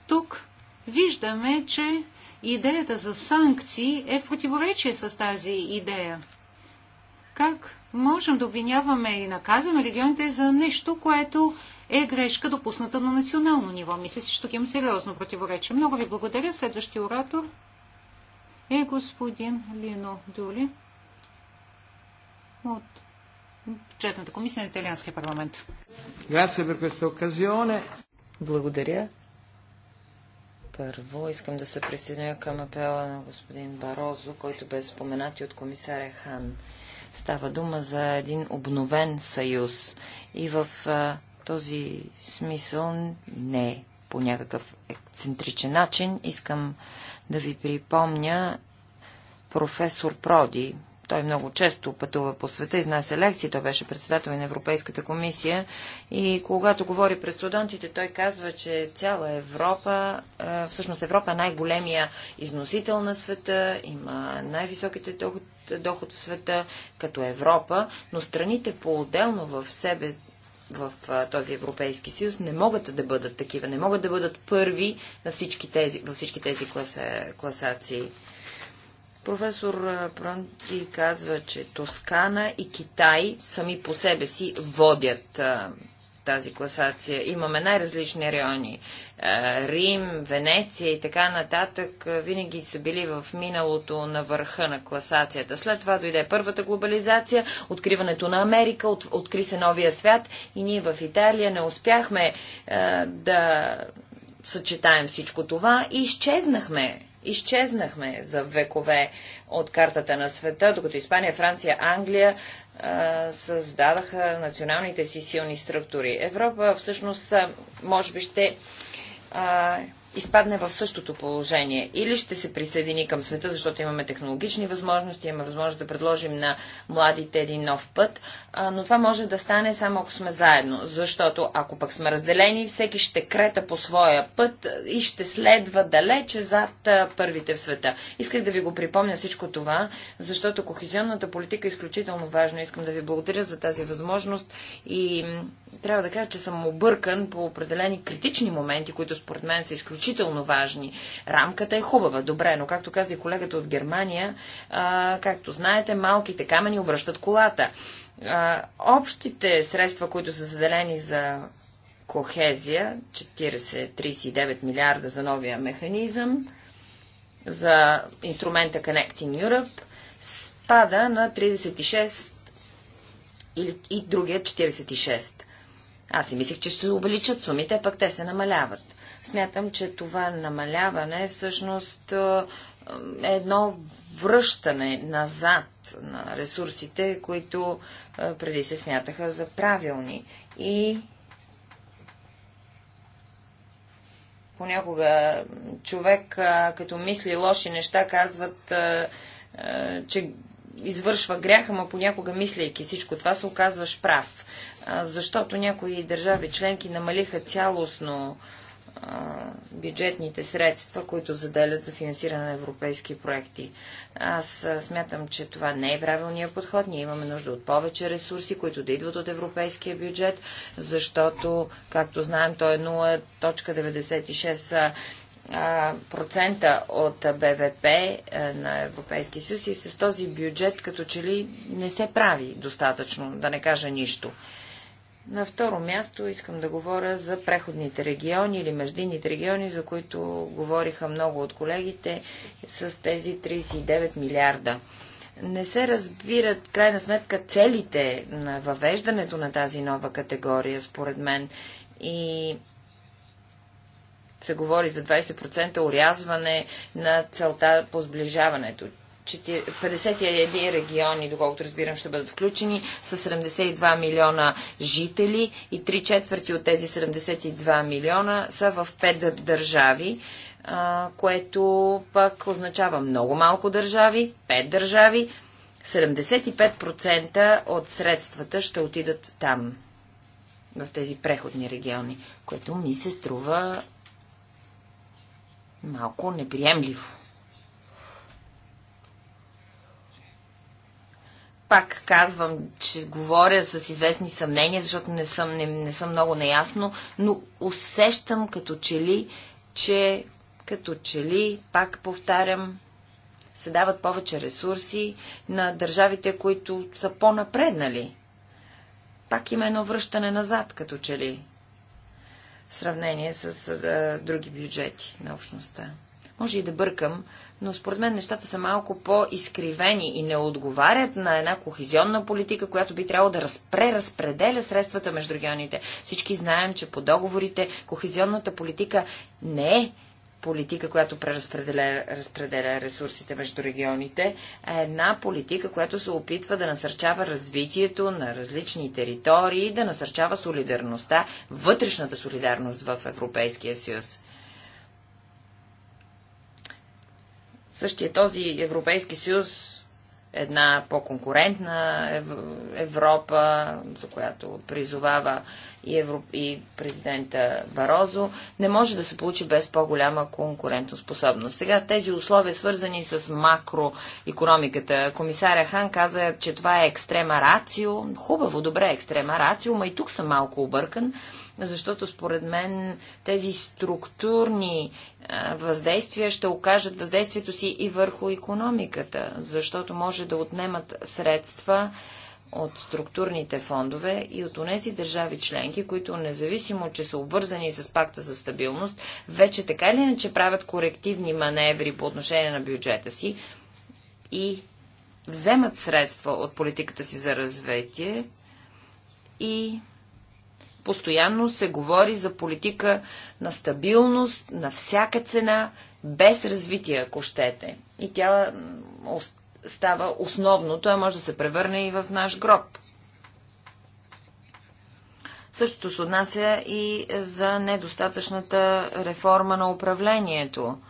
Тук виждаме, че идеята за санкции е в противоречие с тази идея. Как можем да обвиняваме и наказваме регионите за нещо, което е грешка допусната на национално ниво? Мисля си, че тук има сериозно противоречие. Много ви благодаря. Следващия оратор е господин Лино Дули от бюджетната комисия на Италианския парламент. Благодаря. Първо искам да се присъединя към апела на господин Барозо, който бе споменат и от комисаря Хан. Става дума за един обновен съюз и в а, този смисъл не по някакъв ексцентричен начин. Искам да ви припомня професор Проди. Той много често пътува по света, изнася лекции, той беше председател на Европейската комисия и когато говори пред студентите, той казва, че цяла Европа, всъщност Европа е най-големия износител на света, има най-високите доход, доход в света, като Европа, но страните по-отделно в себе в този Европейски съюз не могат да бъдат такива, не могат да бъдат първи на всички тези, във всички тези класа, класации. Професор Пронти казва, че Тоскана и Китай сами по себе си водят тази класация. Имаме най-различни райони. Е, Рим, Венеция и така нататък е, винаги са били в миналото на върха на класацията. След това дойде първата глобализация, откриването на Америка, от, откри се новия свят и ние в Италия не успяхме е, да съчетаем всичко това и изчезнахме изчезнахме за векове от картата на света, докато Испания, Франция, Англия създадаха националните си силни структури. Европа всъщност може би ще а, изпадне в същото положение. Или ще се присъедини към света, защото имаме технологични възможности, имаме възможност да предложим на младите един нов път, но това може да стане само ако сме заедно, защото ако пък сме разделени, всеки ще крета по своя път и ще следва далече зад първите в света. Исках да ви го припомня всичко това, защото кохезионната политика е изключително важна. Искам да ви благодаря за тази възможност и трябва да кажа, че съм объркан по определени критични моменти, които според мен са изключително важни. Рамката е хубава, добре, но както каза и колегата от Германия, а, както знаете, малките камъни обръщат колата а, общите средства, които са заделени за кохезия, 40-39 милиарда за новия механизъм, за инструмента Connecting Europe, спада на 36 или, и другия 46. Аз си мислих, че ще увеличат сумите, пък те се намаляват. Смятам, че това намаляване всъщност е, е едно връщане назад на ресурсите, които преди се смятаха за правилни. И понякога човек, като мисли лоши неща, казват, че извършва грях, ама понякога мислейки всичко това се оказваш прав. Защото някои държави членки намалиха цялостно бюджетните средства, които заделят за финансиране на европейски проекти. Аз смятам, че това не е правилният подход. Ние имаме нужда от повече ресурси, които да идват от европейския бюджет, защото, както знаем, той е 0.96 процента от БВП е, на Европейски съюз и с този бюджет като че ли не се прави достатъчно, да не кажа нищо. На второ място искам да говоря за преходните региони или междинните региони, за които говориха много от колегите с тези 39 милиарда. Не се разбират, крайна сметка, целите на въвеждането на тази нова категория, според мен. И се говори за 20% урязване на целта по сближаването. 51 региони, доколкото разбирам, ще бъдат включени, с 72 милиона жители и 3 четвърти от тези 72 милиона са в 5 държави, което пък означава много малко държави, 5 държави, 75% от средствата ще отидат там, в тези преходни региони, което ми се струва малко неприемливо. Пак казвам, че говоря с известни съмнения, защото не съм, не, не съм много неясно, но усещам като че ли, че като че ли, пак повтарям, се дават повече ресурси на държавите, които са по-напреднали. Пак има едно връщане назад, като че ли, в сравнение с а, други бюджети на общността. Може и да бъркам, но според мен нещата са малко по-изкривени и не отговарят на една кохезионна политика, която би трябвало да преразпределя средствата между регионите. Всички знаем, че по договорите кохезионната политика не е политика, която преразпределя разпределя ресурсите между регионите, а е една политика, която се опитва да насърчава развитието на различни територии, да насърчава солидарността, вътрешната солидарност в Европейския съюз. Същия този Европейски съюз, една по-конкурентна Европа, за която призовава и, Евро... и президента Барозо, не може да се получи без по-голяма конкурентоспособност. Сега тези условия, свързани с макроекономиката, комисаря Хан каза, че това е екстрема рацио. Хубаво, добре, екстрема рацио, ма и тук съм малко объркан защото според мен тези структурни е, въздействия ще окажат въздействието си и върху економиката, защото може да отнемат средства от структурните фондове и от тези държави членки, които независимо, че са обвързани с пакта за стабилност, вече така или иначе правят корективни маневри по отношение на бюджета си и вземат средства от политиката си за развитие и Постоянно се говори за политика на стабилност, на всяка цена, без развитие, ако щете. И тя става основно. Той може да се превърне и в наш гроб. Същото се отнася и за недостатъчната реформа на управлението –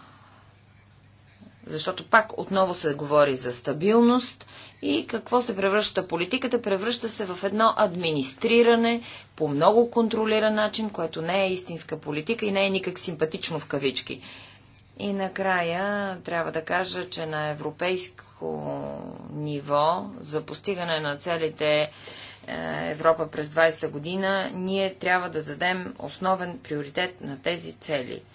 защото пак отново се говори за стабилност и какво се превръща политиката? Превръща се в едно администриране по много контролиран начин, което не е истинска политика и не е никак симпатично в кавички. И накрая трябва да кажа, че на европейско ниво за постигане на целите е, Европа през 20-та година, ние трябва да дадем основен приоритет на тези цели –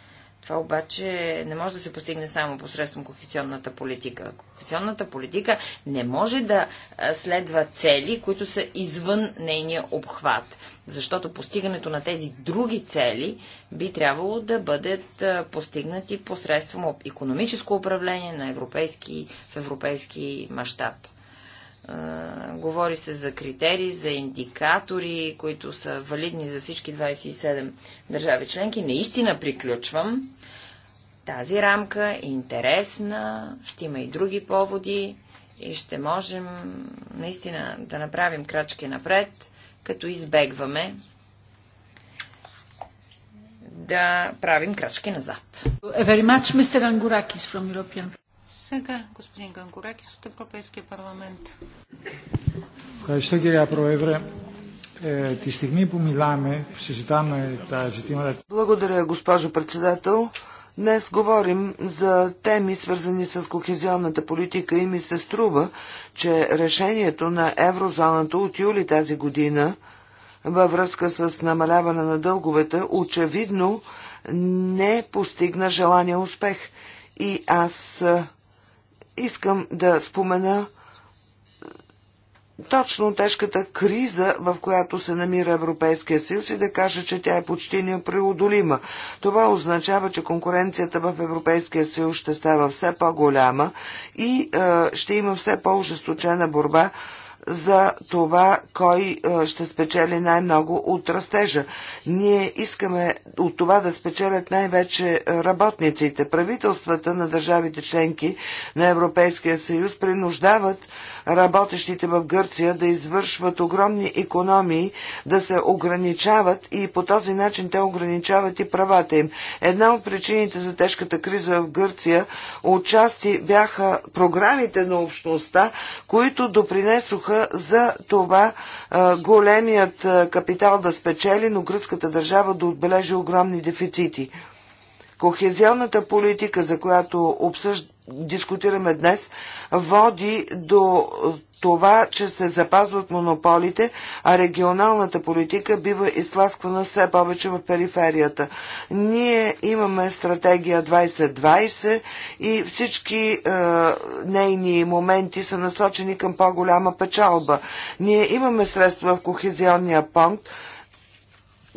това обаче не може да се постигне само посредством кохесионната политика. Кохесионната политика не може да следва цели, които са извън нейния обхват, защото постигането на тези други цели би трябвало да бъдат постигнати посредством економическо управление на европейски, в европейски мащаб говори се за критерии, за индикатори, които са валидни за всички 27 държави членки. Наистина приключвам. Тази рамка е интересна, ще има и други поводи и ще можем наистина да направим крачки напред, като избегваме да правим крачки назад. Very much, Mr. from European сега господин Ганкоракис от Европейския парламент. Ευχαριστώ κυρία Πρόεδρε. Ε, е, τη στιγμή που μιλάμε, συζητάμε τα ζητήματα... Благодаря, госпожо председател. Днес говорим за теми, свързани с кохезионната политика и ми се струва, че решението на еврозоната от юли тази година във връзка с намаляване на дълговете очевидно не постигна желания успех. И аз искам да спомена точно тежката криза, в която се намира Европейския съюз и да кажа, че тя е почти непреодолима. Това означава, че конкуренцията в Европейския съюз ще става все по-голяма и е, ще има все по-ожесточена борба за това, кой е, ще спечели най-много от растежа. Ние искаме от това да спечелят най-вече работниците. Правителствата на държавите членки на Европейския съюз принуждават работещите в Гърция да извършват огромни економии, да се ограничават и по този начин те ограничават и правата им. Една от причините за тежката криза в Гърция отчасти бяха програмите на общността, които допринесоха за това големият капитал да спечели, но гръцката държава да отбележи огромни дефицити. Кохезионната политика, за която обсъждаме дискутираме днес, води до това, че се запазват монополите, а регионалната политика бива изтласквана все повече в периферията. Ние имаме стратегия 2020 и всички е, нейни моменти са насочени към по-голяма печалба. Ние имаме средства в кохезионния пункт,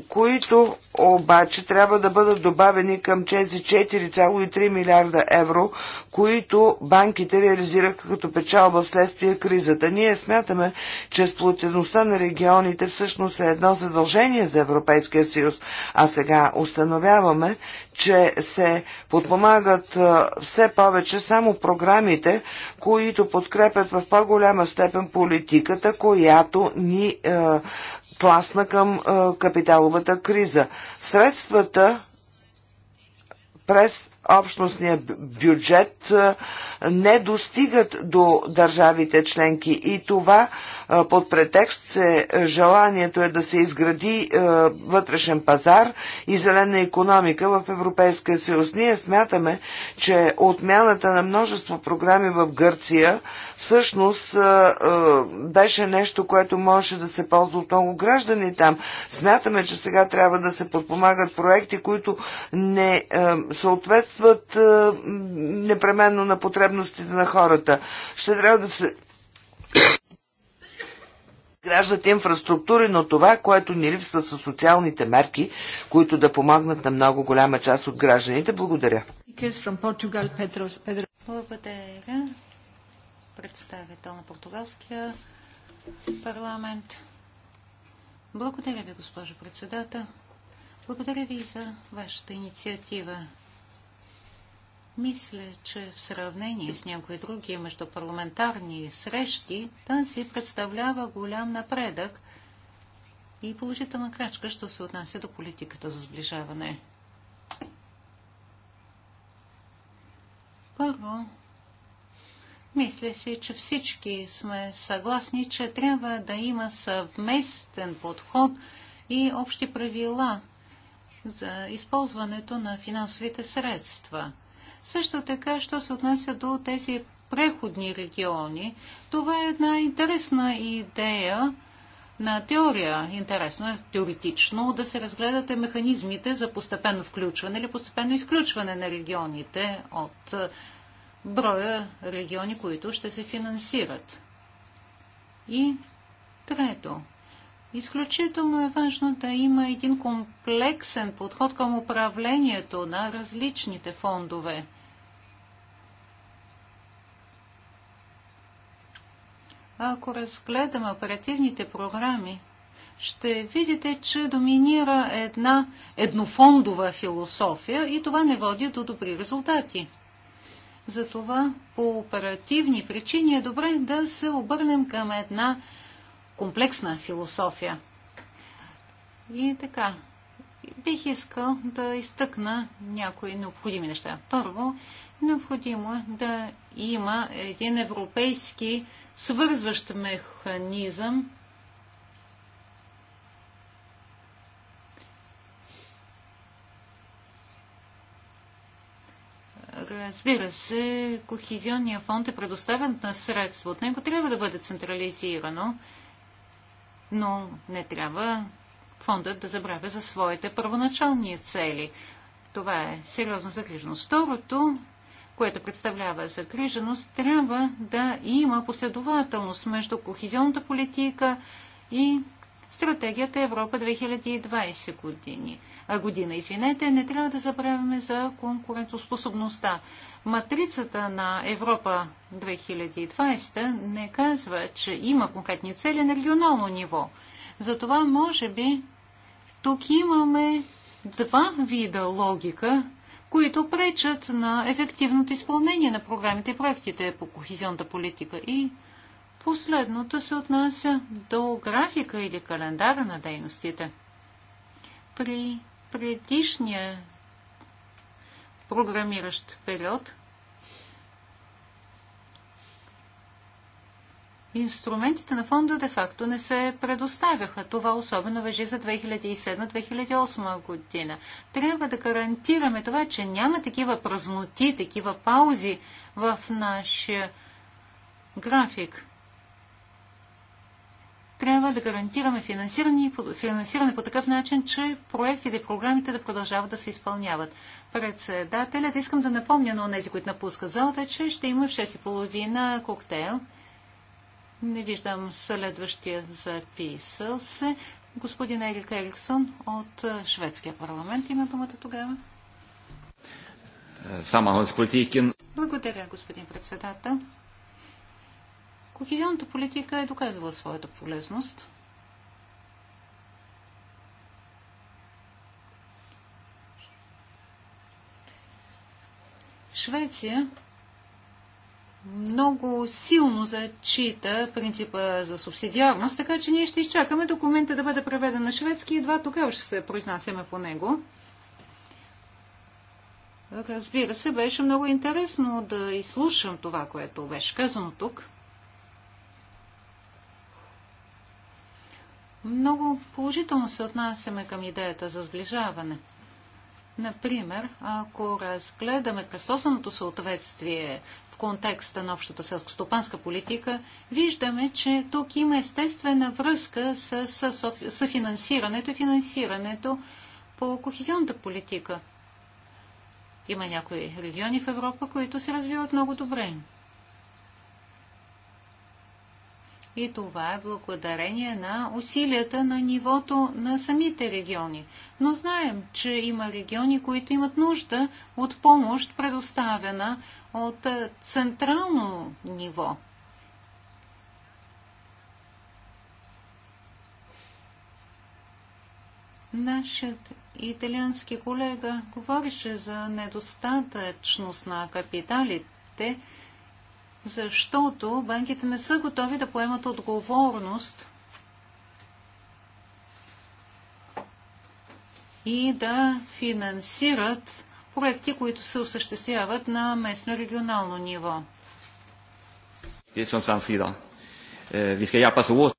които обаче трябва да бъдат добавени към тези 4,3 милиарда евро, които банките реализираха като печалба вследствие кризата. Ние смятаме, че сплотеността на регионите всъщност е едно задължение за Европейския съюз, а сега установяваме, че се подпомагат все повече само програмите, които подкрепят в по-голяма степен политиката, която ни е, тласна към е, капиталовата криза. Средствата през общностния бюджет е, не достигат до държавите членки и това под претекст, че е, желанието е да се изгради е, вътрешен пазар и зелена економика в Европейския съюз. Ние смятаме, че отмяната на множество програми в Гърция всъщност е, беше нещо, което можеше да се ползва от много граждани там. Смятаме, че сега трябва да се подпомагат проекти, които не съответстват непременно на потребностите на хората. Ще трябва да се Граждат инфраструктури, но това, което ни липсва са социалните мерки, които да помогнат на много голяма част от гражданите. Благодаря. Благодаря. Представител на португалския парламент. Благодаря ви, госпожо председател. Благодаря ви за вашата инициатива. Мисля, че в сравнение с някои други междупарламентарни срещи, тази представлява голям напредък и положителна крачка, що се отнася до политиката за сближаване. Първо, мисля си, че всички сме съгласни, че трябва да има съвместен подход и общи правила за използването на финансовите средства – също така, що се отнася до тези преходни региони, това е една интересна идея на теория. Интересно е теоретично да се разгледате механизмите за постепенно включване или постепенно изключване на регионите от е, броя региони, които ще се финансират. И трето, Изключително е важно да има един комплексен подход към управлението на различните фондове. Ако разгледаме оперативните програми, ще видите, че доминира една еднофондова философия и това не води до добри резултати. Затова по оперативни причини е добре да се обърнем към една комплексна философия. И така, бих искал да изтъкна някои необходими неща. Първо, необходимо е да има един европейски свързващ механизъм, Разбира се, Кохезионния фонд е предоставен на средства. От него трябва да бъде централизирано но не трябва фондът да забравя за своите първоначални цели. Това е сериозна загриженост. Второто, което представлява загриженост, трябва да има последователност между кохезионната политика и стратегията Европа 2020 години година. Извинете, не трябва да забравяме за конкурентоспособността. Матрицата на Европа 2020 не казва, че има конкретни цели на регионално ниво. Затова, може би, тук имаме два вида логика, които пречат на ефективното изпълнение на програмите и проектите по кохезионната политика. И последното се отнася до графика или календара на дейностите. При предишния програмиращ период инструментите на фонда де-факто не се предоставяха. Това особено въжи за 2007-2008 година. Трябва да гарантираме това, че няма такива празноти, такива паузи в нашия график трябва да гарантираме финансиране, финансиране по такъв начин, че проектите и програмите да продължават да се изпълняват. Председателят, искам да напомня на тези, които напускат залата, че ще има в 6.30 коктейл. Не виждам следващия записал се. Господин Ерик Ериксон от е, шведския парламент има думата тогава. Е, Благодаря, господин председател. Кохезионната политика е доказала своята полезност. Швеция много силно зачита принципа за субсидиарност, така че ние ще изчакаме документа да бъде преведен на шведски и едва тогава ще се произнасяме по него. Разбира се, беше много интересно да изслушам това, което беше казано тук. Много положително се отнасяме към идеята за сближаване. Например, ако разгледаме кръстосаното съответствие в контекста на общата селскостопанска политика, виждаме, че тук има естествена връзка с, съфинансирането и финансирането по кохезионната политика. Има някои региони в Европа, които се развиват много добре. И това е благодарение на усилията на нивото на самите региони. Но знаем, че има региони, които имат нужда от помощ, предоставена от е, централно ниво. Нашият италиански колега говореше за недостатъчност на капиталите защото банките не са готови да поемат отговорност и да финансират проекти, които се осъществяват на местно-регионално ниво. Er øh,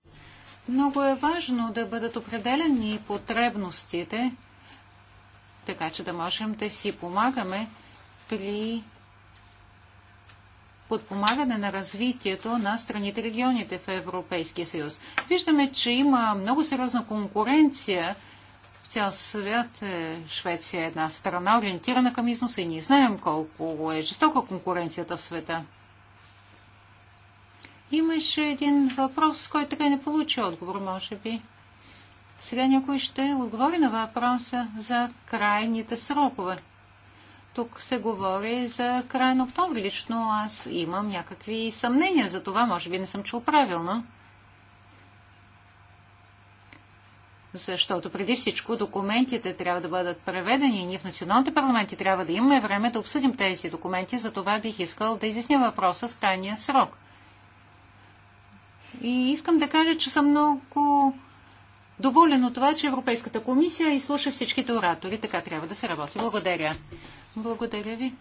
Много е важно да бъдат определени потребностите, така че да можем да си помагаме при подпомагане на развитието на страните регионите в Европейския съюз. Виждаме, че има много сериозна конкуренция в цял свят. Е Швеция е една страна, ориентирана към износа и ние знаем колко е жестока конкуренцията в света. Имаше един въпрос, който така не получи отговор, може би. Сега някой ще отговори на въпроса за крайните срокове. Тук се говори за край на октомври. Лично аз имам някакви съмнения за това. Може би не съм чул правилно. Защото преди всичко документите трябва да бъдат преведени и ние в националните парламенти трябва да имаме време да обсъдим тези документи. За това бих искал да изясня въпроса с крайния срок. И искам да кажа, че съм много доволен от това, че Европейската комисия изслуша всичките оратори. Така трябва да се работи. Благодаря. Благодаря ви.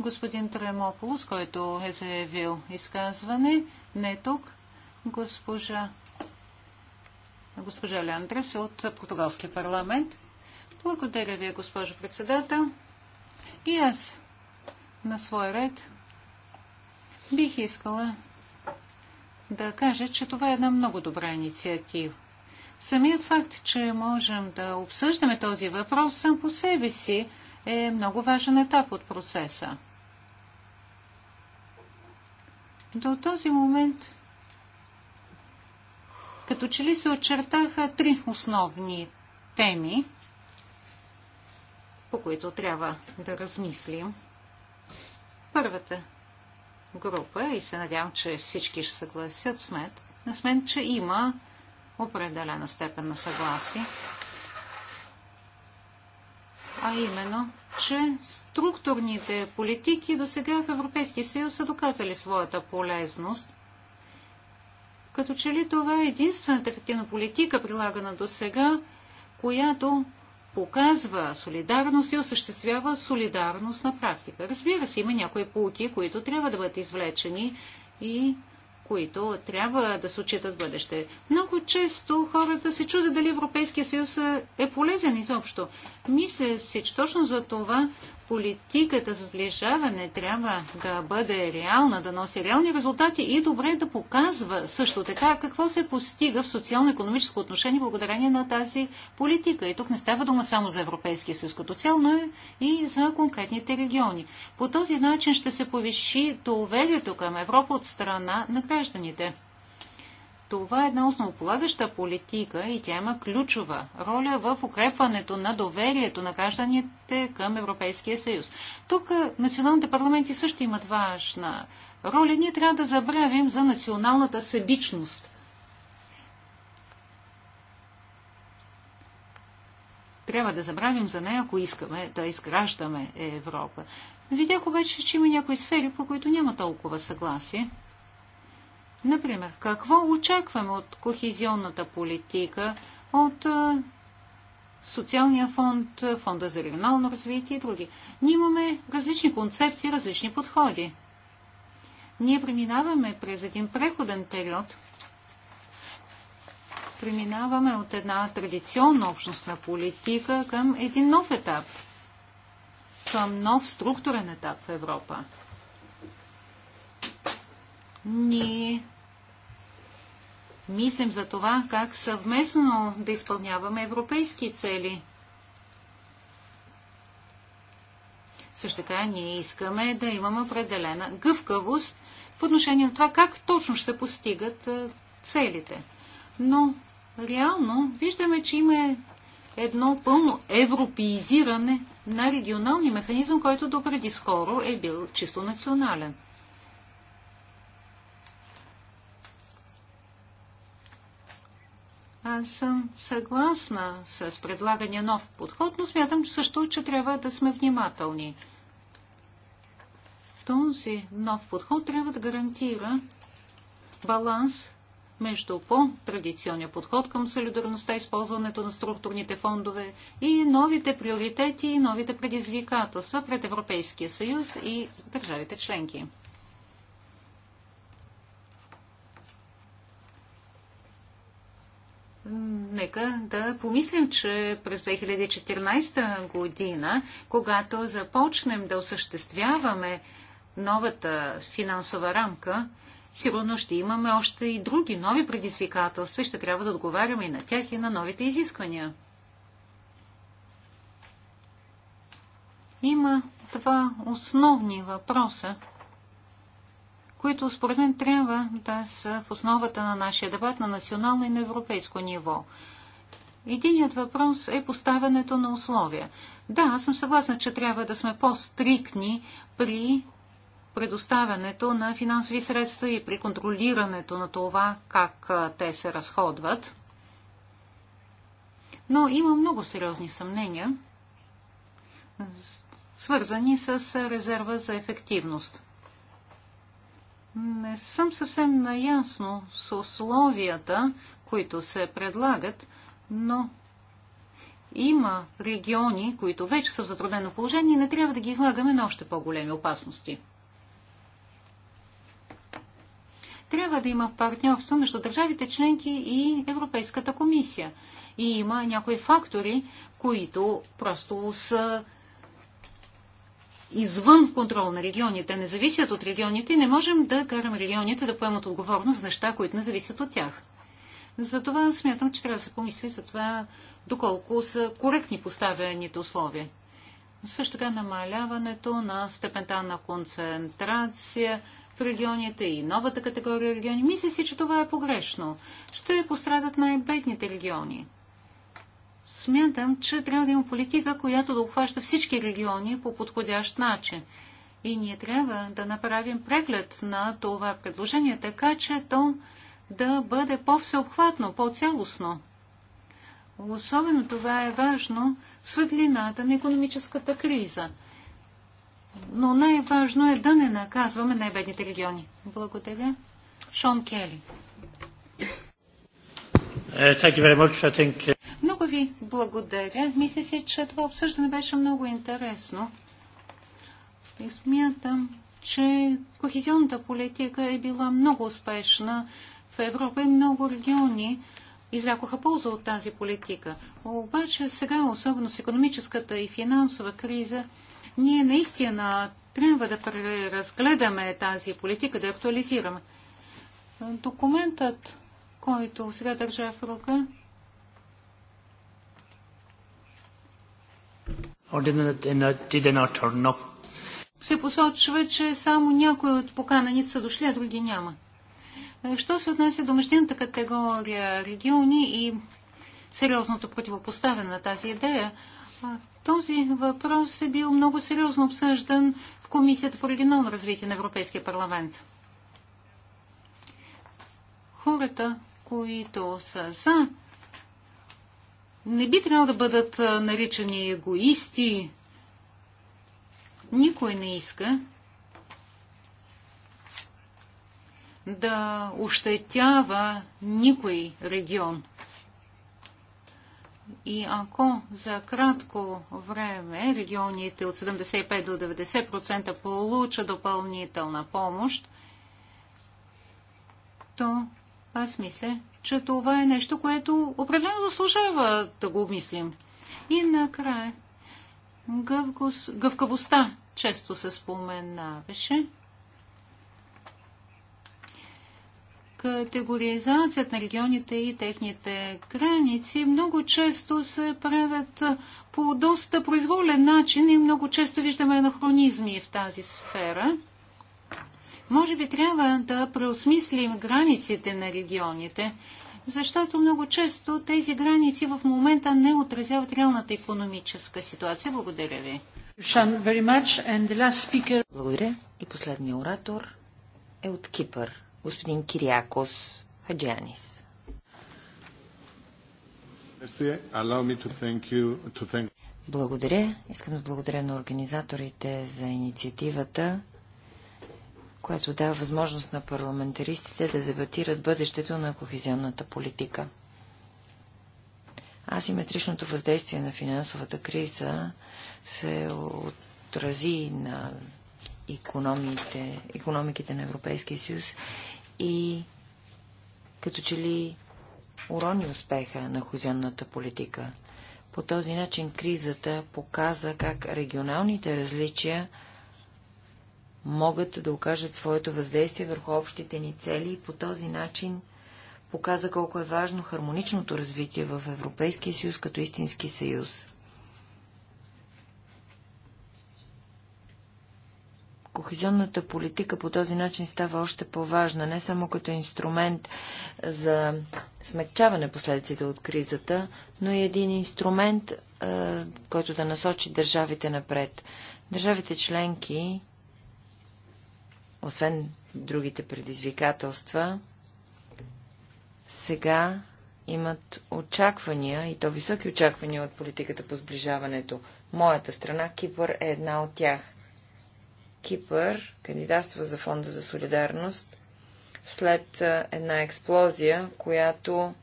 Господин Тремополус, който е заявил изказване, не е тук. Госпожа, госпожа Леандрес от Португалския парламент. Благодаря ви, госпожо председател. И аз на свой ред бих искала да кажа, че това е една много добра инициатива. Самият факт, че можем да обсъждаме този въпрос сам по себе си е много важен етап от процеса. До този момент като че ли се очертаха три основни теми, по които трябва да размислим. Първата група, и се надявам, че всички ще съгласят с мен, че има определена степен на съгласие, а именно, че структурните политики до сега в Европейския съюз са доказали своята полезност. Като че ли това е единствената ефективна политика, прилагана до сега, която показва солидарност и осъществява солидарност на практика. Разбира се, има някои полки, които трябва да бъдат извлечени и които трябва да се отчитат бъдеще. Много често хората се чудят дали Европейския съюз е полезен изобщо. Мисля си, че точно за това политиката за сближаване трябва да бъде реална, да носи реални резултати и добре да показва също така какво се постига в социално-економическо отношение благодарение на тази политика. И тук не става дума само за Европейския съюз като цел, но и за конкретните региони. По този начин ще се повиши доверието към Европа от страна на гражданите. Това е една основополагаща политика и тя има ключова роля в укрепването на доверието на гражданите към Европейския съюз. Тук националните парламенти също имат важна роля. Ние трябва да забравим за националната събичност. Трябва да забравим за нея, ако искаме да изграждаме Европа. Видях обаче, че има някои сфери, по които няма толкова съгласие. Например, какво очакваме от кохезионната политика, от социалния фонд, фонда за регионално развитие и други. Ние имаме различни концепции, различни подходи. Ние преминаваме през един преходен период. Преминаваме от една традиционна общностна политика към един нов етап, към нов структурен етап в Европа ние мислим за това как съвместно да изпълняваме европейски цели. Също така ние искаме да имаме определена гъвкавост по отношение на това как точно ще се постигат целите. Но реално виждаме, че има едно пълно европеизиране на регионалния механизъм, който допреди скоро е бил чисто национален. Аз съм съгласна с предлагания нов подход, но смятам също, че трябва да сме внимателни. Този нов подход трябва да гарантира баланс между по-традиционния подход към солидарността, използването на структурните фондове и новите приоритети и новите предизвикателства пред Европейския съюз и държавите членки. нека да помислим, че през 2014 година, когато започнем да осъществяваме новата финансова рамка, сигурно ще имаме още и други нови предизвикателства и ще трябва да отговаряме и на тях и на новите изисквания. Има два основни въпроса, които според мен трябва да са в основата на нашия дебат на национално и на европейско ниво. Единият въпрос е поставянето на условия. Да, аз съм съгласна, че трябва да сме по-стрикни при предоставянето на финансови средства и при контролирането на това как те се разходват. Но има много сериозни съмнения, свързани с резерва за ефективност. Не съм съвсем наясно с условията, които се предлагат, но има региони, които вече са в затруднено положение и не трябва да ги излагаме на още по-големи опасности. Трябва да има партньорство между държавите членки и Европейската комисия. И има някои фактори, които просто са извън контрол на регионите, не зависят от регионите и не можем да караме регионите да поемат отговорност за неща, които не зависят от тях. Затова смятам, че трябва да се помисли за това, доколко са коректни поставените условия. Също така намаляването на степента на концентрация в регионите и новата категория региони. Мисля си, че това е погрешно. Ще пострадат най-бедните региони. Смятам, че трябва да има политика, която да обхваща всички региони по подходящ начин. И ние трябва да направим преглед на това предложение, така че то да бъде по-всеобхватно, по-цялостно. Особено това е важно в светлината на економическата криза. Но най-важно е да не наказваме най-бедните региони. Благодаря. Шон Кели. Uh, uh, много ви благодаря. Мисля си, че това обсъждане беше много интересно. И смятам, че кохезионната политика е била много успешна в Европа и много региони излякоха полза от тази политика. Обаче сега, особено с економическата и финансова криза, ние наистина трябва да преразгледаме тази политика, да актуализираме. Документът който сега държа в рука. Се посочва, че само някои от покананите са дошли, а други няма. Що се отнася до междинната категория региони и сериозното противопоставяне на тази идея, този въпрос е бил много сериозно обсъждан в Комисията по регионално развитие на Европейския парламент. Хората, които са за, не би трябвало да бъдат наричани егоисти. Никой не иска да ощетява никой регион. И ако за кратко време регионите от 75 до 90% получат допълнителна помощ, то аз мисля, че това е нещо, което определено заслужава да го обмислим. И накрая, гъвкос, гъвкавостта често се споменаваше. Категоризацията на регионите и техните граници много често се правят по доста произволен начин и много често виждаме анахронизми в тази сфера – може би трябва да преосмислим границите на регионите, защото много често тези граници в момента не отразяват реалната економическа ситуация. Благодаря ви. Благодаря. И последния оратор е от Кипър, господин Кириакос Хаджанис. Благодаря. Искам да благодаря на организаторите за инициативата което дава възможност на парламентаристите да дебатират бъдещето на кохезионната политика. Асиметричното въздействие на финансовата криза се отрази на економите, економиките на Европейския съюз и като че ли урони успеха на хозянната политика. По този начин кризата показа как регионалните различия могат да окажат своето въздействие върху общите ни цели и по този начин показа колко е важно хармоничното развитие в Европейския съюз като истински съюз. Кохезионната политика по този начин става още по-важна, не само като инструмент за смягчаване последиците от кризата, но и един инструмент, който да насочи държавите напред. Държавите членки освен другите предизвикателства, сега имат очаквания, и то високи очаквания от политиката по сближаването. Моята страна, Кипър, е една от тях. Кипър кандидатства за Фонда за солидарност след една експлозия, която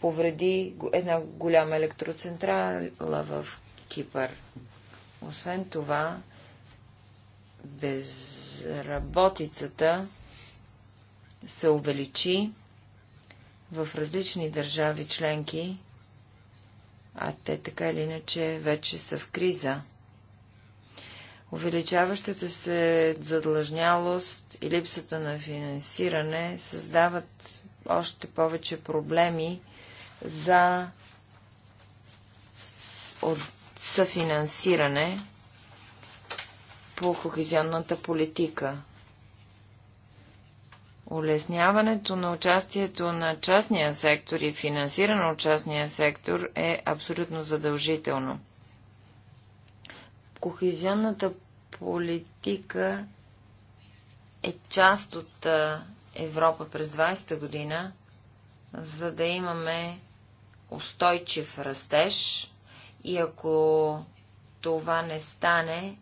повреди една голяма електроцентрала в Кипър. Освен това, без безработицата се увеличи в различни държави членки, а те така или иначе вече са в криза. Увеличаващата се задлъжнялост и липсата на финансиране създават още повече проблеми за от съфинансиране по кохезионната политика. Улесняването на участието на частния сектор и финансиране от частния сектор е абсолютно задължително. Кохезионната политика е част от Европа през 20-та година, за да имаме устойчив растеж и ако това не стане,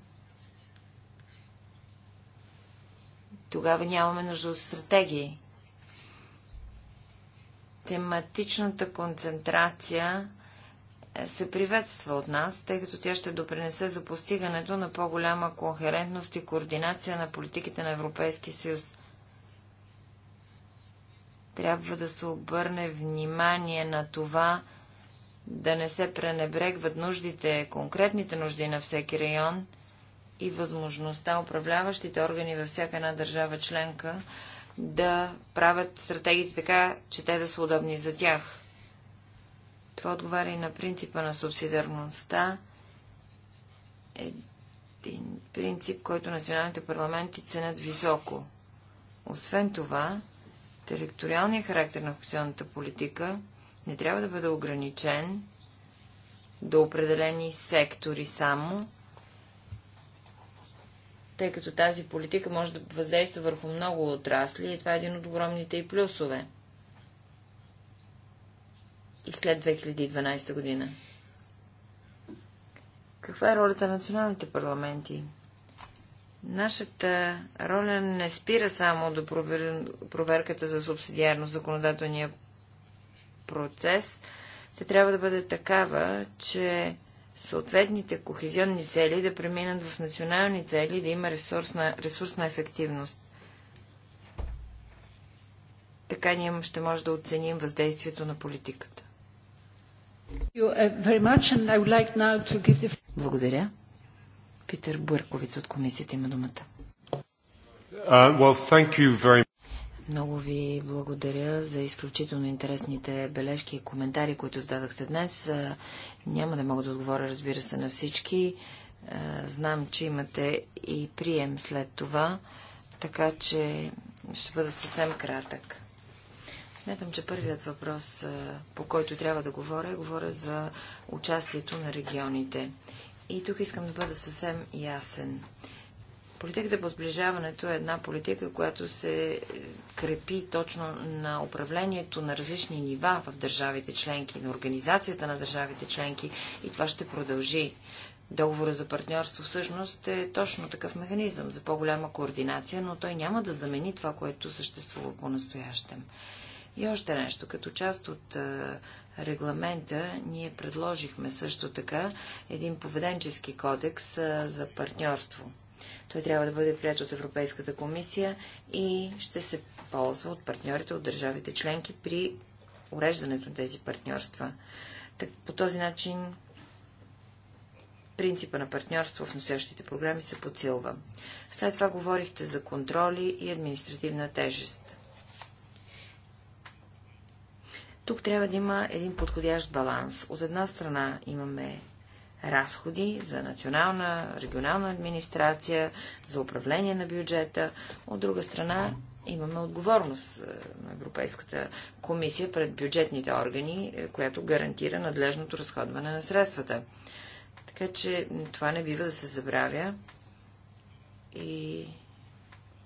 тогава нямаме нужда от стратегии. Тематичната концентрация е, се приветства от нас, тъй като тя ще допринесе за постигането на по-голяма кохерентност и координация на политиките на Европейския съюз. Трябва да се обърне внимание на това, да не се пренебрегват нуждите, конкретните нужди на всеки район – и възможността управляващите органи във всяка една държава членка да правят стратегиите така, че те да са удобни за тях. Това отговаря и на принципа на субсидиарността. Един принцип, който националните парламенти ценят високо. Освен това, териториалният характер на функционалната политика не трябва да бъде ограничен до определени сектори само тъй като тази политика може да въздейства върху много отрасли и това е един от огромните и плюсове. И след 2012 година. Каква е ролята на националните парламенти? Нашата роля не спира само до провер... проверката за субсидиарно законодателния процес. Те трябва да бъде такава, че съответните кохезионни цели да преминат в национални цели, да има ресурсна, ресурсна ефективност. Така ние ще може да оценим въздействието на политиката. Благодаря. Питер Бърковиц от комисията има думата. Uh, well, много ви благодаря за изключително интересните бележки и коментари, които зададахте днес. Няма да мога да отговоря, разбира се, на всички. Знам, че имате и прием след това, така че ще бъда съвсем кратък. Смятам, че първият въпрос, по който трябва да говоря, е говоря за участието на регионите. И тук искам да бъда съвсем ясен. Политиката по сближаването е една политика, която се е, крепи точно на управлението на различни нива в държавите членки, на организацията на държавите членки и това ще продължи. Договора за партньорство всъщност е точно такъв механизъм за по-голяма координация, но той няма да замени това, което съществува по-настоящем. И още нещо, като част от е, регламента ние предложихме също така един поведенчески кодекс е, за партньорство. Той трябва да бъде прият от Европейската комисия и ще се ползва от партньорите от държавите членки при уреждането на тези партньорства. Так, по този начин принципа на партньорство в настоящите програми се подсилва. След това говорихте за контроли и административна тежест. Тук трябва да има един подходящ баланс. От една страна имаме разходи за национална, регионална администрация, за управление на бюджета. От друга страна, имаме отговорност е, на Европейската комисия пред бюджетните органи, е, която гарантира надлежното разходване на средствата. Така че това не бива да се забравя. И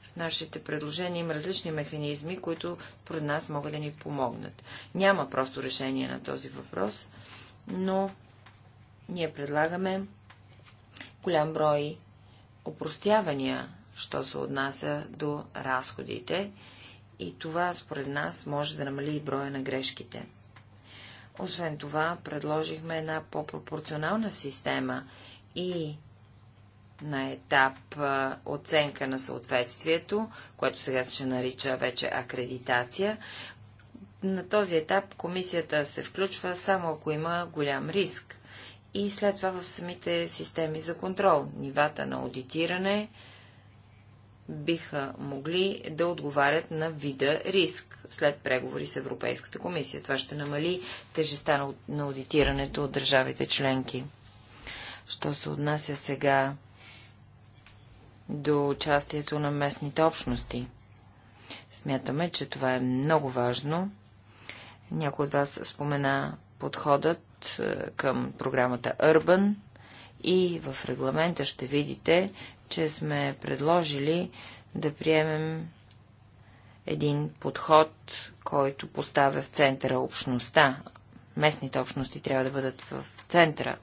в нашите предложения има различни механизми, които пред нас могат да ни помогнат. Няма просто решение на този въпрос, но ние предлагаме голям брой опростявания, що се отнася до разходите и това според нас може да намали и броя на грешките. Освен това, предложихме една по-пропорционална система и на етап оценка на съответствието, което сега ще нарича вече акредитация. На този етап комисията се включва само ако има голям риск и след това в самите системи за контрол. Нивата на аудитиране биха могли да отговарят на вида риск след преговори с Европейската комисия. Това ще намали тежеста на аудитирането от държавите членки. Що се отнася сега до участието на местните общности? Смятаме, че това е много важно. Някой от вас спомена подходът е, към програмата Urban и в регламента ще видите, че сме предложили да приемем един подход, който поставя в центъра общността. Местните общности трябва да бъдат в центъра.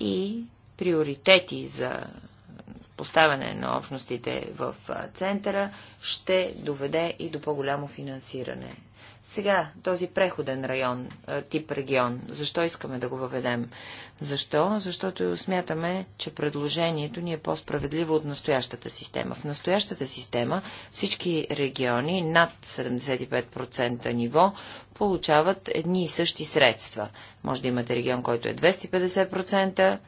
И приоритети за поставяне на общностите в центъра ще доведе и до по-голямо финансиране. Сега, този преходен район, тип регион, защо искаме да го въведем? Защо? Защото смятаме, че предложението ни е по-справедливо от настоящата система. В настоящата система всички региони над 75% ниво получават едни и същи средства. Може да имате регион, който е 250%,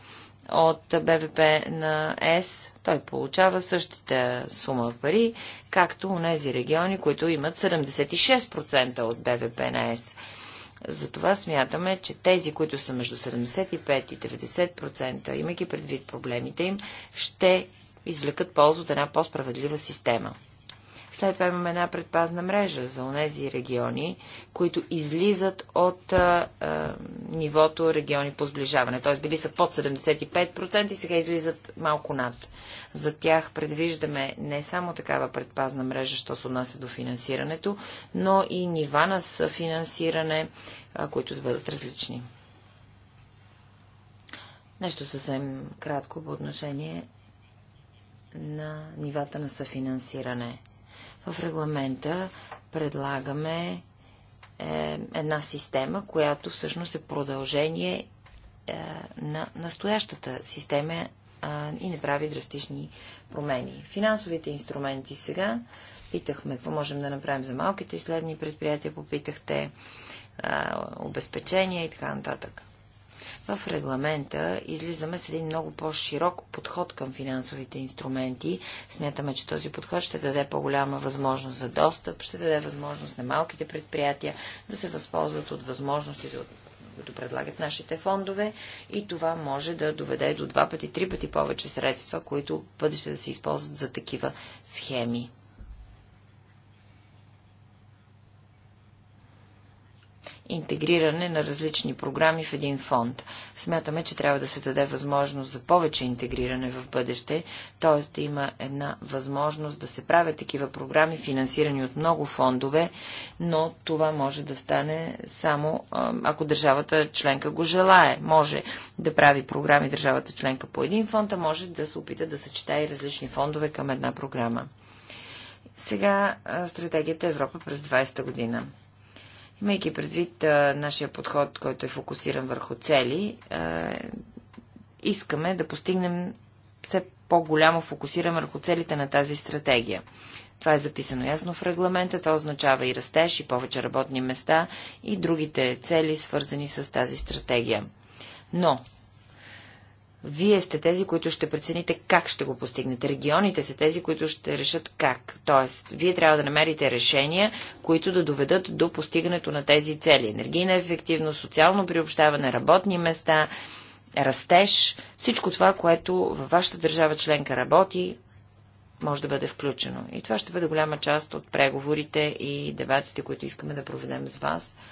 от БВП на ЕС, той получава същата сума пари, както у нези региони, които имат 76% от БВП на ЕС. Затова смятаме, че тези, които са между 75 и 90%, имайки предвид проблемите им, ще извлекат полза от една по-справедлива система. След това имаме една предпазна мрежа за онези региони, които излизат от а, а, нивото региони по сближаване. Т.е. били са под 75% и сега излизат малко над. За тях предвиждаме не само такава предпазна мрежа, що се отнася до финансирането, но и нива на съфинансиране, а, които да бъдат различни. Нещо съвсем кратко по отношение на нивата на съфинансиране. В регламента предлагаме е, една система, която всъщност е продължение е, на настоящата система е, и не прави драстични промени. Финансовите инструменти сега. Питахме какво можем да направим за малките и следни предприятия, попитахте е, обезпечения и така нататък. В регламента излизаме с един много по-широк подход към финансовите инструменти. Смятаме, че този подход ще даде по-голяма възможност за достъп, ще даде възможност на малките предприятия да се възползват от възможностите, които предлагат нашите фондове и това може да доведе до два пъти, три пъти повече средства, които бъдеще да се използват за такива схеми. интегриране на различни програми в един фонд. Смятаме, че трябва да се даде възможност за повече интегриране в бъдеще, т.е. да има една възможност да се правят такива програми, финансирани от много фондове, но това може да стане само ако държавата членка го желае. Може да прави програми държавата членка по един фонд, а може да се опита да съчетае различни фондове към една програма. Сега стратегията Европа през 20-та година. Имайки предвид а, нашия подход, който е фокусиран върху цели, а, искаме да постигнем все по-голямо фокусиране върху целите на тази стратегия. Това е записано ясно в регламента, то означава и растеж, и повече работни места, и другите цели, свързани с тази стратегия. Но вие сте тези, които ще прецените как ще го постигнете. Регионите са тези, които ще решат как. Тоест, вие трябва да намерите решения, които да доведат до постигането на тези цели. Енергийна ефективност, социално приобщаване, работни места, растеж, всичко това, което във вашата държава членка работи, може да бъде включено. И това ще бъде голяма част от преговорите и дебатите, които искаме да проведем с вас –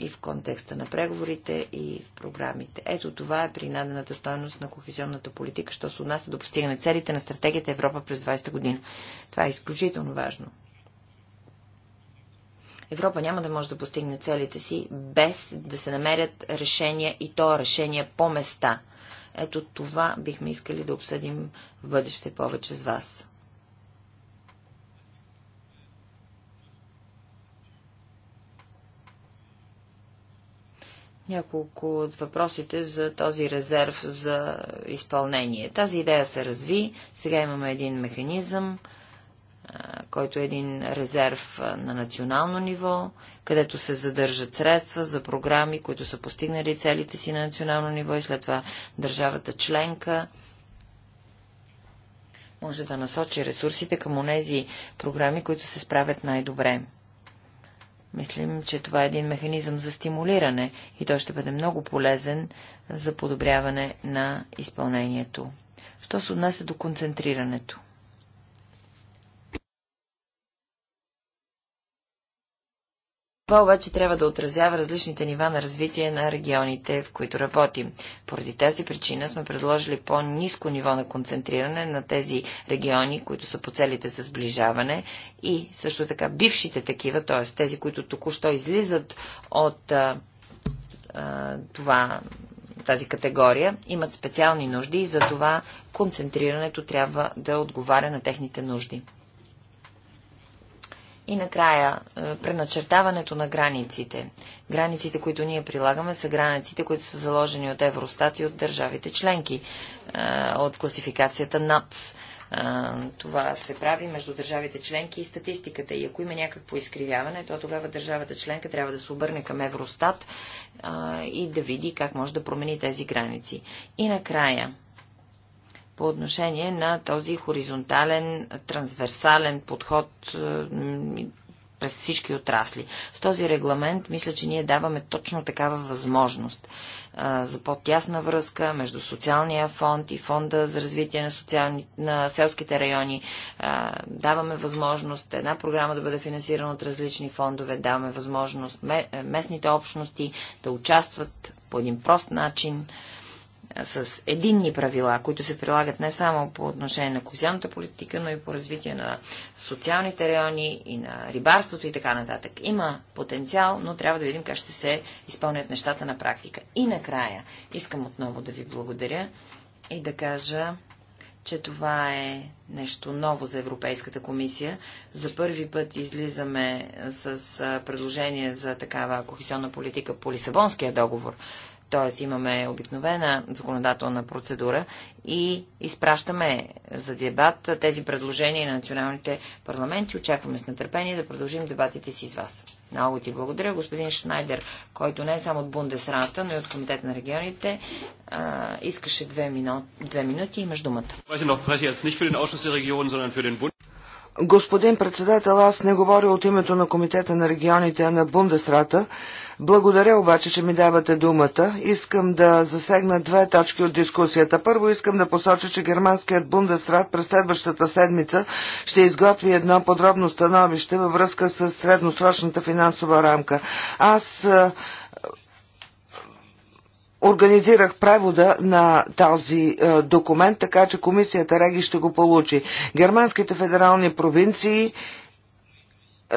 и в контекста на преговорите и в програмите. Ето това е принадената стойност на кохезионната политика, що се отнася до постигане целите на стратегията Европа през 20-та година. Това е изключително важно. Европа няма да може да постигне целите си без да се намерят решения и то решения по места. Ето това бихме искали да обсъдим в бъдеще повече с вас. няколко от въпросите за този резерв за изпълнение. Тази идея се разви. Сега имаме един механизъм, който е един резерв на национално ниво, където се задържат средства за програми, които са постигнали целите си на национално ниво и след това държавата членка може да насочи ресурсите към онези програми, които се справят най-добре. Мислим, че това е един механизъм за стимулиране и той ще бъде много полезен за подобряване на изпълнението. Що се отнася до концентрирането? Това обаче трябва да отразява различните нива на развитие на регионите, в които работим. Поради тази причина сме предложили по-низко ниво на концентриране на тези региони, които са по целите за сближаване и също така бившите такива, т.е. тези, които току-що излизат от а, а, това тази категория, имат специални нужди и за това концентрирането трябва да отговаря на техните нужди. И накрая, е, преначертаването на границите. Границите, които ние прилагаме, са границите, които са заложени от Евростат и от държавите членки, е, от класификацията НАЦ. Е, това се прави между държавите членки и статистиката. И ако има някакво изкривяване, то тогава държавата членка трябва да се обърне към Евростат и да види как може да промени тези граници. И накрая, по отношение на този хоризонтален, трансверсален подход е, през всички отрасли. С този регламент мисля, че ние даваме точно такава възможност е, за по-тясна връзка между социалния фонд и фонда за развитие на, социални, на селските райони. Е, даваме възможност една програма да бъде финансирана от различни фондове, даваме възможност местните общности да участват по един прост начин с единни правила, които се прилагат не само по отношение на козяната политика, но и по развитие на социалните райони и на рибарството и така нататък. Има потенциал, но трябва да видим как ще се изпълнят нещата на практика. И накрая искам отново да ви благодаря и да кажа, че това е нещо ново за Европейската комисия. За първи път излизаме с предложение за такава кохесионна политика по Лисабонския договор. Тоест имаме обикновена законодателна процедура и изпращаме за дебат тези предложения на националните парламенти. Очакваме с нетърпение да продължим дебатите си с вас. Много ти благодаря, господин Шнайдер, който не е само от Бундесрата, но и от Комитет на регионите. А, искаше две, две минути и между думата. Господин председател, аз не говоря от името на Комитета на регионите, а на Бундесрата. Благодаря обаче, че ми давате думата. Искам да засегна две точки от дискусията. Първо искам да посоча, че германският Бундесрат през следващата седмица ще изготви едно подробно становище във връзка с средносрочната финансова рамка. Аз е, Организирах превода на този е, документ, така че комисията Реги ще го получи. Германските федерални провинции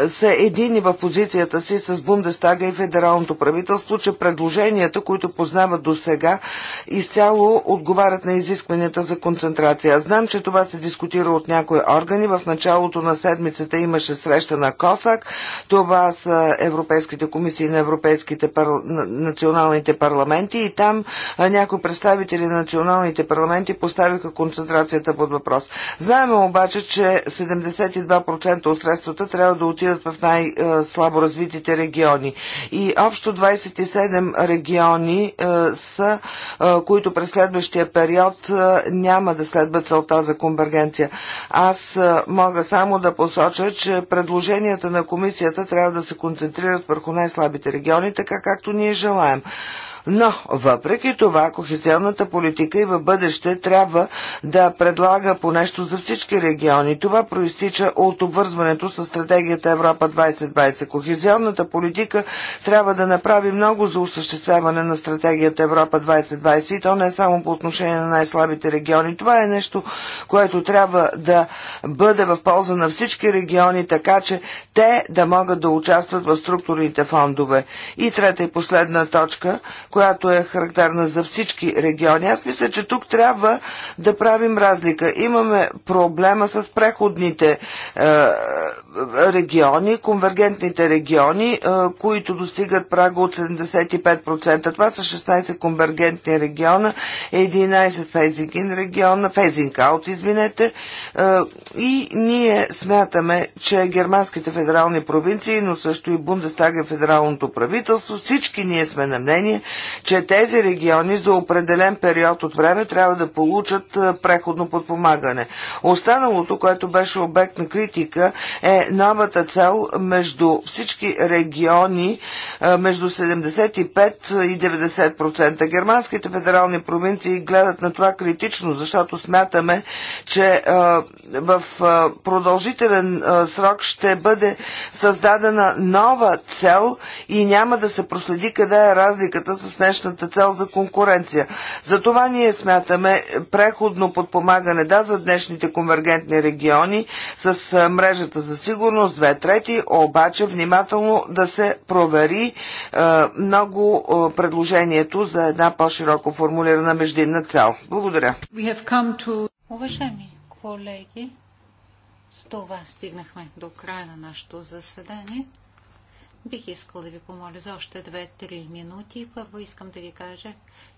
са едини в позицията си с Бундестага и федералното правителство, че предложенията, които познават до сега, изцяло отговарят на изискванията за концентрация. Знам, че това се дискутира от някои органи. В началото на седмицата имаше среща на КОСАК. Това са Европейските комисии на Европейските пар... националните парламенти и там някои представители на националните парламенти поставиха концентрацията под въпрос. Знаем обаче, че 72% от средствата трябва да отидат отиват в най-слабо развитите региони. И общо 27 региони е, са, е, които през следващия период е, няма да следват целта за конвергенция. Аз мога само да посоча, че предложенията на комисията трябва да се концентрират върху най-слабите региони, така както ние желаем. Но, въпреки това, кохезионната политика и в бъдеще трябва да предлага по нещо за всички региони. Това проистича от обвързването с стратегията Европа 2020. Кохезионната политика трябва да направи много за осъществяване на стратегията Европа 2020 и то не е само по отношение на най-слабите региони. Това е нещо, което трябва да бъде в полза на всички региони, така че те да могат да участват в структурните фондове. И трета и последна точка, която е характерна за всички региони. Аз мисля, че тук трябва да правим разлика. Имаме проблема с преходните е, региони, конвергентните региони, е, които достигат прага от 75%. Това са 16 конвергентни региона, 11 фейзинг-ин региона, фейзинг-аут, извинете. Е, и ние смятаме, че германските федерални провинции, но също и Бундестага е федералното правителство, всички ние сме на мнение, че тези региони за определен период от време трябва да получат е, преходно подпомагане. Останалото, което беше обект на критика, е новата цел между всички региони е, между 75 и 90%. Германските федерални провинции гледат на това критично, защото смятаме, че е, в продължителен срок ще бъде създадена нова цел и няма да се проследи къде е разликата с с днешната цел за конкуренция. За това ние смятаме преходно подпомагане да за днешните конвергентни региони с мрежата за сигурност две трети, обаче внимателно да се провери е, много е, предложението за една по-широко формулирана междинна цел. Благодаря. To... Уважаеми колеги, с това стигнахме до края на нашето заседание. Бих искал да ви помоля за още две-три минути. Първо искам да ви кажа,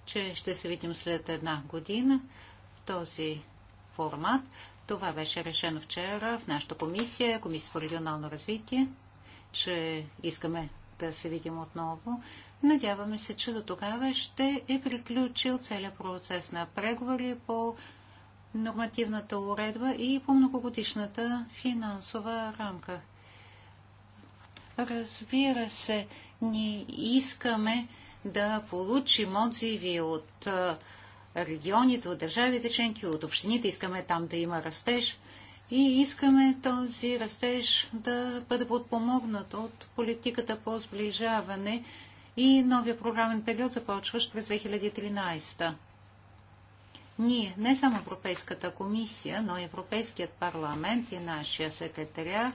че ще се видим след една година в този формат. Това беше решено вчера в нашата комисия, Комисия по регионално развитие, че искаме да се видим отново. Надяваме се, че до тогава ще е приключил целият процес на преговори по нормативната уредба и по многогодишната финансова рамка. Разбира се, ние искаме да получим отзиви от регионите, от държавите членки, от общините. Искаме там да има растеж и искаме този растеж да бъде подпомогнат от политиката по сближаване и новия програмен период, започващ през 2013. Ние, не само Европейската комисия, но и Европейският парламент и нашия секретаря,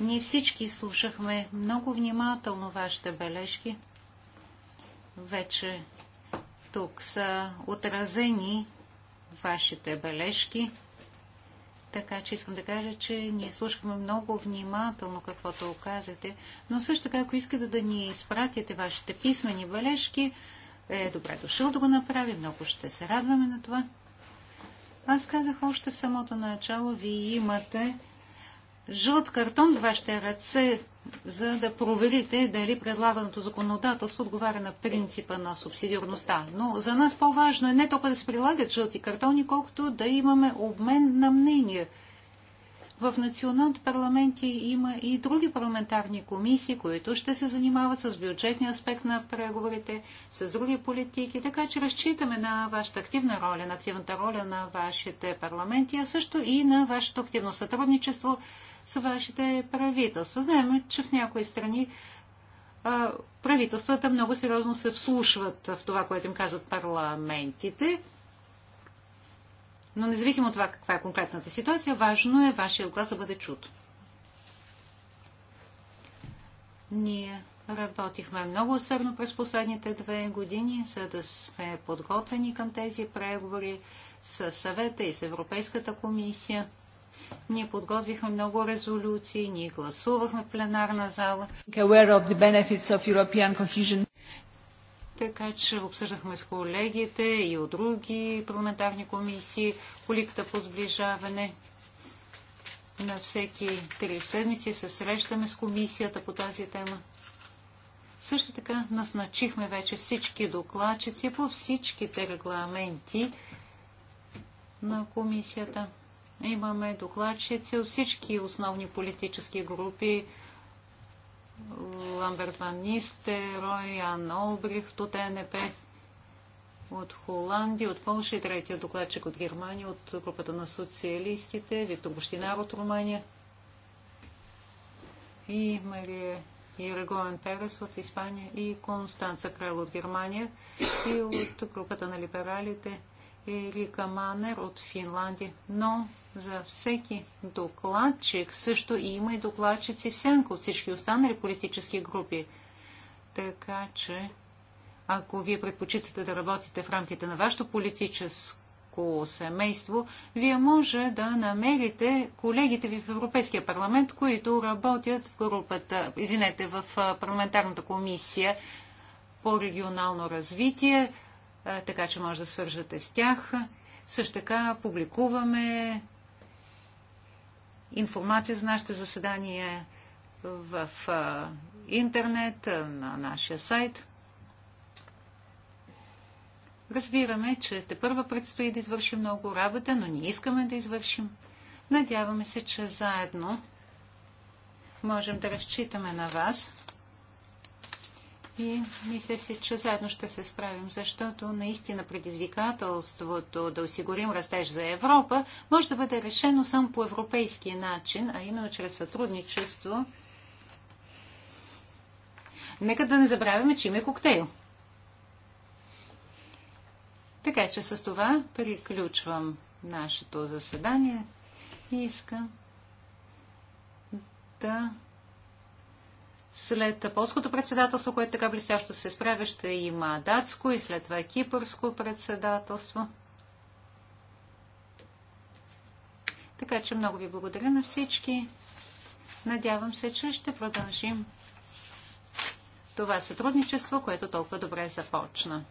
ние всички слушахме много внимателно вашите бележки. Вече тук са отразени вашите бележки. Така че искам да кажа, че ние слушахме много внимателно каквото оказате, но също така, ако искате да ни изпратите вашите писмени бележки, е добре дошъл да го направи, много ще се радваме на това. Аз казах още в самото начало, вие имате жълт картон в вашите ръце, за да проверите дали предлаганото законодателство отговаря на принципа на субсидиорността. Но за нас по-важно е не толкова да се прилагат жълти картони, колкото да имаме обмен на мнения. В националните парламенти има и други парламентарни комисии, които ще се занимават с бюджетния аспект на преговорите, с други политики, така че разчитаме на вашата активна роля, на активната роля на вашите парламенти, а също и на вашето активно сътрудничество с вашите правителства. Знаем, че в някои страни правителствата много сериозно се вслушват в това, което им казват парламентите. Но независимо от това каква е конкретната ситуация, важно е вашия глас да бъде чут. Ние работихме много усърдно през последните две години, за да сме подготвени към тези преговори с съвета и с Европейската комисия. Ние подготвихме много резолюции, ние гласувахме в пленарна зала. Така че обсъждахме с колегите и от други парламентарни комисии поликата по сближаване. На всеки три седмици се срещаме с комисията по тази тема. Също така назначихме вече всички докладчици по всичките регламенти на комисията. Имаме докладчици от всички основни политически групи. Ламберт Ван Нисте, Рой, Ан Олбрихт от ЕНП, от Холандия, от Польша и третия докладчик от Германия, от групата на социалистите, Виктор Бощинар от Румъния и Мария Ирагоен Перес от Испания и Констанца Крел от Германия и от групата на либералите – Рика Манер от Финландия. Но за всеки докладчик също има и докладчици в сянка от всички останали политически групи. Така че, ако вие предпочитате да работите в рамките на вашето политическо семейство, вие може да намерите колегите ви в Европейския парламент, които работят в групата, извинете, в парламентарната комисия по регионално развитие, така че може да свържете с тях. Също така публикуваме информация за нашите заседания в интернет, на нашия сайт. Разбираме, че те първа предстои да извършим много работа, но ние искаме да извършим. Надяваме се, че заедно можем да разчитаме на вас и мисля си, че заедно ще се справим, защото наистина предизвикателството да осигурим растеж за Европа може да бъде решено само по европейски начин, а именно чрез сътрудничество. Нека да не забравяме, че има е коктейл. Така че с това приключвам нашето заседание и искам да след полското председателство, което така блестящо се справя, ще има датско и след това кипърско председателство. Така че много ви благодаря на всички. Надявам се, че ще продължим това сътрудничество, което толкова добре започна.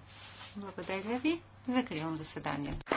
Благодаря ви. Закривам заседанието.